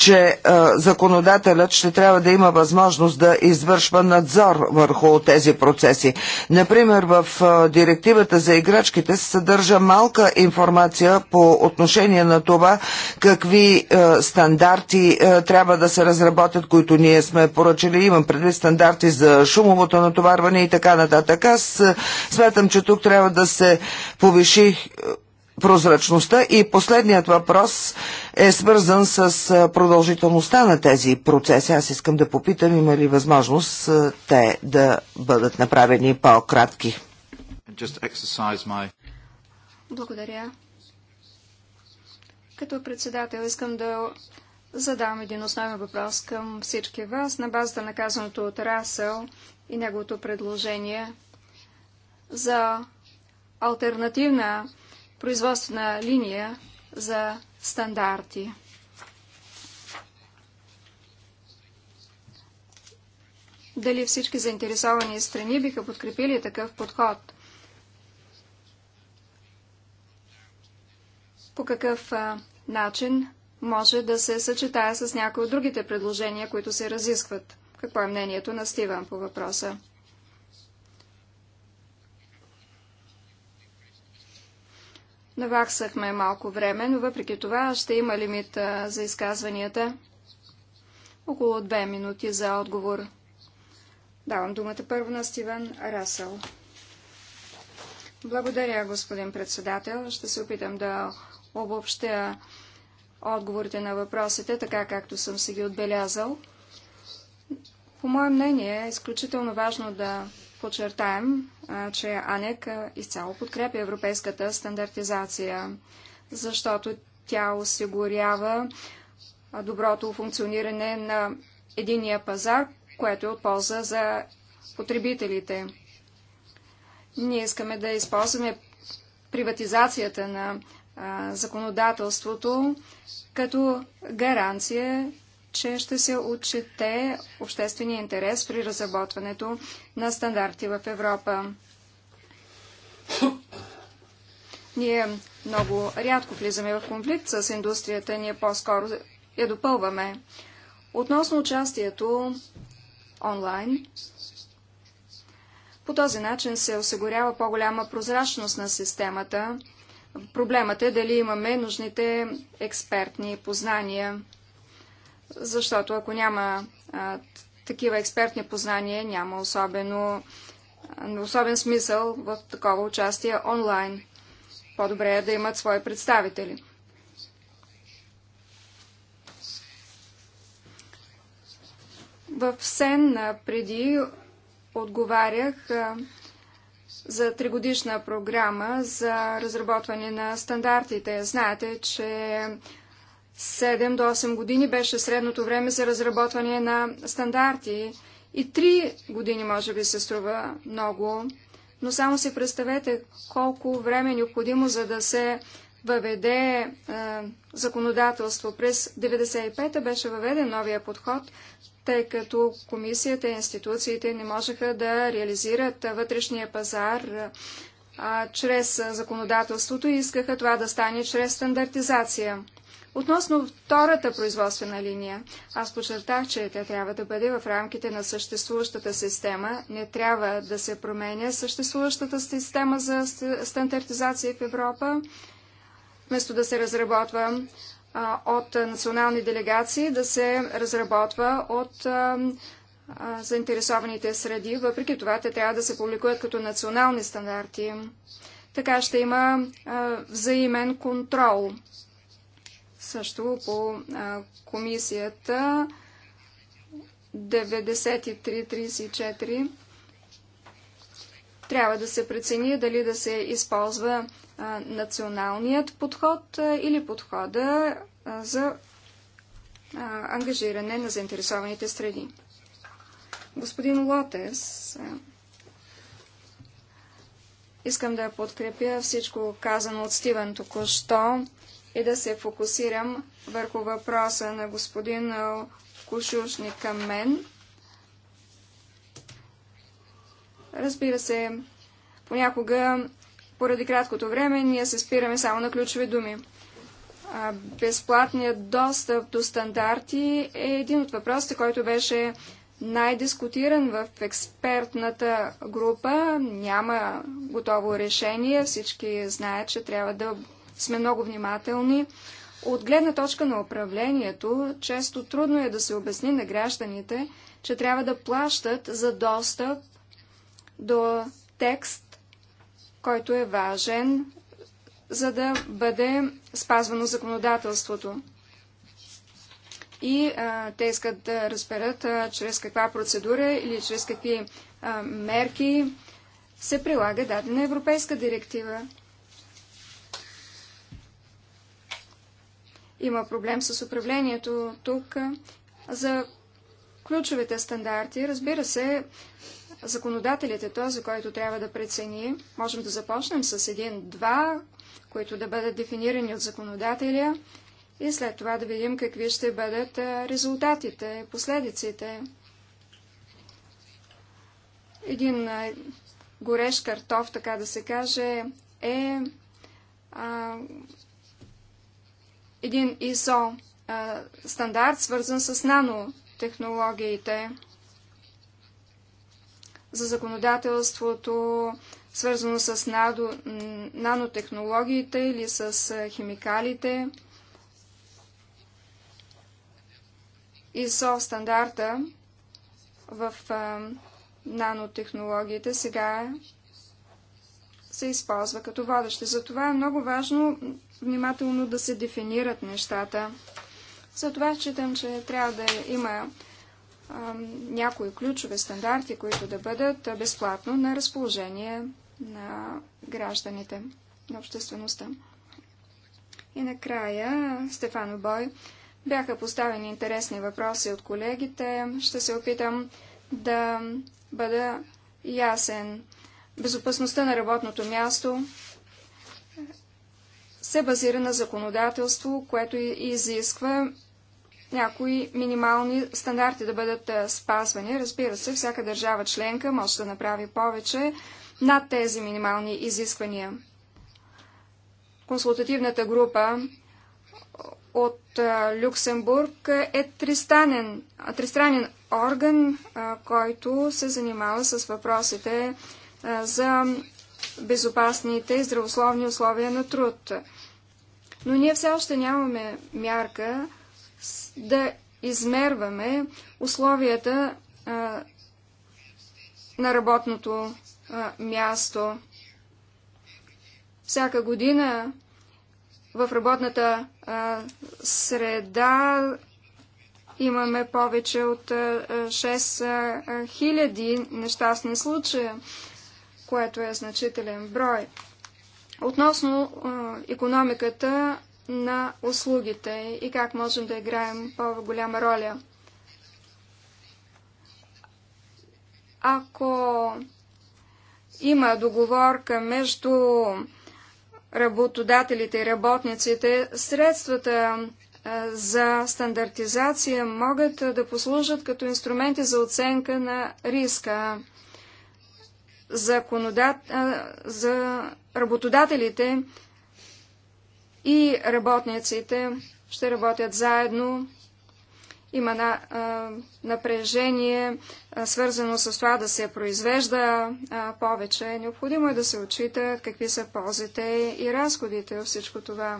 че е, законодателят ще трябва да има възможност да извършва надзор върху тези процеси. Например, в е, директивата за играчките се съдържа малка информация по отношение на това какви е, стандарти трябва да се разработят, които ние сме поръчали. Имам предвид стандарти за шумовото натоварване и така нататък. Аз смятам, че тук трябва да се повиши прозрачността. И последният въпрос е свързан с продължителността на тези процеси. Аз искам да попитам, има ли възможност те да бъдат направени по-кратки. Благодаря. Като председател искам да задам един основен въпрос към всички вас на базата на казаното от Расъл и неговото предложение за альтернативна производствена линия за стандарти. Дали всички заинтересовани страни биха подкрепили такъв подход? По какъв а, начин може да се съчетая с някои от другите предложения, които се разискват? Какво е мнението на Стиван по въпроса? Наваксахме малко време, но въпреки това ще има лимит за изказванията. Около две минути за отговор. Давам думата първо на Стивен Расъл. Благодаря, господин председател. Ще се опитам да обобщя отговорите на въпросите, така както съм си ги отбелязал. По мое мнение е изключително важно да подчертаем, че АНЕК изцяло подкрепя европейската стандартизация, защото тя осигурява доброто функциониране на единия пазар, което е от полза за потребителите. Ние искаме да използваме приватизацията на законодателството като гаранция, че ще се отчете обществения интерес при разработването на стандарти в Европа. Ние много рядко влизаме в конфликт с индустрията, ние по-скоро я допълваме. Относно участието онлайн, по този начин се осигурява по-голяма прозрачност на системата. Проблемът е дали имаме нужните експертни познания защото ако няма а, такива експертни познания, няма особено, особен смисъл в такова участие онлайн. По-добре е да имат свои представители. В Сен преди отговарях а, за тригодишна програма за разработване на стандартите. Знаете, че 7 до 8 години беше средното време за разработване на стандарти и 3 години може би се струва много, но само си представете колко време е необходимо за да се въведе е, законодателство. През 1995-та беше въведен новия подход, тъй като комисията и институциите не можеха да реализират вътрешния пазар е, а, чрез законодателството и искаха това да стане чрез стандартизация. Относно втората производствена линия, аз подчертах, че тя трябва да бъде в рамките на съществуващата система. Не трябва да се променя съществуващата система за стандартизация в Европа, вместо да се разработва от национални делегации, да се разработва от заинтересованите среди. Въпреки това, те трябва да се публикуват като национални стандарти. Така ще има взаимен контрол също по а, комисията 9334 трябва да се прецени дали да се използва а, националният подход а, или подхода а, за ангажиране на заинтересованите страни. Господин Лотес, искам да подкрепя всичко казано от Стивен току-що и да се фокусирам върху въпроса на господин кушушник към мен. Разбира се, понякога, поради краткото време, ние се спираме само на ключови думи. Безплатният достъп до стандарти е един от въпросите, който беше най-дискутиран в експертната група. Няма готово решение. Всички знаят, че трябва да сме много внимателни. От гледна точка на управлението, често трудно е да се обясни на гражданите, че трябва да плащат за достъп до текст, който е важен, за да бъде спазвано законодателството. И а, те искат да разберат а, чрез каква процедура или чрез какви а, мерки се прилага дадена европейска директива. Има проблем с управлението тук за ключовите стандарти. Разбира се, законодателите, този, който трябва да прецени, можем да започнем с един-два, които да бъдат дефинирани от законодателя и след това да видим какви ще бъдат резултатите, последиците. Един горещ картоф, така да се каже, е а, един ISO а, стандарт, свързан с нанотехнологиите за законодателството, свързано с надо, нанотехнологиите или с химикалите. ISO стандарта в а, нанотехнологиите сега се използва като водещи. Затова е много важно внимателно да се дефинират нещата. Затова считам, че трябва да има а, някои ключови стандарти, които да бъдат безплатно на разположение на гражданите, на обществеността. И накрая, Стефано Бой, бяха поставени интересни въпроси от колегите. Ще се опитам да бъда ясен. Безопасността на работното място се базира на законодателство, което изисква някои минимални стандарти да бъдат спазвани. Разбира се, всяка държава членка може да направи повече над тези минимални изисквания. Консултативната група от Люксембург е тристанен, тристранен орган, който се занимава с въпросите за безопасните и здравословни условия на труд но ние все още нямаме мярка да измерваме условията а, на работното а, място. Всяка година в работната а, среда имаме повече от 6 000 нещастни случая, което е значителен брой. Относно економиката на услугите и как можем да играем по-голяма роля. Ако има договорка между работодателите и работниците, средствата за стандартизация могат да послужат като инструменти за оценка на риска. Законодат... За работодателите и работниците ще работят заедно. Има на, а, напрежение, а, свързано с това да се произвежда а, повече. Необходимо е да се отчита какви са ползите и разходите от всичко това.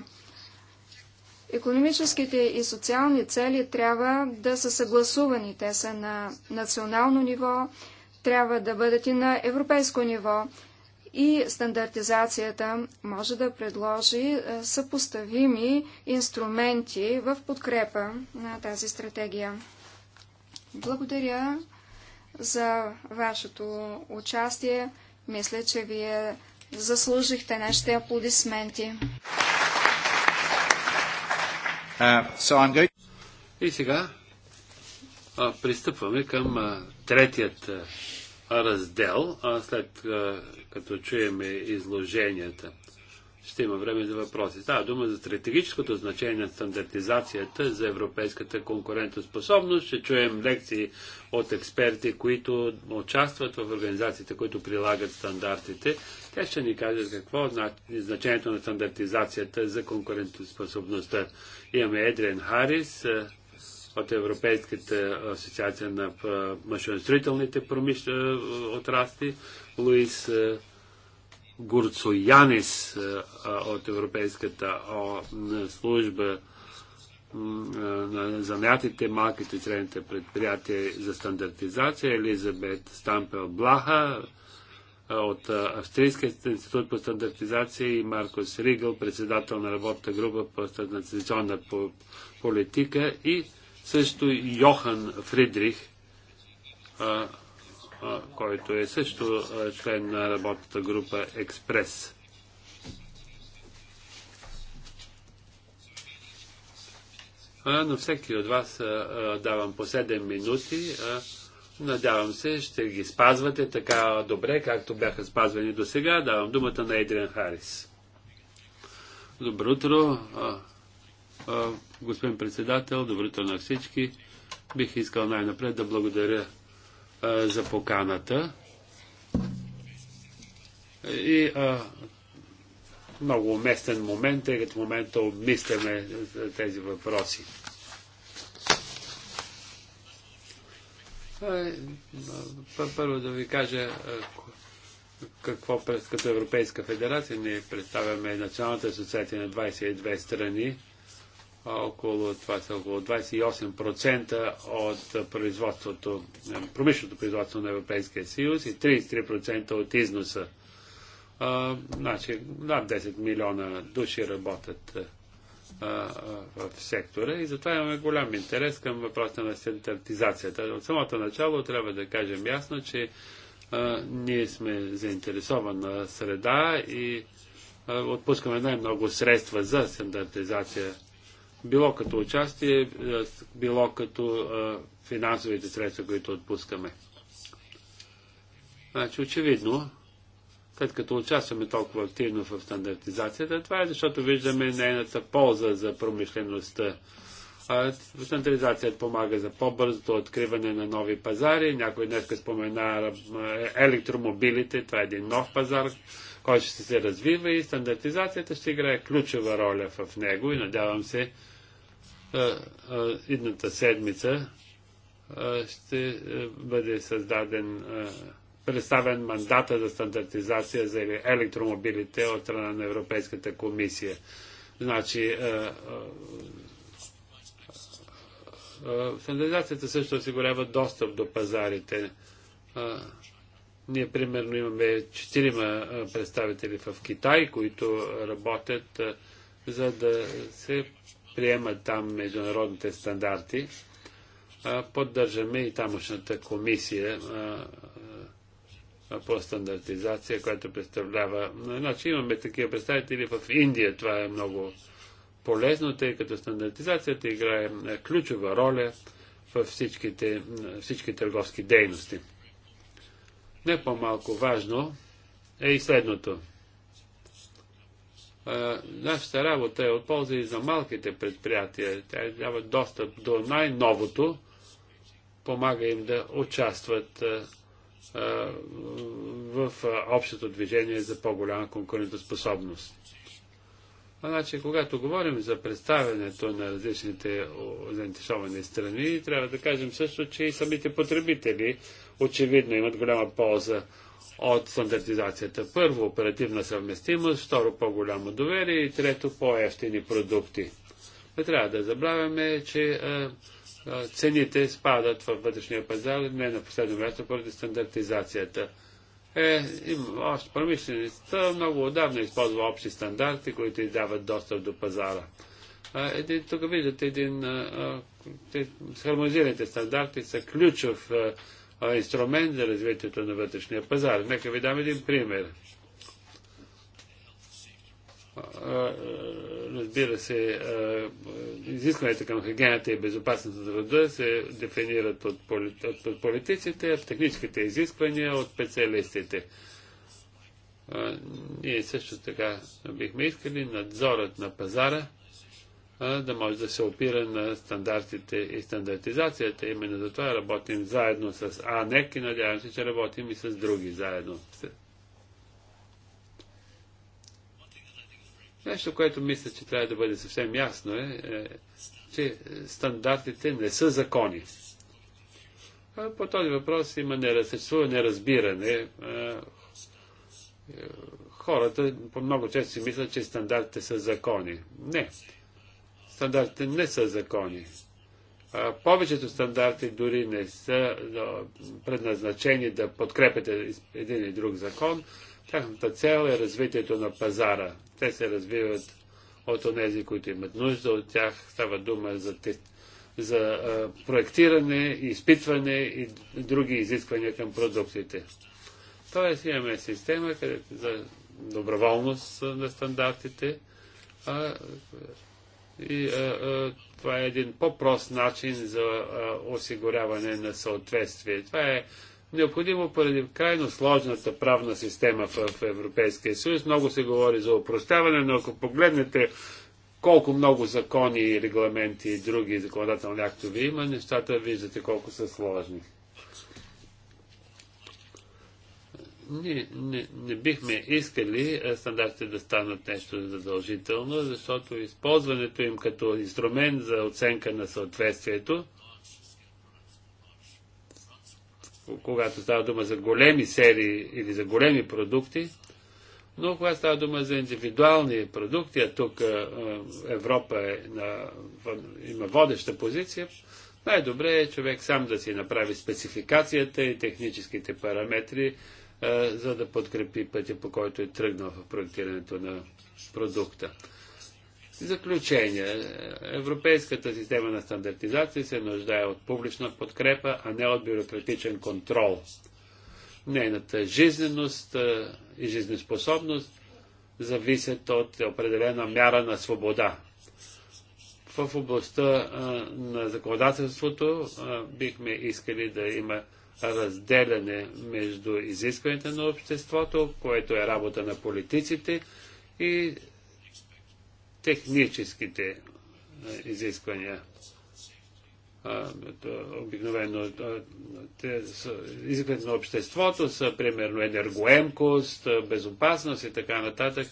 Економическите и социални цели трябва да са съгласувани. Те са на национално ниво, трябва да бъдат и на европейско ниво и стандартизацията може да предложи е, съпоставими инструменти в подкрепа на тази стратегия. Благодаря за вашето участие. Мисля, че вие заслужихте нашите аплодисменти. И сега пристъпваме към третият раздел, а след като чуем изложенията. Ще има време за въпроси. Става дума за стратегическото значение на стандартизацията за европейската конкурентоспособност. Ще чуем лекции от експерти, които участват в организациите, които прилагат стандартите. Те ще ни кажат какво е значението на стандартизацията за конкурентоспособността. Имаме Едриан Харис, от Европейската асоциация на машиностроителните отрасти, отрасли, Луис Гурцоянис от Европейската служба на занятите, малките и средните предприятия за стандартизация, Елизабет Стампел Блаха от Австрийския институт по стандартизация и Маркос Ригъл, председател на работната група по стандартизационна политика и също Йохан Фридрих, а, а, който е също а, член на работната група Експрес. На всеки от вас давам по 7 минути. Надявам се, ще ги спазвате така добре, както бяха спазвани до сега. Давам думата на Едриан Харис. Добро утро господин председател. Доброто на всички. Бих искал най-напред да благодаря а, за поканата. И а, много уместен момент, тъй като в момента обмисляме тези въпроси. Първо да ви кажа какво като Европейска федерация ние представяме Националната асоциация на 22 страни около, това са около 28% от производството, е, промишленото производство на Европейския съюз и 33% от износа. А, значи, над 10 милиона души работят е, в сектора и затова имаме голям интерес към въпроса на стандартизацията. От самото начало трябва да кажем ясно, че а, е, ние сме заинтересована среда и а, отпускаме най-много средства за стандартизация било като участие, е, било като е, финансовите средства, които отпускаме. Значи, очевидно, след като участваме толкова активно в стандартизацията, това е защото виждаме нейната полза за промишлеността. Стандартизацията помага за по-бързото откриване на нови пазари. Някой днес спомена е, електромобилите. Това е един нов пазар, който ще се развива и стандартизацията ще играе ключова роля в него и надявам се, идната седмица ще бъде създаден, представен мандата за стандартизация за електромобилите от страна на Европейската комисия. Значи, стандартизацията също осигурява достъп до пазарите. Ние примерно имаме четирима представители в Китай, които работят за да се приемат там международните стандарти, поддържаме и тамошната комисия по стандартизация, която представлява. Значи имаме такива представители в Индия. Това е много полезно, тъй като стандартизацията играе ключова роля във всичките, всички търговски дейности. Не по-малко важно е и следното нашата работа е от полза и за малките предприятия. Тя дава достъп до най-новото, помага им да участват в общото движение за по-голяма конкурентоспособност. Значи, когато говорим за представянето на различните заинтересовани страни, трябва да кажем също, че и самите потребители очевидно имат голяма полза от стандартизацията. Първо, оперативна съвместимост, второ, по-голямо доверие и трето, по-ефтини продукти. Не трябва да забравяме, че а, а, цените спадат във вътрешния пазар, не на последно място поради стандартизацията. Е, има още промишлеността много отдавна използва общи стандарти, които издават достъп до пазара. А, един, тук виждате един, а, те, хармонизираните стандарти са ключов а, инструмент за развитието на вътрешния пазар. Нека ви дам един пример. Разбира се, изискването към хигиената и безопасност на труда се дефинират от, полит... от политиците, от техническите изисквания от специалистите. Ние също така бихме искали надзорът на пазара – да може да се опира на стандартите и стандартизацията. Именно за това работим заедно с АНЕК и надявам се, че работим и с други заедно. Нещо, което мисля, че трябва да бъде съвсем ясно е, е че стандартите не са закони. А по този въпрос има нерасъчува неразбиране. Е, е, хората по много често си мислят, че стандартите са закони. Не стандартите не са закони. А, повечето стандарти дори не са предназначени да подкрепят е, един и друг закон. Тяхната цел е развитието на пазара. Те се развиват от онези, които имат нужда от тях. Става дума за, за а, проектиране, изпитване и други изисквания към продуктите. Тоест имаме система за доброволност на стандартите, а, и а, а, това е един по-прост начин за а, осигуряване на съответствие. Това е необходимо поради крайно сложната правна система в, в Европейския съюз. Много се говори за упростяване, но ако погледнете колко много закони, регламенти и други законодателни актове има, нещата виждате колко са сложни. ние не, не бихме искали е, стандартите да станат нещо задължително, защото използването им като инструмент за оценка на съответствието, когато става дума за големи серии или за големи продукти, но когато става дума за индивидуални продукти, а тук е, е, Европа е на, има водеща позиция, най-добре е човек сам да си направи спецификацията и техническите параметри, е, за да подкрепи пътя, по който е тръгнал в проектирането на продукта. Заключение. Европейската система на стандартизация се нуждае от публична подкрепа, а не от бюрократичен контрол. Нейната жизненост е, и жизнеспособност зависят от определена мяра на свобода. В областта е, на законодателството бихме искали да има разделяне между изискванията на обществото, което е работа на политиците и техническите изисквания. Обикновено изискванията на обществото са примерно енергоемкост, безопасност и така нататък.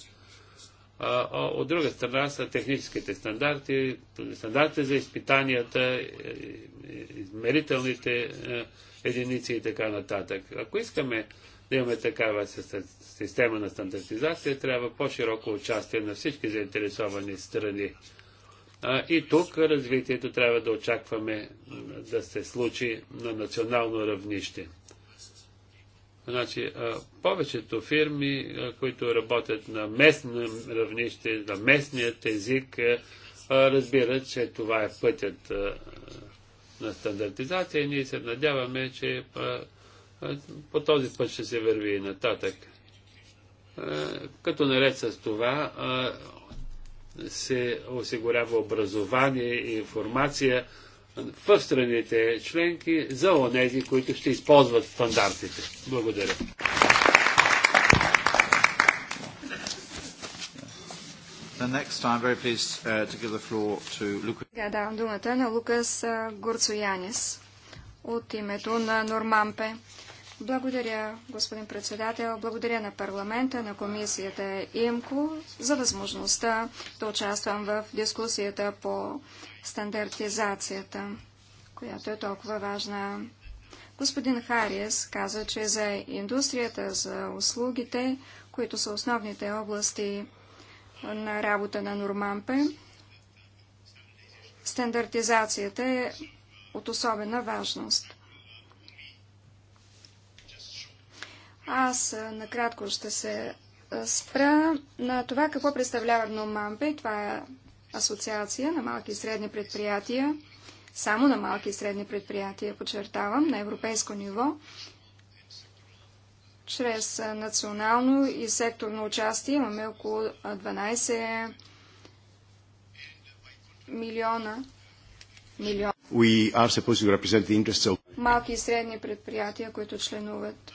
От друга страна са техническите стандарти, стандартите за изпитанията, измерителните единици и така нататък. Ако искаме да имаме такава система на стандартизация, трябва по-широко участие на всички заинтересовани страни. А, и тук развитието трябва да очакваме да се случи на национално равнище. Значи, а, повечето фирми, а, които работят на местно равнище, на местният език, разбират, че това е пътят на стандартизация. Ние се надяваме, че по този път ще се върви и нататък. като наред с това се осигурява образование и информация в страните членки за онези, които ще използват стандартите. Благодаря. next, very pleased uh, to give the floor to Luca. Да, давам думата на Лукас Горцоянис от името на Нормампе. Благодаря, господин председател. Благодаря на парламента, на комисията ИМКО за възможността да участвам в дискусията по стандартизацията, която е толкова важна. Господин Харис каза, че за индустрията, за услугите, които са основните области, на работа на Нормампе. Стандартизацията е от особена важност. Аз накратко ще се спра на това какво представлява Нормампе. Това е асоциация на малки и средни предприятия, само на малки и средни предприятия, подчертавам, на европейско ниво. Чрез национално и секторно участие имаме около 12 милиона. милиона. We are supposed to represent the interests of... Малки и средни предприятия, които членуват.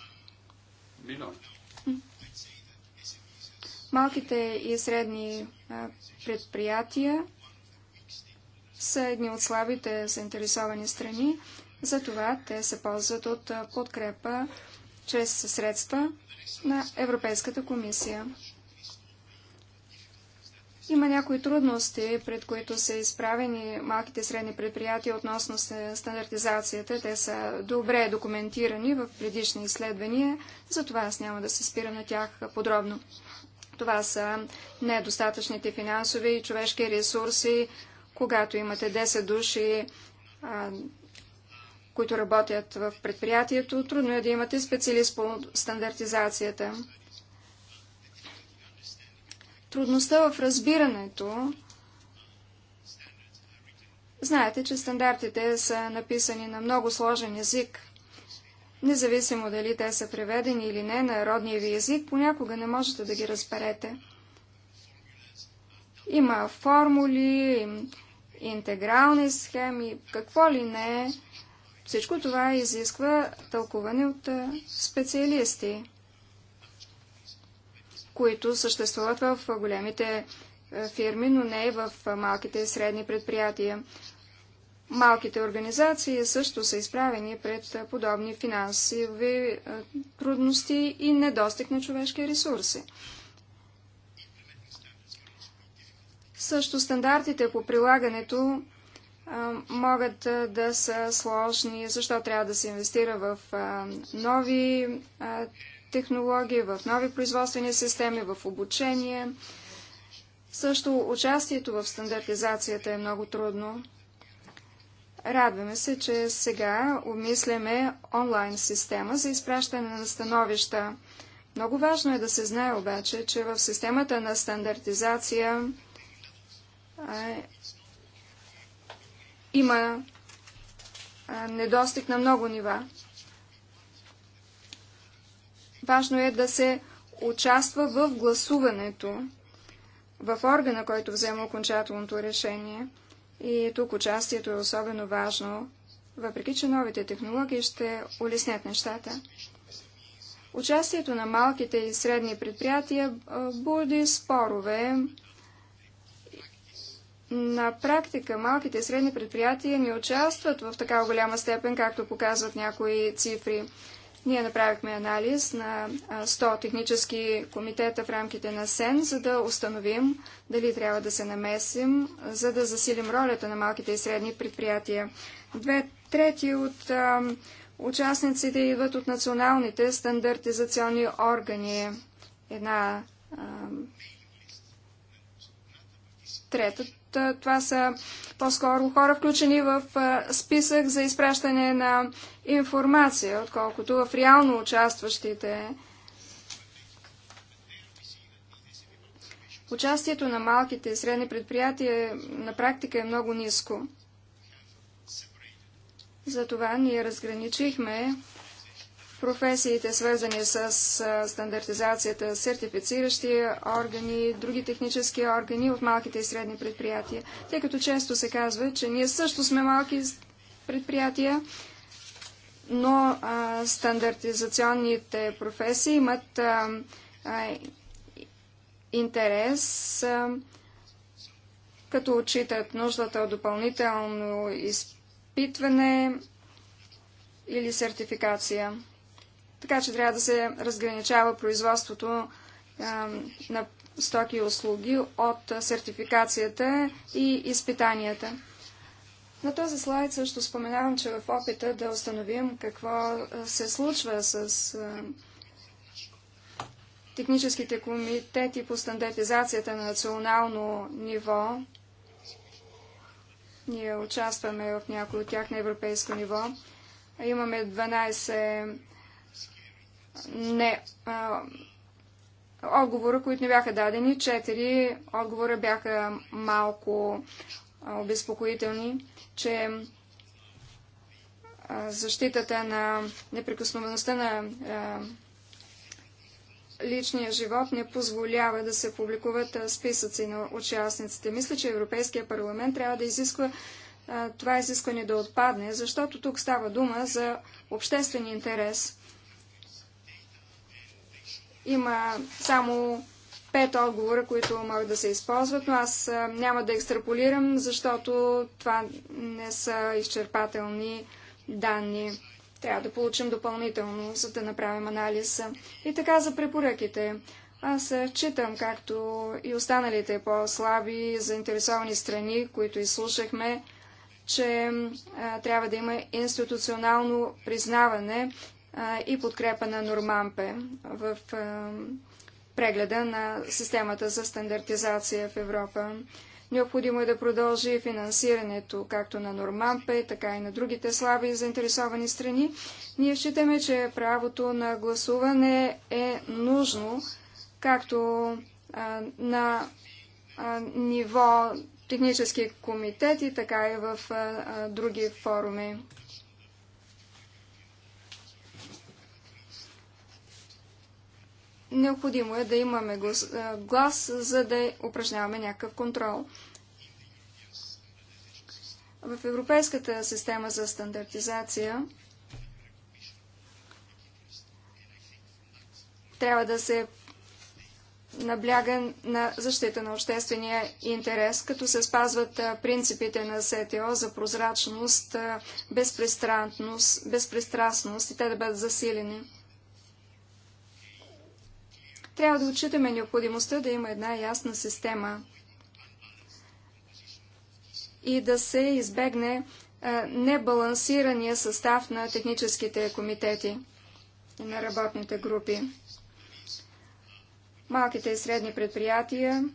Малките и средни предприятия са едни от слабите заинтересовани страни, затова те се ползват от подкрепа чрез средства на Европейската комисия. Има някои трудности, пред които са изправени малките и средни предприятия относно стандартизацията. Те са добре документирани в предишни изследвания, затова аз няма да се спирам на тях подробно. Това са недостатъчните финансови и човешки ресурси. Когато имате 10 души, които работят в предприятието, трудно е да имате специалист по стандартизацията. Трудността в разбирането. Знаете, че стандартите са написани на много сложен език. Независимо дали те са преведени или не на родния ви език, понякога не можете да ги разберете. Има формули, интегрални схеми, какво ли не е всичко това изисква тълкуване от специалисти, които съществуват в големите фирми, но не и в малките и средни предприятия. Малките организации също са изправени пред подобни финансови трудности и недостиг на човешки ресурси. Също стандартите по прилагането могат да са сложни, защо трябва да се инвестира в нови технологии, в нови производствени системи, в обучение. Също участието в стандартизацията е много трудно. Радваме се, че сега обмисляме онлайн система за изпращане на становища. Много важно е да се знае обаче, че в системата на стандартизация има недостиг на много нива. Важно е да се участва в гласуването в органа, който взема окончателното решение. И тук участието е особено важно, въпреки че новите технологии ще улеснят нещата. Участието на малките и средни предприятия буди спорове на практика малките и средни предприятия не участват в такава голяма степен, както показват някои цифри. Ние направихме анализ на 100 технически комитета в рамките на СЕН, за да установим дали трябва да се намесим, за да засилим ролята на малките и средни предприятия. Две трети от а, участниците идват от националните стандартизационни органи. Една а, трета това са по-скоро хора, включени в списък за изпращане на информация, отколкото в реално участващите. Участието на малките и средни предприятия на практика е много ниско. Затова ние разграничихме професиите, свързани с стандартизацията, сертифициращи органи, други технически органи от малките и средни предприятия. Тъй като често се казва, че ние също сме малки предприятия, но а, стандартизационните професии имат а, а, интерес, а, като отчитат нуждата от допълнително изпитване или сертификация. Така че трябва да се разграничава производството на стоки и услуги от сертификацията и изпитанията. На този слайд също споменавам, че в опита да установим какво се случва с техническите комитети по стандартизацията на национално ниво, ние участваме в някои от тях на европейско ниво. Имаме 12 не, а, отговора, които не бяха дадени. Четири отговора бяха малко а, обезпокоителни, че а, защитата на неприкосновеността на а, личния живот не позволява да се публикуват списъци на участниците. Мисля, че Европейския парламент трябва да изисква това изискване да отпадне, защото тук става дума за обществен интерес. Има само пет отговора, които могат да се използват, но аз няма да екстраполирам, защото това не са изчерпателни данни. Трябва да получим допълнително, за да направим анализ. И така за препоръките. Аз читам, както и останалите по-слаби заинтересовани страни, които изслушахме, че а, трябва да има институционално признаване и подкрепа на Нормампе в прегледа на системата за стандартизация в Европа. Необходимо е да продължи финансирането както на Нормампе, така и на другите слаби и заинтересовани страни. Ние считаме, че правото на гласуване е нужно както а, на а, ниво технически комитети, така и в а, други форуми. Необходимо е да имаме глас, глас за да упражняваме някакъв контрол. В Европейската система за стандартизация трябва да се набляга на защита на обществения интерес, като се спазват принципите на СТО за прозрачност, безпристрастност и те да бъдат засилени. Трябва да отчитаме необходимостта да има една ясна система и да се избегне небалансирания състав на техническите комитети и на работните групи. Малките и средни предприятия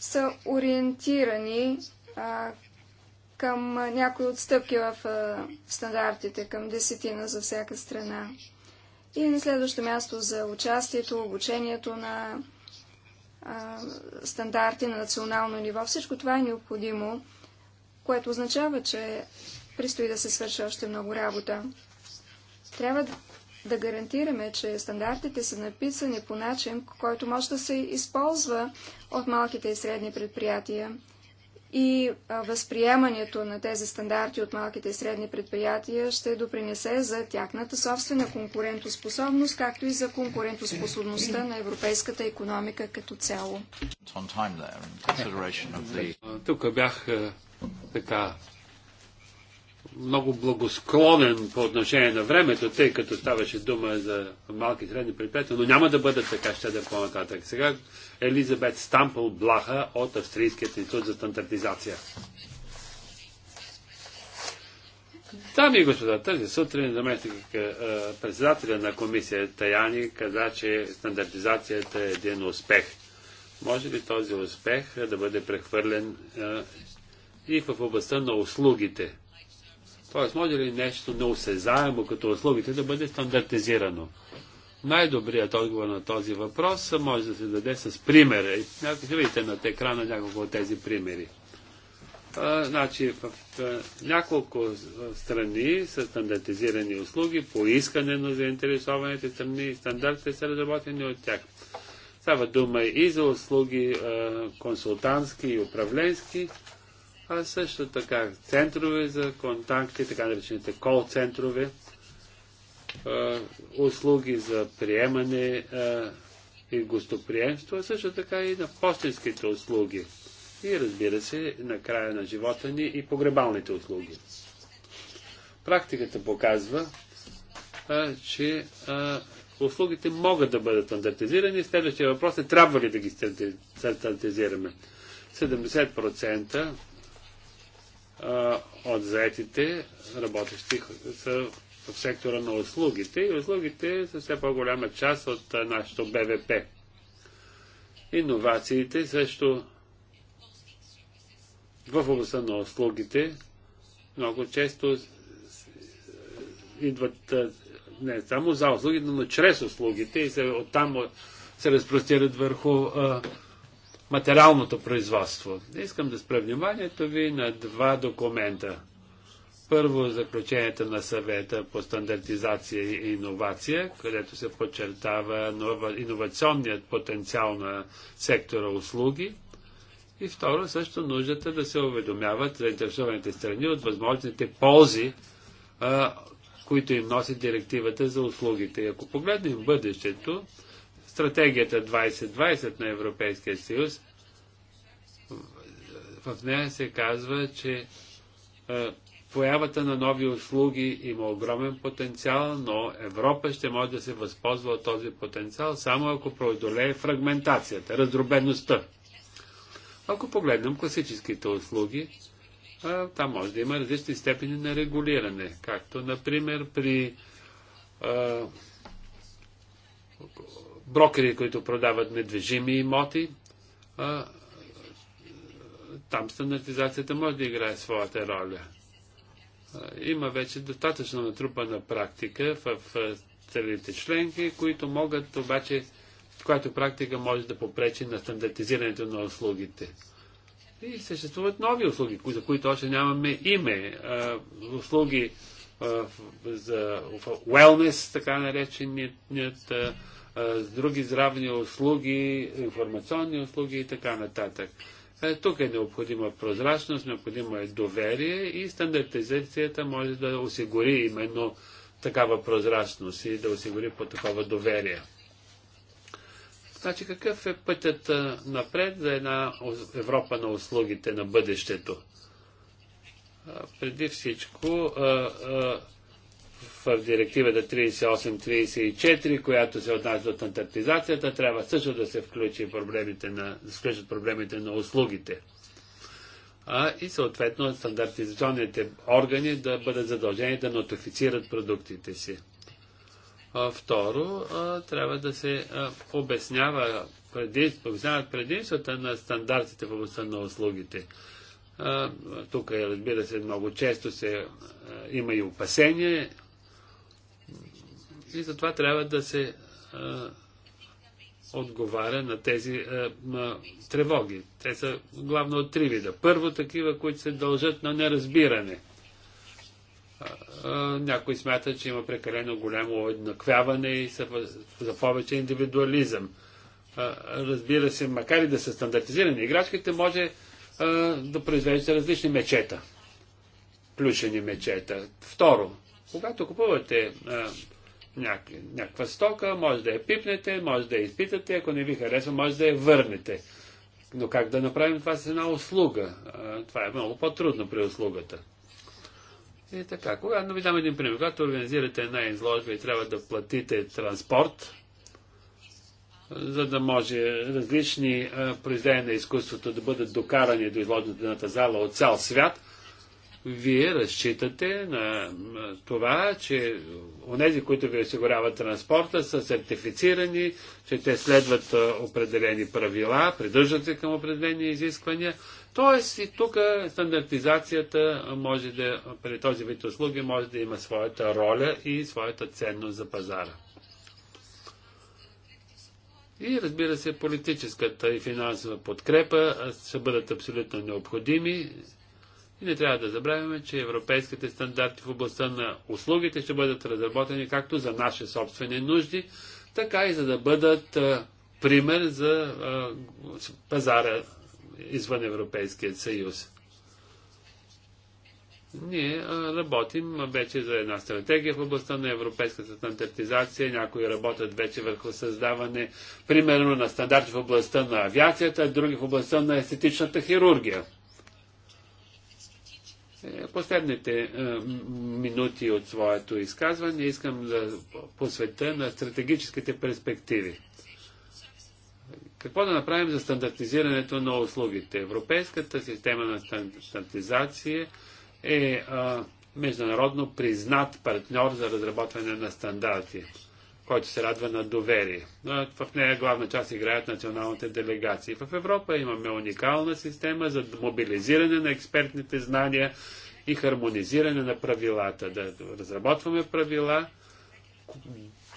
са ориентирани а, към някои отстъпки в а, стандартите, към десетина за всяка страна. И на следващо място за участието, обучението на а, стандарти на национално ниво. Всичко това е необходимо, което означава, че предстои да се свърши още много работа. Трябва да гарантираме, че стандартите са написани по начин, който може да се използва от малките и средни предприятия и възприемането на тези стандарти от малките и средни предприятия ще допринесе за тяхната собствена конкурентоспособност, както и за конкурентоспособността на европейската економика като цяло. Тук бях така много благосклонен по отношение на времето, тъй като ставаше дума за малки и средни предприятия, но няма да бъдат така, ще да е по-нататък. Сега Елизабет Стампъл Блаха от Австрийският институт за стандартизация. Дами и господа, тази сутрин заместник е, председателя на комисията Яни каза, че стандартизацията е един успех. Може ли този успех да бъде прехвърлен е, и в областта на услугите? Тоест, може ли нещо неосезаемо като услугите да бъде стандартизирано? Най-добрият отговор на този въпрос може да се даде с примера. И ще видите на екрана няколко от тези примери. А, значи, в, в, в няколко страни са стандартизирани услуги по искане на заинтересованите страни. Стандартите са разработени от тях. Става дума и за услуги а, консултантски и управленски, а също така центрове за контакти, така наречените кол центрове, услуги за приемане и гостоприемство, а също така и на постинските услуги. И разбира се, на края на живота ни и погребалните услуги. Практиката показва, че услугите могат да бъдат стандартизирани. Следващия въпрос е трябва ли да ги стандартизираме. 70% от заетите работещи са в сектора на услугите и услугите са все по-голяма част от нашото БВП. Иновациите също в областта на услугите много често идват не само за услугите, но чрез услугите и се, оттам се разпростират върху а, материалното производство. Искам да спра вниманието ви на два документа. Първо, заключението на съвета по стандартизация и иновация, където се подчертава иновационният потенциал на сектора услуги. И второ, също нуждата да се уведомяват заинтересованите страни от възможните ползи, а, които им носи директивата за услугите. И ако погледнем бъдещето, стратегията 2020 на Европейския съюз, в нея се казва, че Появата на нови услуги има огромен потенциал, но Европа ще може да се възползва от този потенциал само ако преодолее фрагментацията, раздробеността. Ако погледнем класическите услуги, там може да има различни степени на регулиране, както например при брокери, които продават недвижими имоти, там стандартизацията може да играе своята роля. Има вече достатъчно натрупана практика в целите членки, които могат обаче, която практика може да попречи на стандартизирането на услугите. И съществуват нови услуги, за които още нямаме име. Услуги за wellness, така нареченият, други здравни услуги, информационни услуги и така нататък. Е, тук е необходима прозрачност, необходимо е доверие и стандартизацията може да осигури именно такава прозрачност и да осигури по такова доверие. Значи какъв е пътят напред за една Европа на услугите на бъдещето? Преди всичко в директивата 38-34, която се отнася до стандартизацията, трябва също да се включи проблемите на, да включат проблемите на услугите. А, и съответно стандартизационните органи да бъдат задължени да нотифицират продуктите си. А, второ, а, трябва да се а, обяснява преди, обясняват предимствата на стандартите в областта на услугите. Тук, разбира се, много често се, а, има и опасения и затова трябва да се а, отговаря на тези а, а, тревоги. Те са главно от три вида. Първо такива, които се дължат на неразбиране. Някои смятат, някой смята, че има прекалено голямо еднаквяване и са за повече индивидуализъм. разбира се, макар и да са стандартизирани играчките, може да произвежда различни мечета. Плюшени мечета. Второ, когато купувате някаква, стока, може да я пипнете, може да я изпитате, ако не ви харесва, може да я върнете. Но как да направим това с една услуга? Това е много по-трудно при услугата. И така, когато ви дам един пример, когато организирате една изложба и трябва да платите транспорт, за да може различни произведения на изкуството да бъдат докарани до изложната зала от цял свят, вие разчитате на това, че онези, които ви осигуряват транспорта, са сертифицирани, че те следват определени правила, придържат се към определени изисквания. Тоест и тук стандартизацията може да, при този вид услуги може да има своята роля и своята ценност за пазара. И разбира се, политическата и финансова подкрепа ще бъдат абсолютно необходими. И не трябва да забравяме, че европейските стандарти в областта на услугите ще бъдат разработени както за наши собствени нужди, така и за да бъдат пример за пазара извън Европейския съюз. Ние работим вече за една стратегия в областта на европейската стандартизация. Някои работят вече върху създаване, примерно, на стандарти в областта на авиацията, други в областта на естетичната хирургия. Последните е, минути от своето изказване искам да посвета на стратегическите перспективи. Какво да направим за стандартизирането на услугите? Европейската система на стандартизация е международно признат партньор за разработване на стандарти който се радва на доверие. В нея главна част играят националните делегации. В Европа имаме уникална система за мобилизиране на експертните знания и хармонизиране на правилата. Да разработваме правила,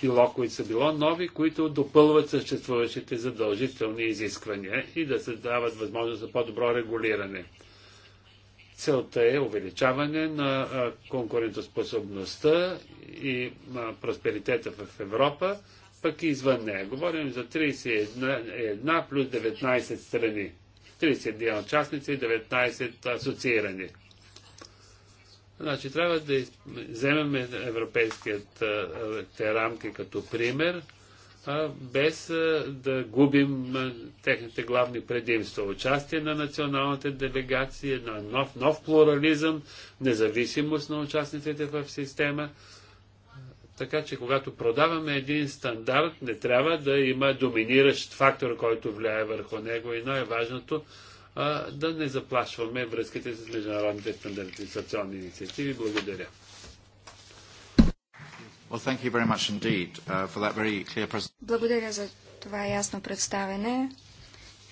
било, които са било нови, които допълват съществуващите задължителни изисквания и да се дават възможност за по-добро регулиране. Целта е увеличаване на конкурентоспособността и просперитета в Европа, пък и извън нея. Говорим за 31 плюс 19 страни. 31 участници и 19 асоциирани. Значи трябва да вземем европейските рамки като пример – без да губим техните главни предимства. Участие на националните делегации, на нов, нов плурализъм, независимост на участниците в система. Така че, когато продаваме един стандарт, не трябва да има доминиращ фактор, който влияе върху него. И най-важното да не заплашваме връзките с международните стандартизационни инициативи. Благодаря. Uh, Благодаря за това ясно представене.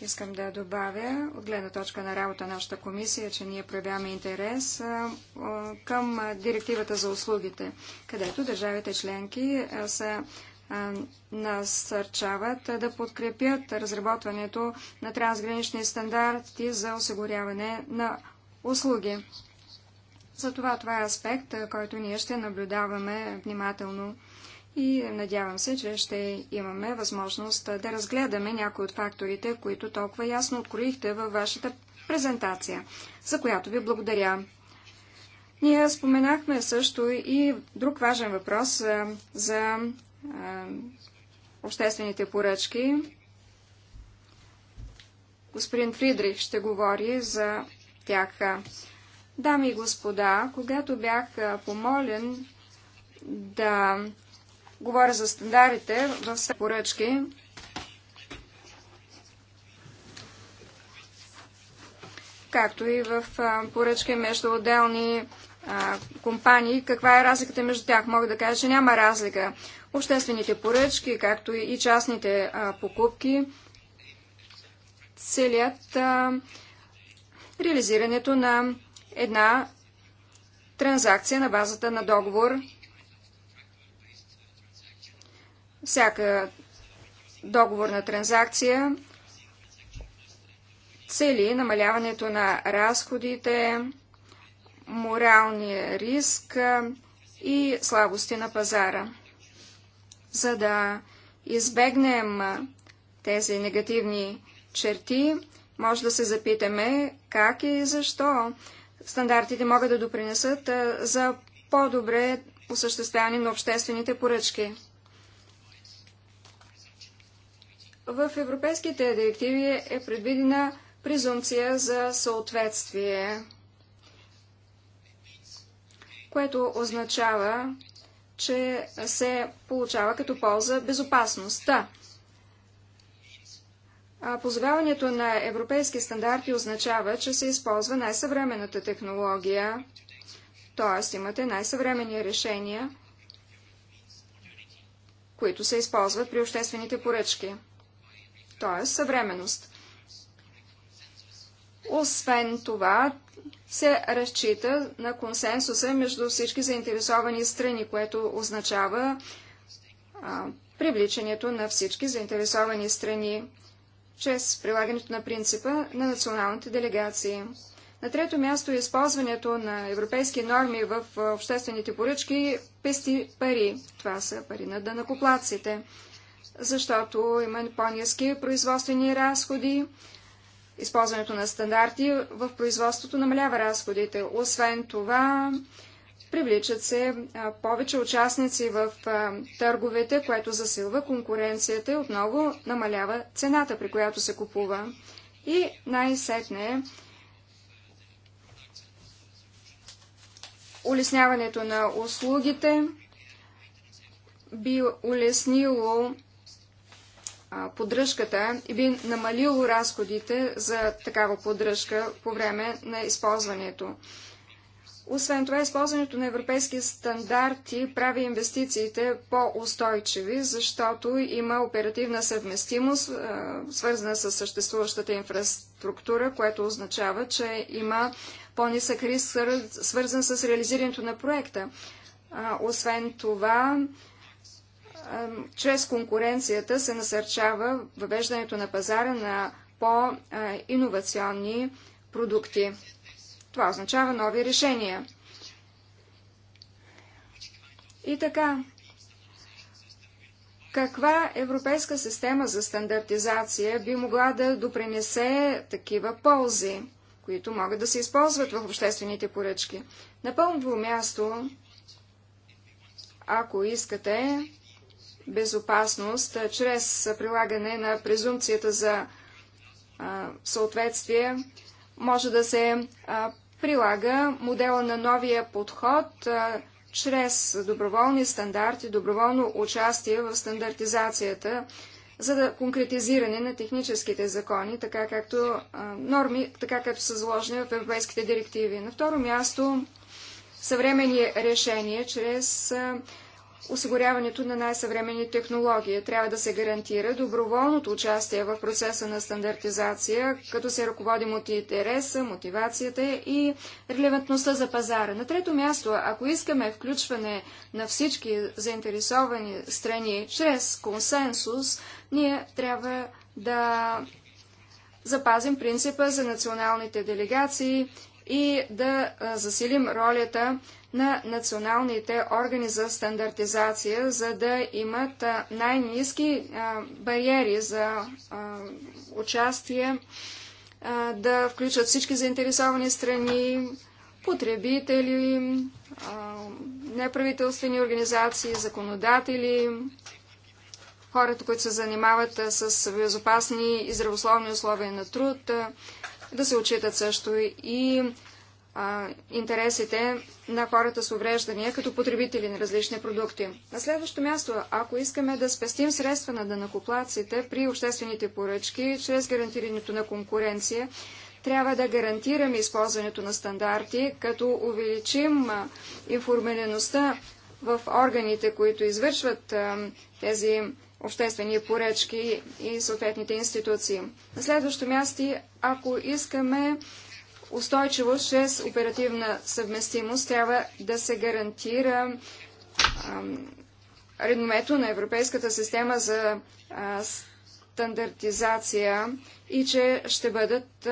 Искам да добавя, от гледна точка на работа на нашата комисия, че ние проявяваме интерес към директивата за услугите, където държавите членки са насърчават да подкрепят разработването на трансгранични стандарти за осигуряване на услуги. Затова това е аспект, който ние ще наблюдаваме внимателно и надявам се, че ще имаме възможност да разгледаме някои от факторите, които толкова ясно откроихте във вашата презентация, за която ви благодаря. Ние споменахме също и друг важен въпрос за обществените поръчки. Господин Фридрих ще говори за тях. Дами и господа, когато бях помолен да говоря за стандарите в поръчки, както и в поръчки между отделни компании. Каква е разликата между тях? Мога да кажа, че няма разлика. Обществените поръчки, както и частните покупки, целят реализирането на една транзакция на базата на договор. Всяка договорна транзакция цели намаляването на разходите, моралния риск и слабости на пазара. За да избегнем тези негативни черти, може да се запитаме как и защо Стандартите могат да допринесат за по-добре осъществяване на обществените поръчки. В европейските директиви е предвидена презумпция за съответствие, което означава, че се получава като полза безопасността. Позоваването на европейски стандарти означава, че се използва най-съвременната технология, т.е. имате най-съвременни решения, които се използват при обществените поръчки, т.е. съвременност. Освен това, се разчита на консенсуса между всички заинтересовани страни, което означава а, привличането на всички заинтересовани страни чрез прилагането на принципа на националните делегации. На трето място използването на европейски норми в обществените поръчки пести пари. Това са пари на дънакоплаците, защото има по-низки производствени разходи. Използването на стандарти в производството намалява разходите. Освен това, Привличат се повече участници в търговете, което засилва конкуренцията и отново намалява цената, при която се купува. И най-сетне улесняването на услугите би улеснило поддръжката и би намалило разходите за такава поддръжка по време на използването освен това, използването на европейски стандарти прави инвестициите по-устойчиви, защото има оперативна съвместимост, свързана с съществуващата инфраструктура, което означава, че има по-нисък риск, свързан с реализирането на проекта. Освен това, чрез конкуренцията се насърчава въвеждането на пазара на по-инновационни продукти. Това означава нови решения. И така, каква европейска система за стандартизация би могла да допринесе такива ползи, които могат да се използват в обществените поръчки? На пълно място, ако искате безопасност чрез прилагане на презумпцията за а, съответствие, може да се а, прилага модела на новия подход а, чрез доброволни стандарти, доброволно участие в стандартизацията за да конкретизиране на техническите закони, така както а, норми, така както са заложени в европейските директиви. На второ място съвременни решения чрез а, осигуряването на най-съвремени технологии. Трябва да се гарантира доброволното участие в процеса на стандартизация, като се ръководим от интереса, мотивацията и релевантността за пазара. На трето място, ако искаме включване на всички заинтересовани страни чрез консенсус, ние трябва да запазим принципа за националните делегации и да засилим ролята на националните органи за стандартизация, за да имат най-низки бариери за участие, да включат всички заинтересовани страни, потребители, неправителствени организации, законодатели, хората, които се занимават с безопасни и здравословни условия на труд, да се отчитат също и а, интересите на хората с увреждания като потребители на различни продукти. На следващо място, ако искаме да спестим средства на данакоплаците при обществените поръчки, чрез гарантирането на конкуренция, трябва да гарантираме използването на стандарти, като увеличим информираността в органите, които извършват тези обществени поръчки и съответните институции. На следващо място, ако искаме Устойчивост чрез оперативна съвместимост трябва да се гарантира реномето на Европейската система за стандартизация и че ще бъдат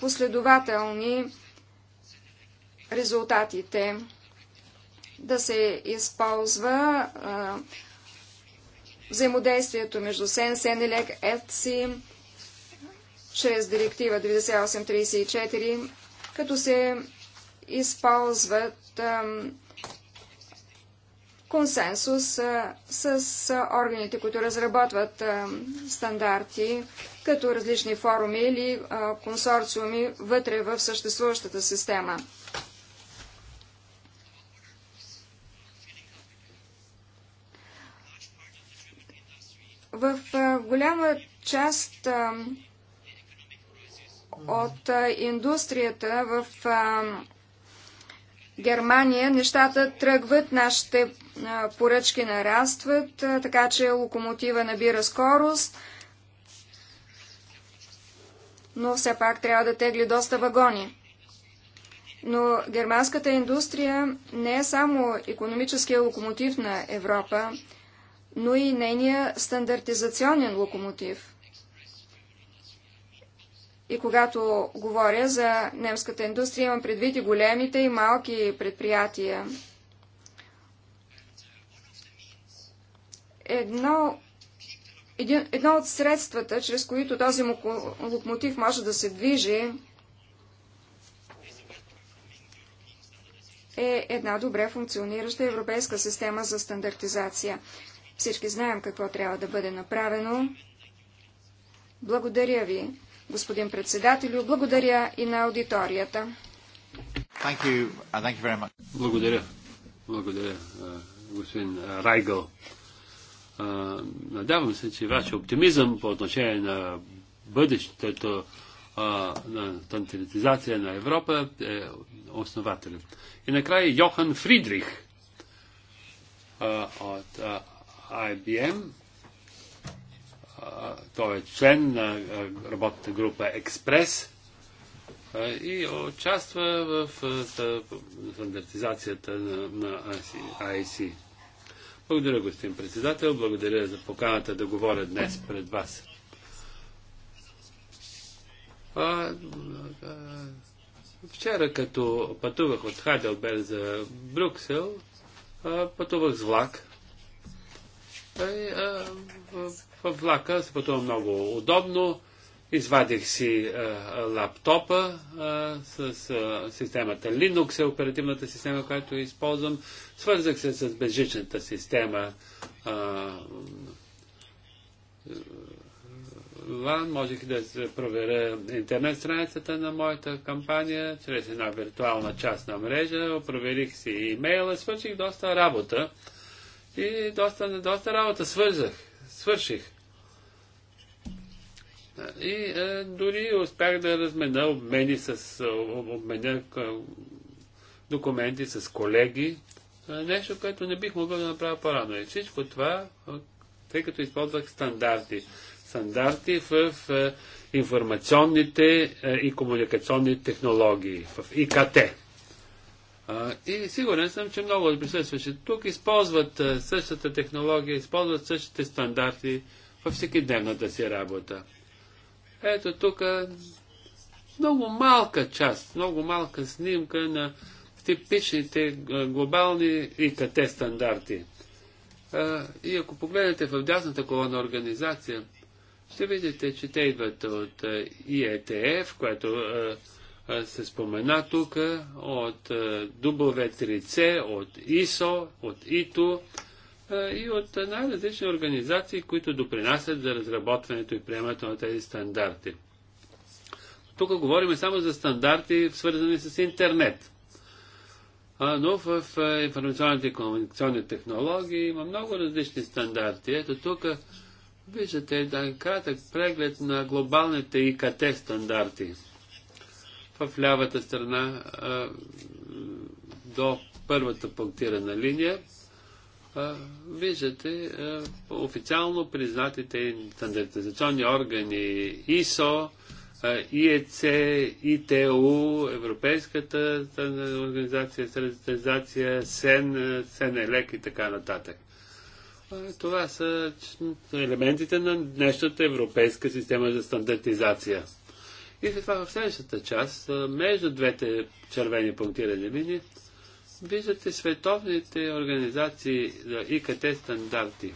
последователни резултатите. Да се използва а, взаимодействието между СЕН, СЕНЕЛЕК, ЕТСИ, чрез директива 9834, като се използват консенсус с органите, които разработват стандарти, като различни форуми или консорциуми вътре в съществуващата система. В голяма част от индустрията в Германия нещата тръгват, нашите поръчки нарастват, така че локомотива набира скорост, но все пак трябва да тегли доста вагони. Но германската индустрия не е само економическия локомотив на Европа, но и нейния стандартизационен локомотив – и когато говоря за немската индустрия, имам предвид и големите и малки предприятия. Едно, един, едно от средствата, чрез които този локомотив може да се движи, е една добре функционираща европейска система за стандартизация. Всички знаем какво трябва да бъде направено. Благодаря ви господин председателю. Благодаря и на аудиторията. Thank you. Uh, thank you very much. Благодаря. Благодаря, господин Райгъл. Надявам се, че вашия оптимизъм по отношение на бъдещето на тантилитизация на Европа е основателен. И накрая Йохан Фридрих от IBM той е член на работната група Експрес и участва в стандартизацията на, на IC. Благодаря, господин председател. Благодаря за поканата да говоря днес пред вас. А, вчера, като пътувах от Хайделберг за Брюксел, пътувах с влак. А, а, в влака се пътува много удобно. Извадих си а, е, лаптопа а, е, с а, е, системата Linux, е оперативната система, която използвам. Свързах се с безжичната система а, LAN. Можех да проверя интернет страницата на моята кампания чрез една виртуална част на мрежа. Проверих си имейла, свърших доста работа и доста, доста работа свързах свърших. И е, дори успях да размена обмени с, е, обменя е, документи с колеги. Е, нещо, което не бих могъл да направя по-рано. И всичко това, тъй като използвах стандарти. Стандарти в информационните и комуникационни технологии, в ИКТ. И сигурен съм, че много от присъстващите тук използват същата технология, използват същите стандарти във всеки дневната си работа. Ето тук много малка част, много малка снимка на типичните глобални ИКТ стандарти. И ако погледнете в дясната колона организация, ще видите, че те идват от IETF, е което се спомена тук от W3C, от ISO, от ИТО и от най-различни организации, които допринасят за разработването и приемането на тези стандарти. Тук говорим само за стандарти, свързани с интернет. Но в информационните и комуникационни технологии има много различни стандарти. Ето тук виждате да, кратък преглед на глобалните ИКТ стандарти – в лявата страна а, до първата пунктирана линия а, виждате а, официално признатите стандартизационни органи ИСО, ИЕЦ, ИТУ, Европейската организация, стандартизация, СЕН, СЕНЕЛЕК и така нататък. Това са елементите на днешната европейска система за стандартизация. И след това в следващата част, между двете червени пунктирани линии, виждате световните организации за ИКТ стандарти.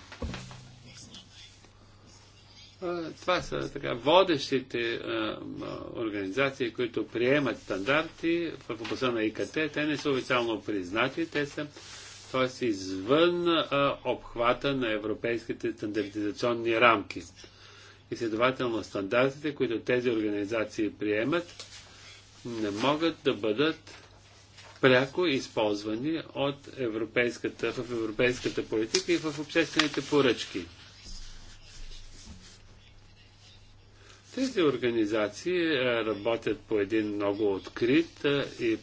Това са така водещите а, организации, които приемат стандарти в областта на ИКТ. Те не са официално признати, те са т.е. извън а, обхвата на европейските стандартизационни рамки. И следователно стандартите, които тези организации приемат, не могат да бъдат пряко използвани от европейската, в европейската политика и в обществените поръчки. Тези организации е, работят по един много открит е, и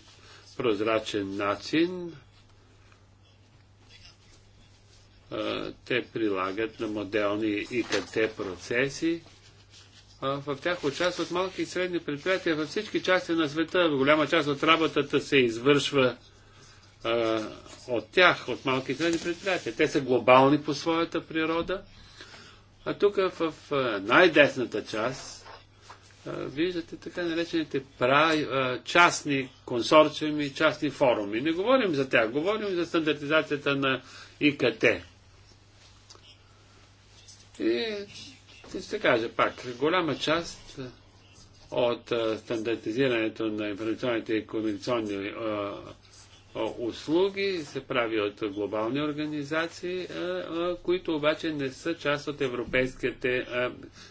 прозрачен начин, те прилагат на моделни ИКТ процеси. В тях участват малки и средни предприятия във всички части на света. Голяма част от работата се извършва а, от тях, от малки и средни предприятия. Те са глобални по своята природа. А тук в най-десната част а, виждате така наречените а, частни консорциуми, частни форуми. Не говорим за тях, говорим за стандартизацията на ИКТ. И ще кажа пак, голяма част от стандартизирането на информационните и комуникационни услуги се прави от глобални организации, които обаче не са част от европейските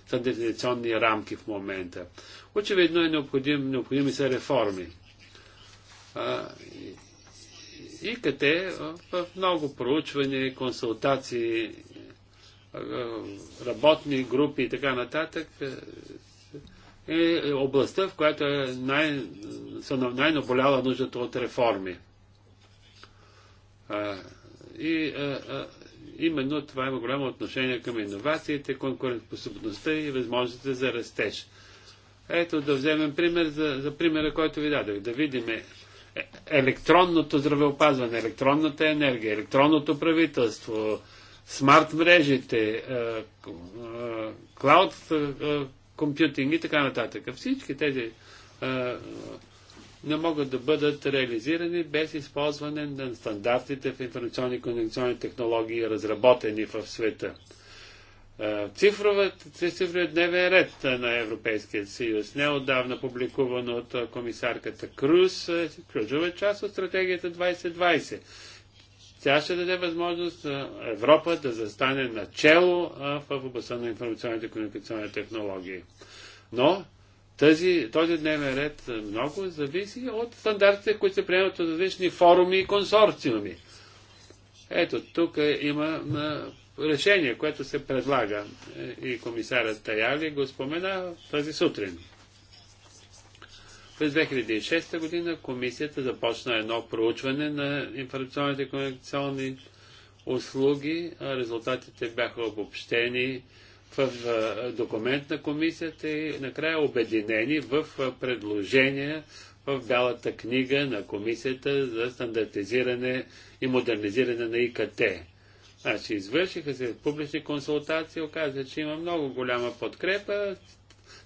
стандартизационни рамки в момента. Очевидно е необходим, необходими са реформи. И къде в много проучвания, консултации работни групи и така нататък, е, е, е областта, в която е най, са най-наболяла нуждата от реформи. и именно това има голямо отношение към иновациите, конкурентоспособността и възможностите за растеж. Ето да вземем пример за, за примера, който ви дадох. Да видим е, електронното здравеопазване, електронната енергия, електронното правителство, смарт мрежите, е, е, клауд е, компютинг и така нататък. Всички тези не могат да бъдат реализирани без използване на стандартите в информационни и комуникационни технологии, разработени в света. Цифровът, цифровият дневен ред на Европейския съюз, неодавна публикуван от комисарката Круз, е ключова част от стратегията 2020. Тя ще даде възможност на Европа да застане начело в областта на информационните и комуникационни технологии. Но тази, този дневен ред много зависи от стандартите, които се приемат от различни форуми и консорциуми. Ето, тук има решение, което се предлага е, и комисарът Таяли го спомена тази сутрин. През 2006 година комисията започна едно проучване на информационните комуникационни услуги. Резултатите бяха обобщени в документ на комисията и накрая обединени в предложения в Бялата книга на комисията за стандартизиране и модернизиране на ИКТ. Значи, извършиха се публични консултации, оказа, че има много голяма подкрепа,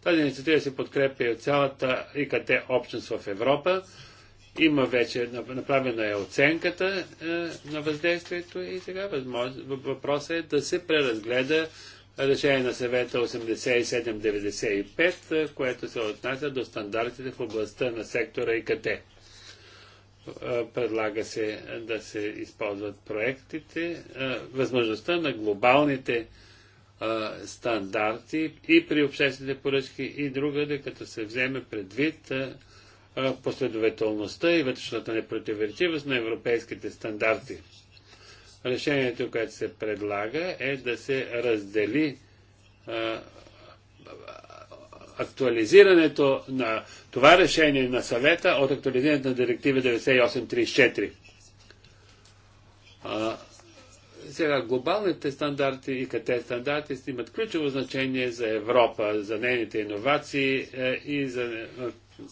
тази инициатива се подкрепя от цялата ИКТ общност в Европа. Има вече, направена е оценката е, на въздействието и сега въпросът е да се преразгледа решение на съвета 8795, е, което се отнася до стандартите в областта на сектора ИКТ. Е, предлага се да се използват проектите, възможността на глобалните стандарти и при обществените поръчки и другаде, като се вземе предвид последователността и вътрешната непротиворечивост на европейските стандарти. Решението, което се предлага, е да се раздели актуализирането на това решение на съвета от актуализирането на директива 9834. Сега глобалните стандарти и КТ стандарти имат ключово значение за Европа, за нейните иновации е, и за е,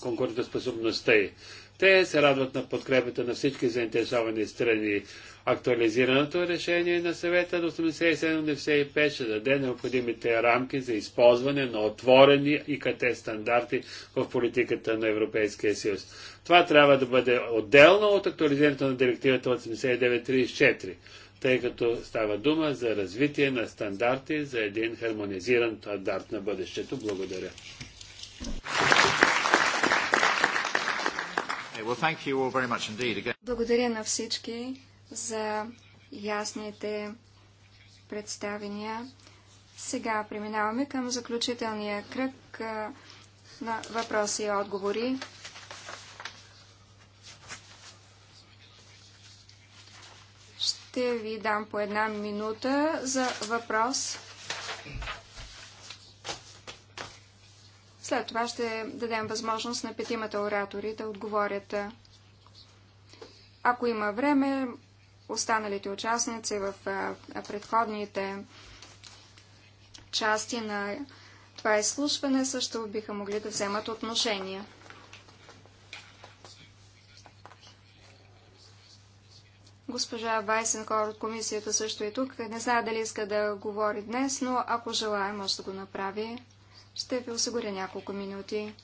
конкурентоспособността й. Те се радват на подкрепата на всички заинтересовани страни. Актуализираното решение на съвета до 87-95 ще даде необходимите рамки за използване на отворени ИКТ стандарти в политиката на Европейския съюз. Това трябва да бъде отделно от актуализирането на директивата от 89-34 тъй като става дума за развитие на стандарти за един хармонизиран стандарт на бъдещето. Благодаря. Благодаря на всички за ясните представения. Сега преминаваме към заключителния кръг на въпроси и отговори. Ще ви дам по една минута за въпрос. След това ще дадем възможност на петимата оратори да отговорят. Ако има време, останалите участници в предходните части на това изслушване също биха могли да вземат отношение. Госпожа Вайсенкор от комисията също е тук. Не знае дали иска да говори днес, но ако желая, може да го направи. Ще ви осигуря няколко минути.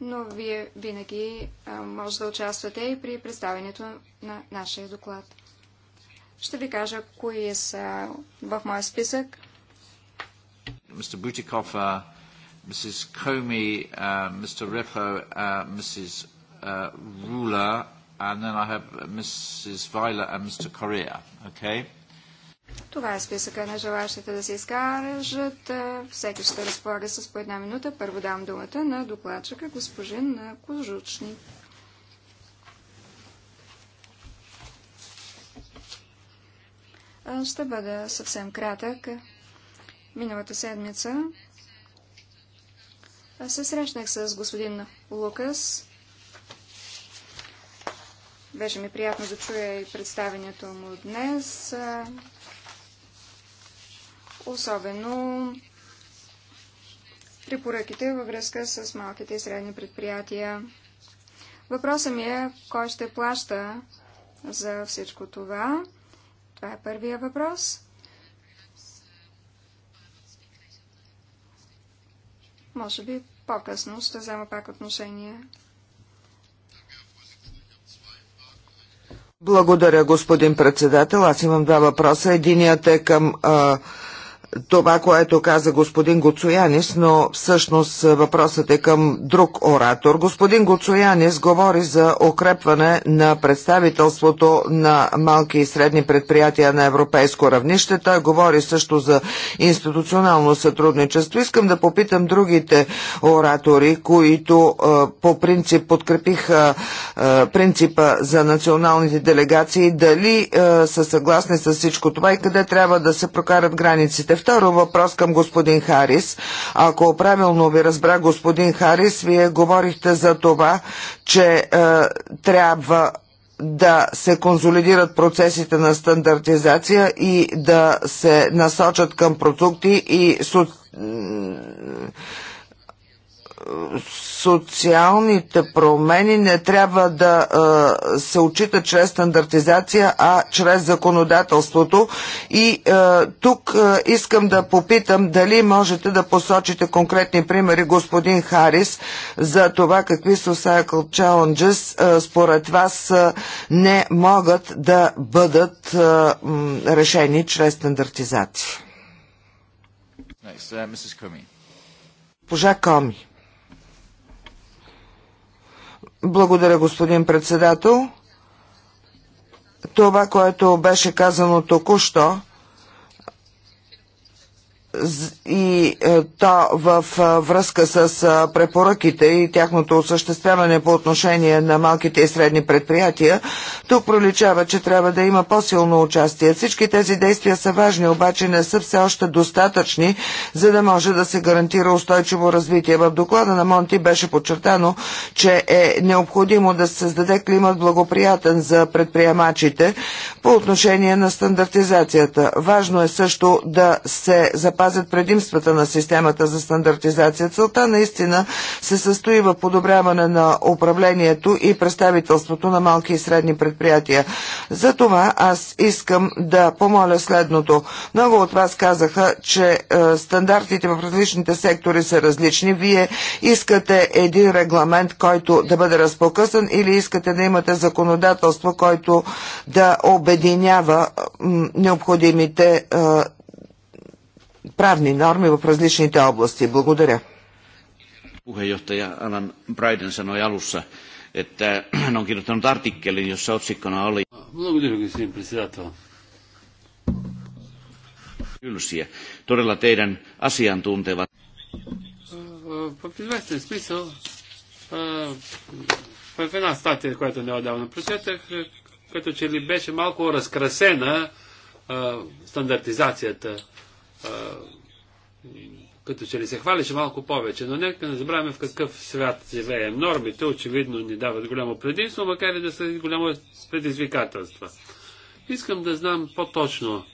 Но вие винаги може да участвате и при представянето на нашия доклад. Ще ви кажа кои са в моя списък. Мистер Бутиков, мисис Коми, мистер Рефо, мисис Рула, And then I have Mrs. and Mr. Correa. Okay? Това е списъка на желащите да се изкажат. Е, всеки ще разполага с по една минута. Първо дам думата на докладчика госпожин е, Кожучни. Е, ще бъда съвсем кратък. Миналата седмица се срещнах с господин Лукас, беше ми приятно да чуя и представенето му днес. Особено Припоръките във връзка с малките и средни предприятия. Въпросът ми е, кой ще плаща за всичко това? Това е първия въпрос. Може би по-късно ще взема пак отношение Благодаря, господин председател. Аз имам два въпроса. Единият е към а, това, което каза господин Гоцоянис, но всъщност въпросът е към друг оратор. Господин Гоцоянис говори за укрепване на представителството на малки и средни предприятия на европейско равнище. Той говори също за институционално сътрудничество. Искам да попитам другите оратори, които по принцип подкрепиха принципа за националните делегации, дали са съгласни с всичко това и къде трябва да се прокарат границите второ въпрос към господин Харис. Ако правилно ви разбра господин Харис, вие говорихте за това, че е, трябва да се консолидират процесите на стандартизация и да се насочат към продукти и социалните промени не трябва да е, се очита чрез стандартизация, а чрез законодателството. И е, тук е, искам да попитам дали можете да посочите конкретни примери, господин Харис, за това какви societal challenges според вас не могат да бъдат решени чрез стандартизация. Next, uh, Госпожа Коми. Благодаря, господин председател. Това, което беше казано току-що, и е, то в е, връзка с е, препоръките и тяхното осъществяване по отношение на малките и средни предприятия, тук проличава, че трябва да има по-силно участие. Всички тези действия са важни, обаче не са все още достатъчни, за да може да се гарантира устойчиво развитие. В доклада на Монти беше подчертано, че е необходимо да се създаде климат благоприятен за предприемачите по отношение на стандартизацията. Важно е също да се запази запазят предимствата на системата за стандартизация. Целта наистина се състои в подобряване на управлението и представителството на малки и средни предприятия. За това аз искам да помоля следното. Много от вас казаха, че е, стандартите в различните сектори са различни. Вие искате един регламент, който да бъде разпокъсан или искате да имате законодателство, който да обединява необходимите е, правни норми в различните области. Благодаря. Puheenjohtaja Alan Bryden sanoi alussa, että hän on kirjoittanut artikkelin, jossa otsikkona oli Благодаря, господин председател. Ylsiä. Todella teidän asiantuntevat. В известен смисъл, в една статия, която неодавна прочетах, като че ли беше малко разкрасена стандартизацията като че ли се хвалише малко повече, но нека не забравяме в какъв свят живеем. Нормите очевидно ни дават голямо предимство, макар и да са голямо предизвикателства. Искам да знам по-точно,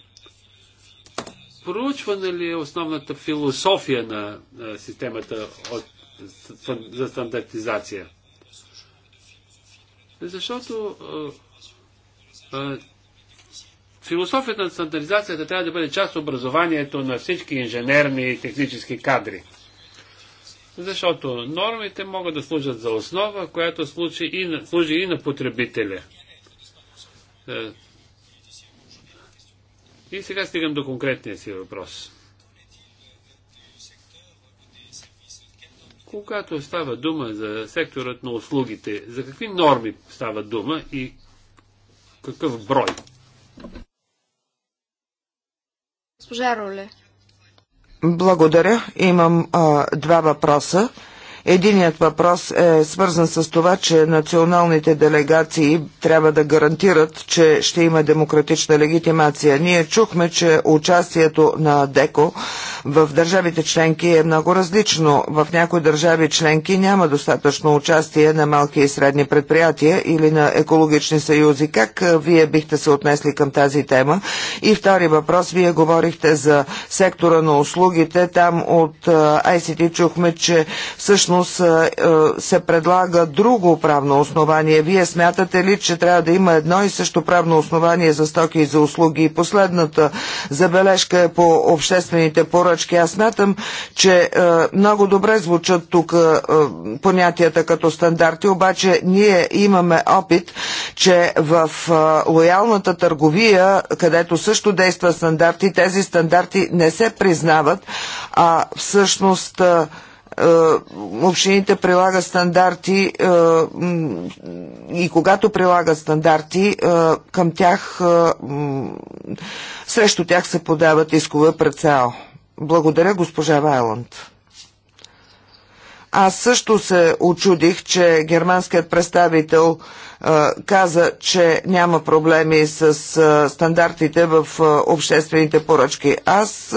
проучвана ли е основната философия на системата от, за стандартизация? Защото а, а, Философията на стандартизацията трябва да бъде част от образованието на всички инженерни и технически кадри. Защото нормите могат да служат за основа, която служи и на, служи и на потребителя. Е, и сега стигам до конкретния си въпрос. Когато става дума за секторът на услугите, за какви норми става дума и какъв брой? Госпожа Роле. Благодаря. Имам а, два въпроса. Единият въпрос е свързан с това, че националните делегации трябва да гарантират, че ще има демократична легитимация. Ние чухме, че участието на ДЕКО в държавите членки е много различно. В някои държави членки няма достатъчно участие на малки и средни предприятия или на екологични съюзи. Как вие бихте се отнесли към тази тема? И втори въпрос, вие говорихте за сектора на услугите. Там от ICT чухме, че всъщност всъщност е, е, се предлага друго правно основание. Вие смятате ли, че трябва да има едно и също правно основание за стоки и за услуги? И последната забележка е по обществените поръчки. Аз смятам, че е, много добре звучат тук понятията като стандарти, обаче ние имаме опит, че в лоялната търговия, където също действа стандарти, тези стандарти не се признават, а всъщност е, общините прилагат стандарти е, и когато прилагат стандарти, е, към тях, срещу тях се подават искове пред цяло. Благодаря, госпожа Вайланд. Аз също се очудих, че германският представител каза, че няма проблеми с стандартите в обществените поръчки. Аз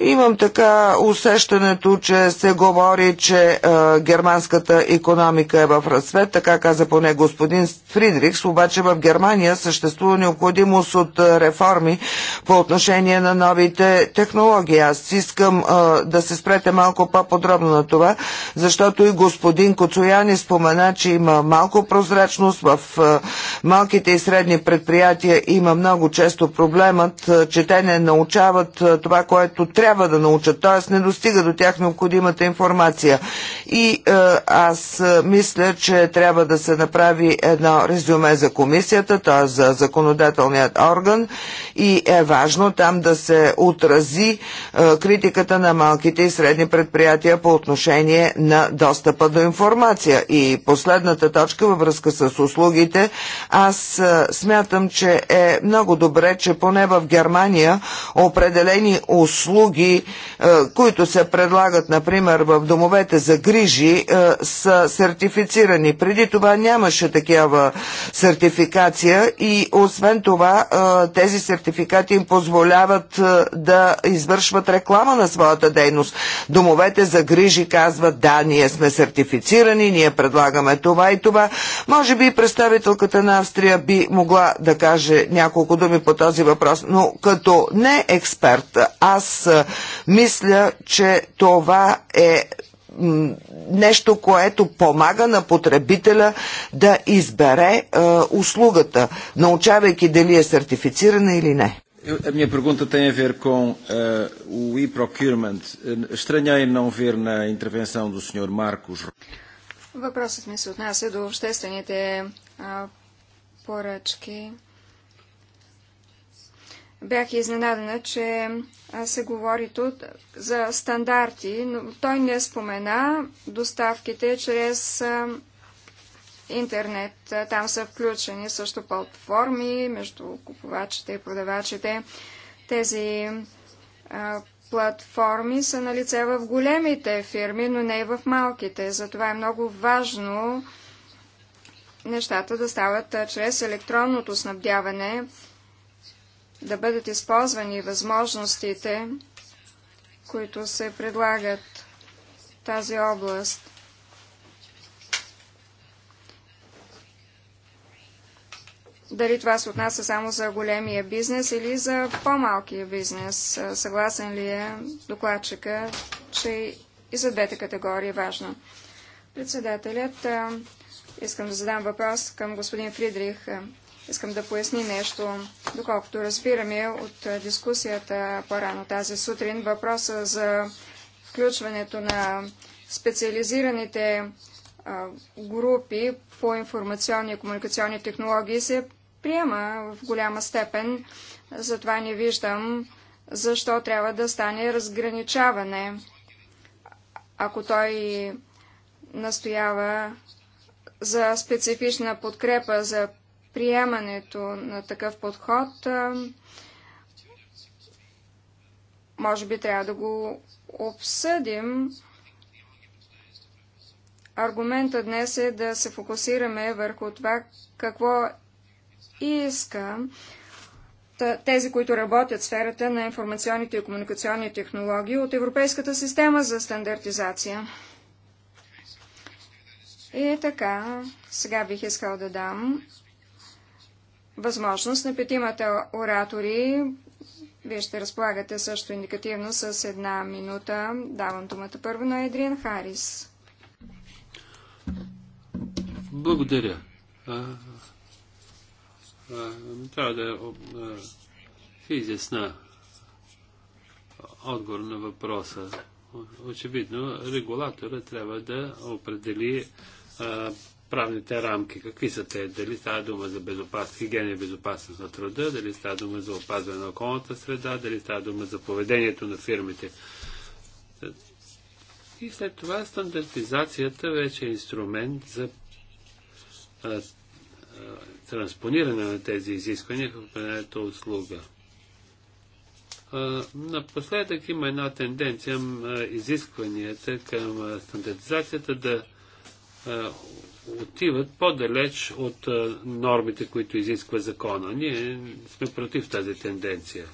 Имам така усещането, че се говори, че германската економика е в разцвет, така каза поне господин Фридрихс, обаче в Германия съществува необходимост от реформи по отношение на новите технологии. Аз искам да се спрете малко по-подробно на това, защото и господин Коцояни спомена, че има малко прозрачност, всъщност В малките и средни предприятия има много често проблемът, че те не научават това, което трябва да научат, т.е. не достига до тях необходимата информация. И аз мисля, че трябва да се направи едно резюме за комисията, т.е. за законодателният орган и е важно там да се отрази критиката на малките и средни предприятия по отношение на достъпа до информация. И последната точка във връзка с услугите. Аз е, смятам, че е много добре, че поне в Германия определени услуги, е, които се предлагат, например, в домовете за грижи, е, са сертифицирани. Преди това нямаше такава сертификация и освен това тези сертификати им позволяват да извършват реклама на своята дейност. Домовете за грижи казват, да, ние сме сертифицирани, ние предлагаме това и това. Може би представителката на Австрия би могла да каже няколко думи по този въпрос, но като не експерт, аз мисля, че това е нещо, което помага на потребителя да избере е, услугата, научавайки дали е сертифицирана или не. A minha pergunta tem a ver com uh, o e-procurement. Estranhei não ver na intervenção do Sr. Marcos. Въпросът ми се отнася до обществените а, поръчки. Бях изненадана, че се говори тут за стандарти, но той не спомена доставките чрез а, интернет. Там са включени също платформи между купувачите и продавачите. Тези а, платформи са на лице в големите фирми, но не и в малките. Затова е много важно нещата да стават чрез електронното снабдяване, да бъдат използвани възможностите, които се предлагат в тази област. дали това се отнася само за големия бизнес или за по-малкия бизнес. Съгласен ли е докладчика, че и за двете категории е важно? Председателят, искам да задам въпрос към господин Фридрих. Искам да поясни нещо. Доколкото разбираме от дискусията по-рано тази сутрин, въпроса за включването на специализираните групи по информационни и комуникационни технологии се приема в голяма степен. Затова не виждам защо трябва да стане разграничаване. Ако той настоява за специфична подкрепа за приемането на такъв подход, може би трябва да го обсъдим. Аргументът днес е да се фокусираме върху това какво и иска тези, които работят в сферата на информационните и комуникационни технологии от Европейската система за стандартизация. И така, сега бих искал да дам възможност на петимата оратори. Вие ще разполагате също индикативно с една минута. Давам думата първо на Едриан Харис. Благодаря. Е, трябва да се е, изясна отговор на въпроса. Очевидно, регулатора трябва да определи е, правните рамки. Какви са те? Дали става дума за безопасност, хигиена и безопасност на труда, дали става дума за опазване на околната среда, дали става дума за поведението на фирмите. И след това стандартизацията вече е инструмент за транспониране на тези изисквания в ето услуга. Напоследък има една тенденция изискванията към стандартизацията да отиват по-далеч от нормите, които изисква закона. Ние сме против тази тенденция.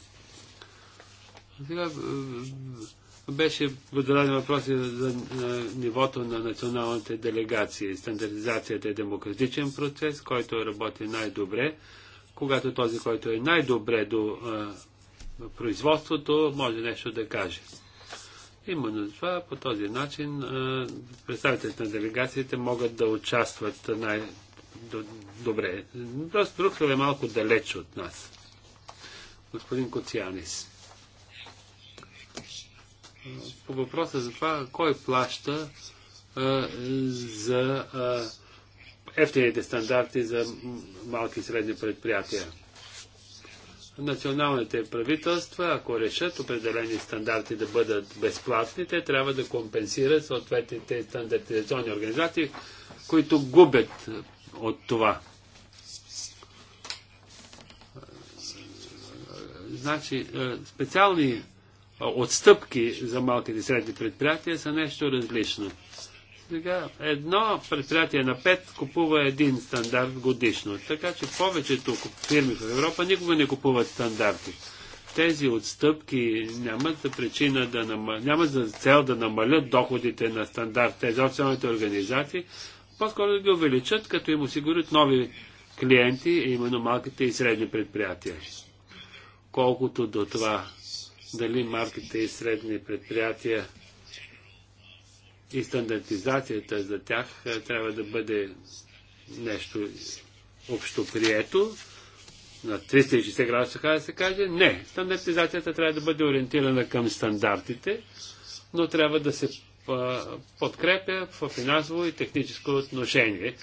Сега беше зададен въпрос за, за на нивото на националните делегации. Стандартизацията е демократичен процес, който работи най-добре. Когато този, който е най-добре до а, производството, може нещо да каже. Именно това по този начин представителите на делегациите могат да участват най-добре. Просто Брюксел е малко далеч от нас. Господин Коцианис по въпроса за това кой плаща а, за ефтините стандарти за малки и средни предприятия. Националните правителства, ако решат определени стандарти да бъдат безплатни, те трябва да компенсират съответните стандартизационни организации, които губят от това. Значи, специални отстъпки за малките и средни предприятия са нещо различно. Сега едно предприятие на пет купува един стандарт годишно, така че повечето фирми в Европа никога не купуват стандарти. Тези отстъпки нямат за причина да нам... нямат за цел да намалят доходите на стандарт тези официалните организации, по-скоро да ги увеличат, като им осигурят нови клиенти, именно малките и средни предприятия. Колкото до това дали малките и средни предприятия и стандартизацията за тях е, трябва да бъде нещо общо прието, на 360 градуса, така да се каже. Не, стандартизацията трябва да бъде ориентирана към стандартите, но трябва да се подкрепя в финансово и техническо отношение,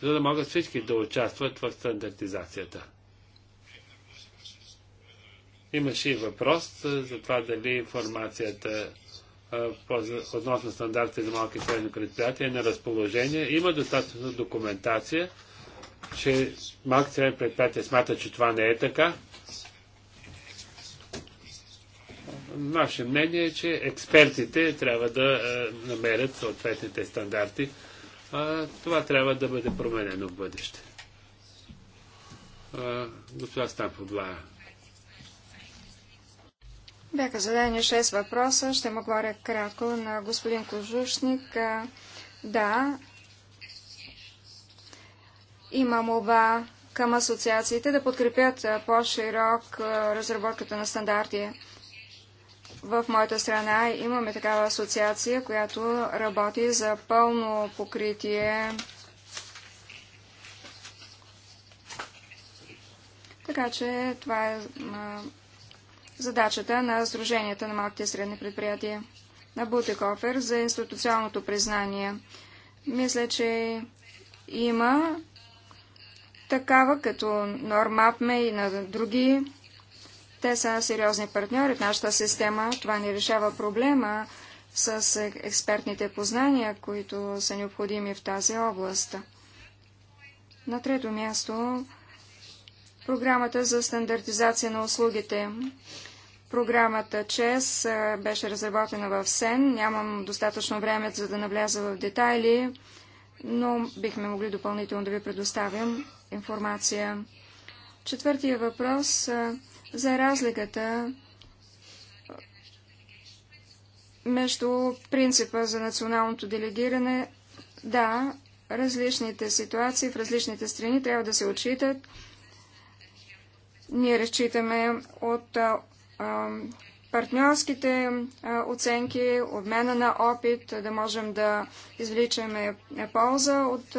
за да могат всички да участват в стандартизацията. Имаше и въпрос за това дали информацията относно стандартите за малки и средни предприятия е на разположение. Има достатъчно документация, че малки и средни предприятия смятат, че това не е така. Наше мнение е, че експертите трябва да намерят съответните стандарти. Това трябва да бъде променено в бъдеще. Госпожа Станфорд Лая. Бяха зададени 6 въпроса. Ще му говоря кратко на господин Кожушник. Да, има мова към асоциациите да подкрепят по-широк разработката на стандарти. В моята страна имаме такава асоциация, която работи за пълно покритие. Така че това е задачата на Сдруженията на малките и средни предприятия на Бутикофер за институционалното признание. Мисля, че има такава, като Нормапме и на други. Те са сериозни партньори в нашата система. Това не решава проблема с експертните познания, които са необходими в тази област. На трето място, програмата за стандартизация на услугите. Програмата ЧЕС беше разработена в СЕН. Нямам достатъчно време, за да навляза в детайли, но бихме могли допълнително да ви предоставям информация. Четвъртия въпрос за разликата между принципа за националното делегиране. Да, различните ситуации в различните страни трябва да се отчитат. Ние разчитаме от партньорските оценки, обмена на опит, да можем да извличаме е, полза от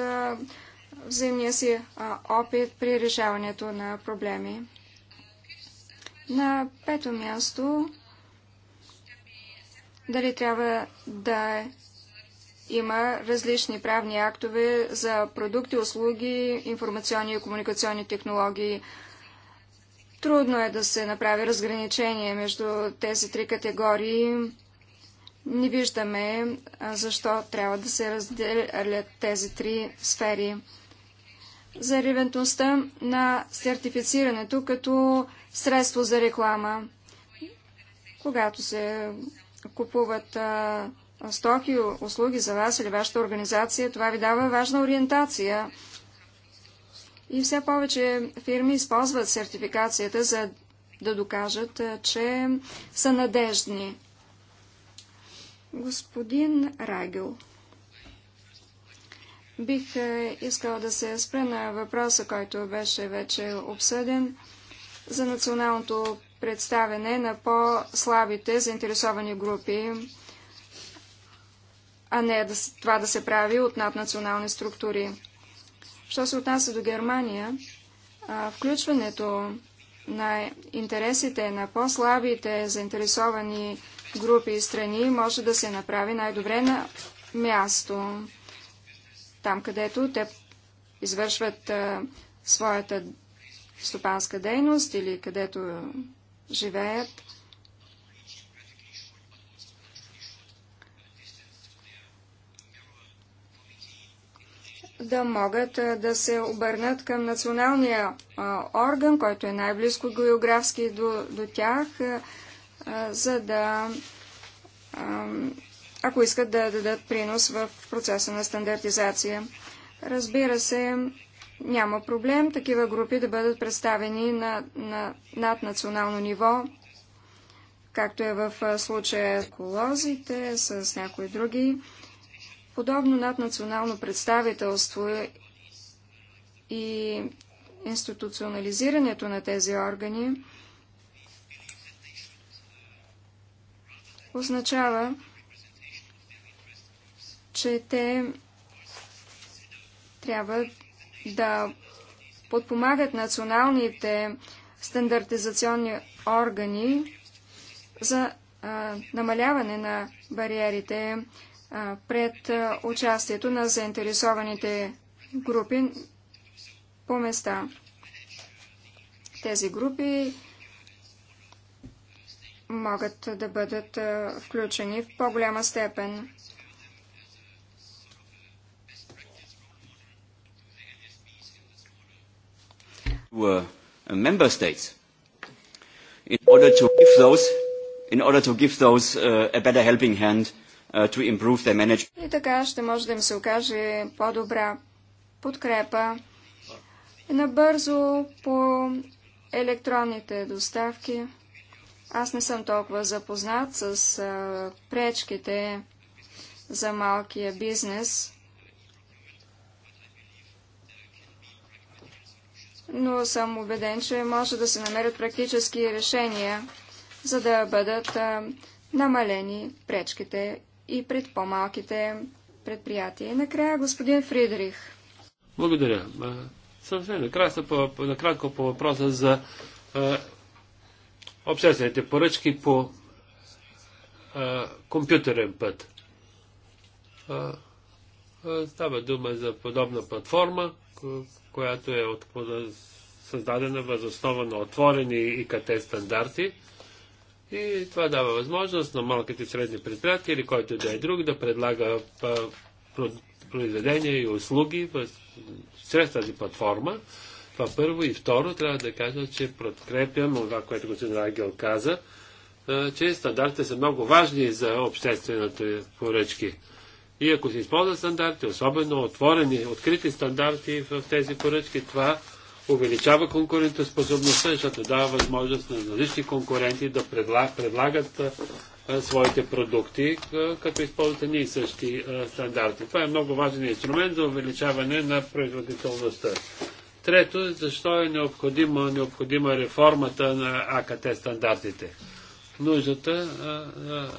взаимния си опит при решаването на проблеми. На пето място, дали трябва да има различни правни актове за продукти, услуги, информационни и комуникационни технологии – Трудно е да се направи разграничение между тези три категории. Не виждаме защо трябва да се разделят тези три сфери. За ревентността на сертифицирането като средство за реклама. Когато се купуват стоки, услуги за вас или вашата организация, това ви дава важна ориентация и все повече фирми използват сертификацията, за да докажат, че са надеждни. Господин Рагел. Бих искал да се спра на въпроса, който беше вече обсъден за националното представене на по-слабите заинтересовани групи, а не това да се прави от наднационални структури. Що се отнася до Германия, включването на интересите на по-слабите заинтересовани групи и страни може да се направи най-добре на място, там където те извършват а, своята стопанска дейност или където живеят. да могат да се обърнат към националния орган, който е най-близко географски до, до тях, за да, ако искат да дадат принос в процеса на стандартизация. Разбира се, няма проблем такива групи да бъдат представени на, на наднационално ниво, както е в случая с колозите, с някои други Подобно наднационално представителство и институционализирането на тези органи означава, че те трябва да подпомагат националните стандартизационни органи за а, намаляване на бариерите, пред участието на заинтересованите групи по места. Тези групи могат да бъдат включени в по-голяма степен. Uh, member states in order to give those in order to give those uh, a better helping hand uh, Uh, to improve their management. И така ще може да им се окаже по-добра подкрепа. Набързо по електронните доставки. Аз не съм толкова запознат с а, пречките за малкия бизнес, но съм убеден, че може да се намерят практически решения, за да бъдат а, намалени пречките и пред по-малките предприятия. И накрая господин Фридрих. Благодаря. Съвсем накратко, накратко по въпроса за а, обществените поръчки по а, компютърен път. А, а, става дума за подобна платформа, която е от, създадена възоснова на отворени ИКТ стандарти. И това дава възможност на малките и средни предприятия или който да е друг да предлага произведения и услуги чрез тази платформа. Това първо и второ трябва да кажа, че подкрепям това, което господин Рагел каза, че стандартите са много важни за обществените поръчки. И ако се използват стандарти, особено отворени, открити стандарти в тези поръчки, това увеличава конкурентоспособността, защото дава възможност на различни конкуренти да предлагат своите продукти, като използват ние същи стандарти. Това е много важен инструмент за увеличаване на производителността. Трето, защо е необходима, необходима реформата на АКТ стандартите? Нуждата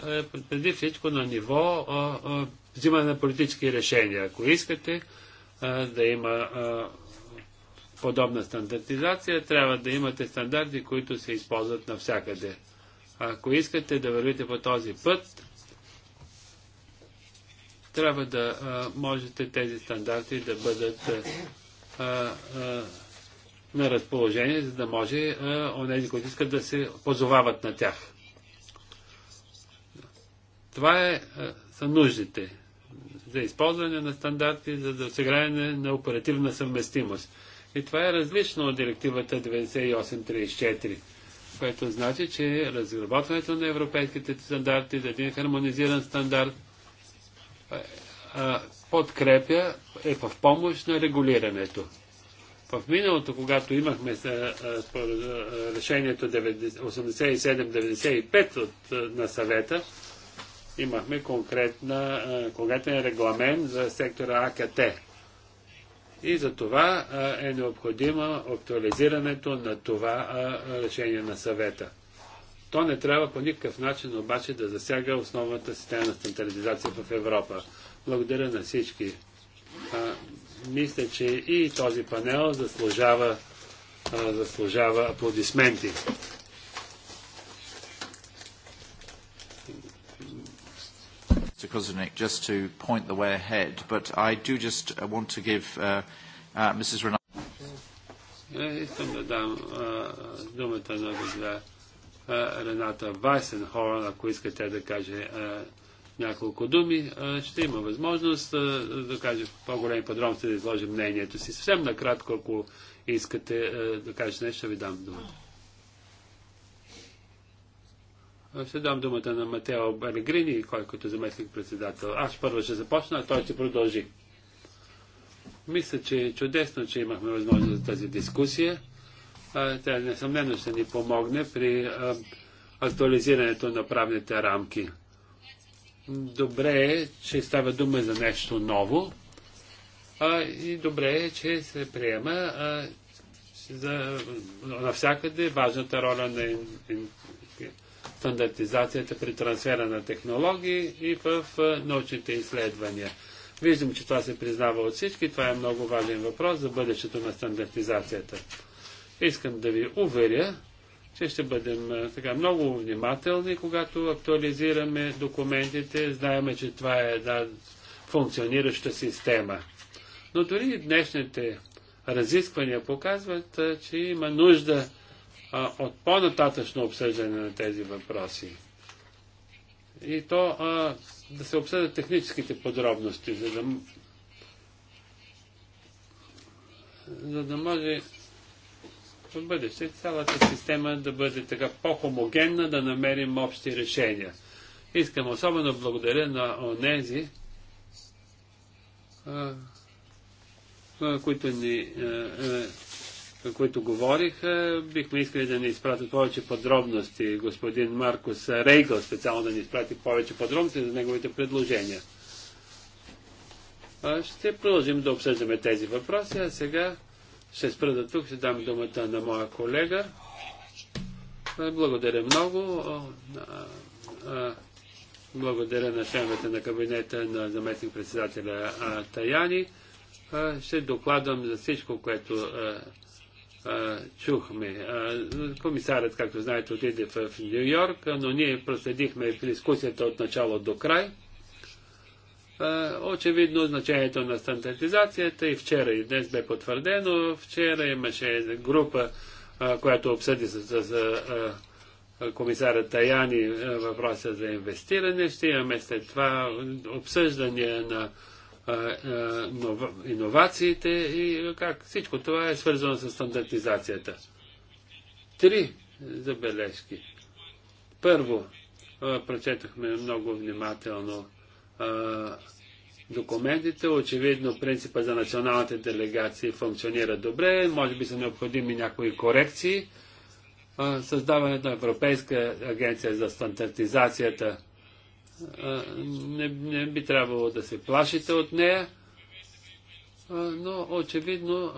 е преди всичко на ниво взимане на политически решения. Ако искате да има подобна стандартизация, трябва да имате стандарти, които се използват навсякъде. Ако искате да вървите по този път, трябва да а, можете тези стандарти да бъдат а, а, на разположение, за да може а, онези, които искат да се позовават на тях. Това е, а, са нуждите за използване на стандарти, за да осигуряване на оперативна съвместимост. И това е различно от директивата 9834, което значи, че разработването на европейските стандарти за един хармонизиран стандарт подкрепя, е в помощ на регулирането. В миналото, когато имахме решението 87-95 от, на съвета, имахме конкретен регламент за сектора АКТ. И за това е необходимо актуализирането на това решение на съвета. То не трябва по никакъв начин обаче да засяга основната система на стандартизация в Европа. Благодаря на всички. А, мисля, че и този панел заслужава, а, заслужава аплодисменти. Mr. Kozanik, just to point the way ahead, but I do just uh, want to give uh, uh, Mrs. Renato. Е, искам да дам uh, думата на госпожа uh, Рената Вайсенхорн, ако иска тя да каже uh, няколко думи. Uh, ще има възможност uh, да каже по-големи подробности да изложи мнението си. Съвсем накратко, ако искате uh, да кажете нещо, ще ви дам думата. Ще дам думата на Матео Балегрини, който като заместник председател. Аз първо ще започна, а той ще продължи. Мисля, че е чудесно, че имахме възможност за тази дискусия. Тя несъмнено ще ни помогне при актуализирането на правните рамки. Добре е, че става дума за нещо ново и добре е, че се приема за навсякъде важната роля на стандартизацията при трансфера на технологии и в научните изследвания. Виждам, че това се признава от всички. Това е много важен въпрос за бъдещето на стандартизацията. Искам да ви уверя, че ще бъдем така много внимателни, когато актуализираме документите. Знаеме, че това е една функционираща система. Но дори днешните разисквания показват, че има нужда а, от по-нататъчно обсъждане на тези въпроси. И то а, да се обсъдят техническите подробности, за да, за да може в бъдеще цялата система да бъде така по-хомогенна, да намерим общи решения. Искам особено благодаря на онези, които ни които говорих, Бихме искали да ни изпратят повече подробности. Господин Маркус Рейгъл специално да ни изпрати повече подробности за неговите предложения. Ще продължим да обсъждаме тези въпроси, а сега ще спра да тук, ще дам думата на моя колега. Благодаря много. Благодаря на членовете на кабинета на заместник председателя Таяни. Ще докладвам за всичко, което чухме. Комисарят, както знаете, отиде в Нью Йорк, но ние проследихме дискусията от начало до край. Очевидно значението на стандартизацията и вчера и днес бе потвърдено. Вчера имаше група, която обсъди с, с комисаря Таяни въпроса за инвестиране. Ще имаме след това обсъждане на иновациите и как всичко това е свързано с стандартизацията. Три забележки. Първо, прочетохме много внимателно документите. Очевидно принципа за националните делегации функционира добре. Може би са необходими някои корекции. Създаването на Европейска агенция за стандартизацията не, не би трябвало да се плашите от нея, но очевидно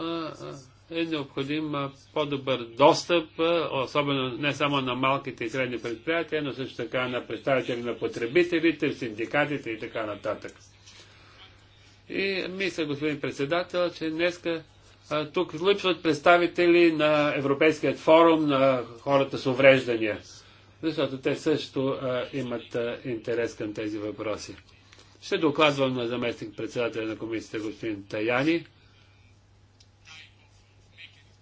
е необходим по-добър достъп, особено не само на малките и средни предприятия, но също така на представители на потребителите, синдикатите и така нататък. И мисля, господин председател, че днеска тук липсват представители на Европейският форум на хората с увреждания защото те също а, имат а, интерес към тези въпроси. Ще докладвам на заместник председателя на комисията господин Таяни.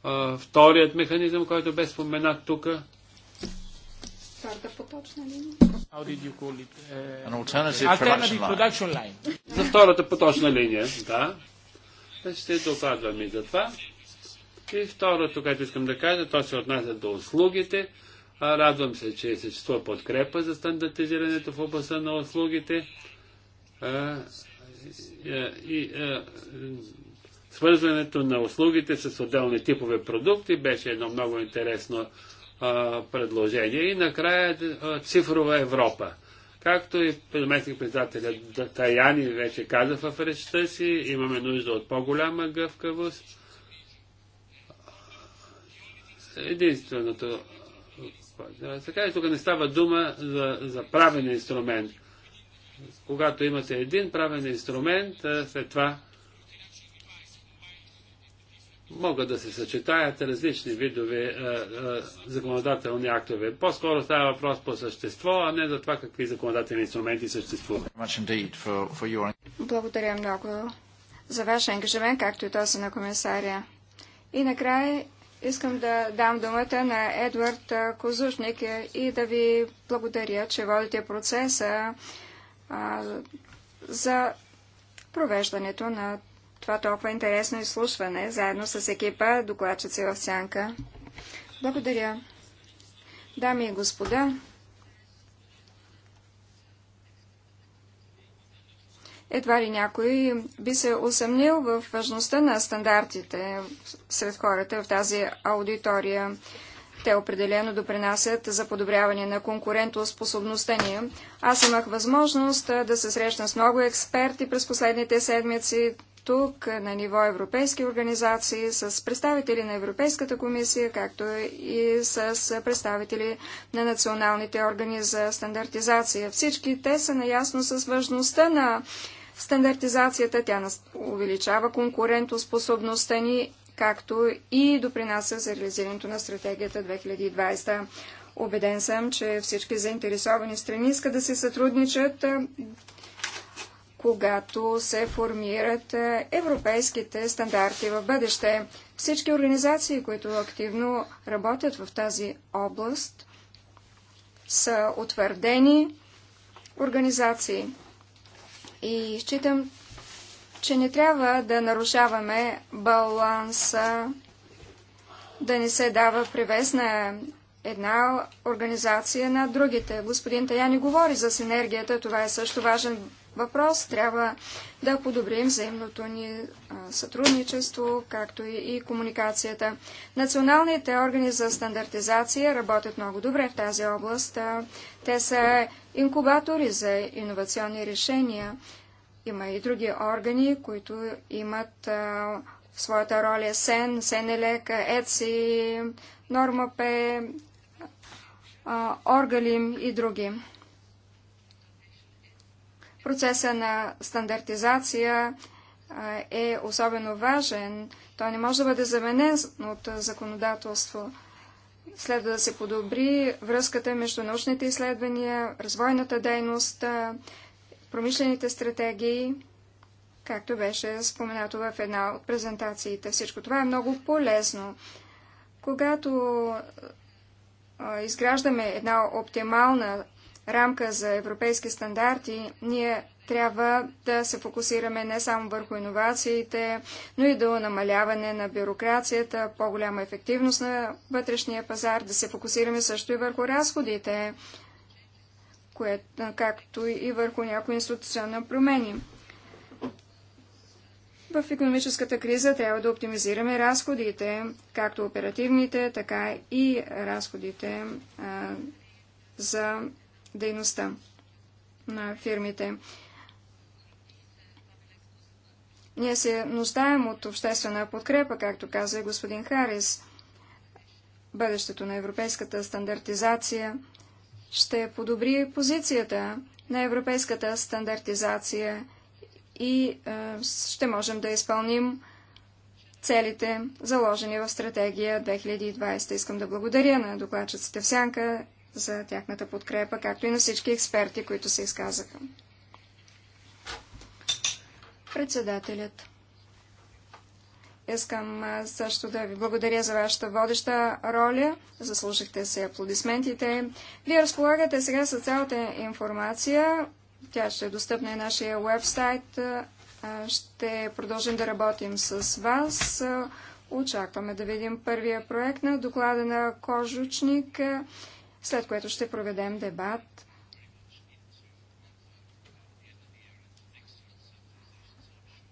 А, вторият механизъм, който бе споменат тук. Е, за втората поточна линия, да. Ще докладвам и за това. И второто, което искам да кажа, то се отнася до услугите Радвам се, че съществува подкрепа за стандартизирането в областта на услугите и свързването на услугите с отделни типове продукти беше едно много интересно предложение. И накрая цифрова Европа. Както и предметник председателя Таяни вече каза в речта си, имаме нужда от по-голяма гъвкавост. Единственото така и тук не става дума за, за правен инструмент. Когато имате един правен инструмент, след това могат да се съчетаят различни видове а, а, законодателни актове. По-скоро става въпрос по същество, а не за това какви законодателни инструменти съществуват. Благодаря много за вашия ангажимент, както и този на комисария. И накрая Искам да дам думата на Едвард Козушник е, и да ви благодаря, че водите процеса а, за провеждането на това толкова интересно изслушване, заедно с екипа докладчици в Сянка. Благодаря. Дами и господа, Едва ли някой би се усъмнил в важността на стандартите сред хората в тази аудитория. Те определено допринасят за подобряване на конкурентоспособността ни. Аз имах възможност да се срещна с много експерти през последните седмици тук на ниво европейски организации, с представители на Европейската комисия, както и с представители на националните органи за стандартизация. Всички те са наясно с важността на стандартизацията, тя увеличава конкурентоспособността ни, както и допринася за реализирането на стратегията 2020. Обеден съм, че всички заинтересовани страни искат да се сътрудничат, е, когато се формират е, европейските стандарти в бъдеще. Всички организации, които активно работят в тази област, са утвърдени организации. И считам, че не трябва да нарушаваме баланса, да не се дава привез на една организация на другите. Господин Таяни, говори за синергията, това е също важен въпрос. Трябва да подобрим взаимното ни сътрудничество, както и комуникацията. Националните органи за стандартизация работят много добре в тази област. Те са инкубатори за иновационни решения. Има и други органи, които имат в своята роля СЕН, СЕНЕЛЕК, ЕЦИ, НОРМАПЕ, Оргалим и други. Процеса на стандартизация е особено важен. Той не може да бъде заменен от законодателство. Следва да се подобри връзката между научните изследвания, развойната дейност, промишлените стратегии, както беше споменато в една от презентациите. Всичко това е много полезно. Когато изграждаме една оптимална рамка за европейски стандарти, ние трябва да се фокусираме не само върху иновациите, но и до намаляване на бюрокрацията, по-голяма ефективност на вътрешния пазар, да се фокусираме също и върху разходите, което, както и върху някои институционни промени. В економическата криза трябва да оптимизираме разходите, както оперативните, така и разходите а, за дейността на фирмите. Ние се нуждаем от обществена подкрепа, както каза и господин Харис. Бъдещето на европейската стандартизация ще подобри позицията на европейската стандартизация и е, ще можем да изпълним целите, заложени в стратегия 2020. Искам да благодаря на докладчиците в Сянка за тяхната подкрепа, както и на всички експерти, които се изказаха. Председателят. Искам също да ви благодаря за вашата водеща роля. Заслужихте се аплодисментите. Вие разполагате сега с цялата информация. Тя ще е достъпна и нашия вебсайт. Ще продължим да работим с вас. Очакваме да видим първия проект на доклада на Кожучник след което ще проведем дебат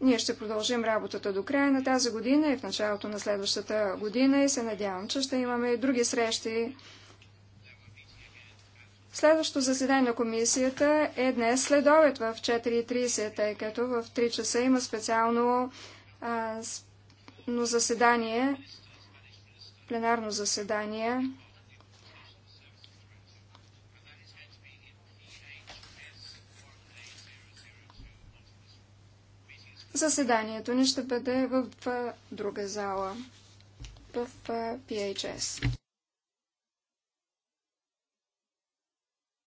Ние ще продължим работата до края на тази година и в началото на следващата година и се надявам, че ще имаме и други срещи. Следващото заседание на комисията е днес след обед в 4.30, тъй като в 3 часа има специално а, заседание, пленарно заседание Заседанието ни ще бъде в друга зала, в PHS.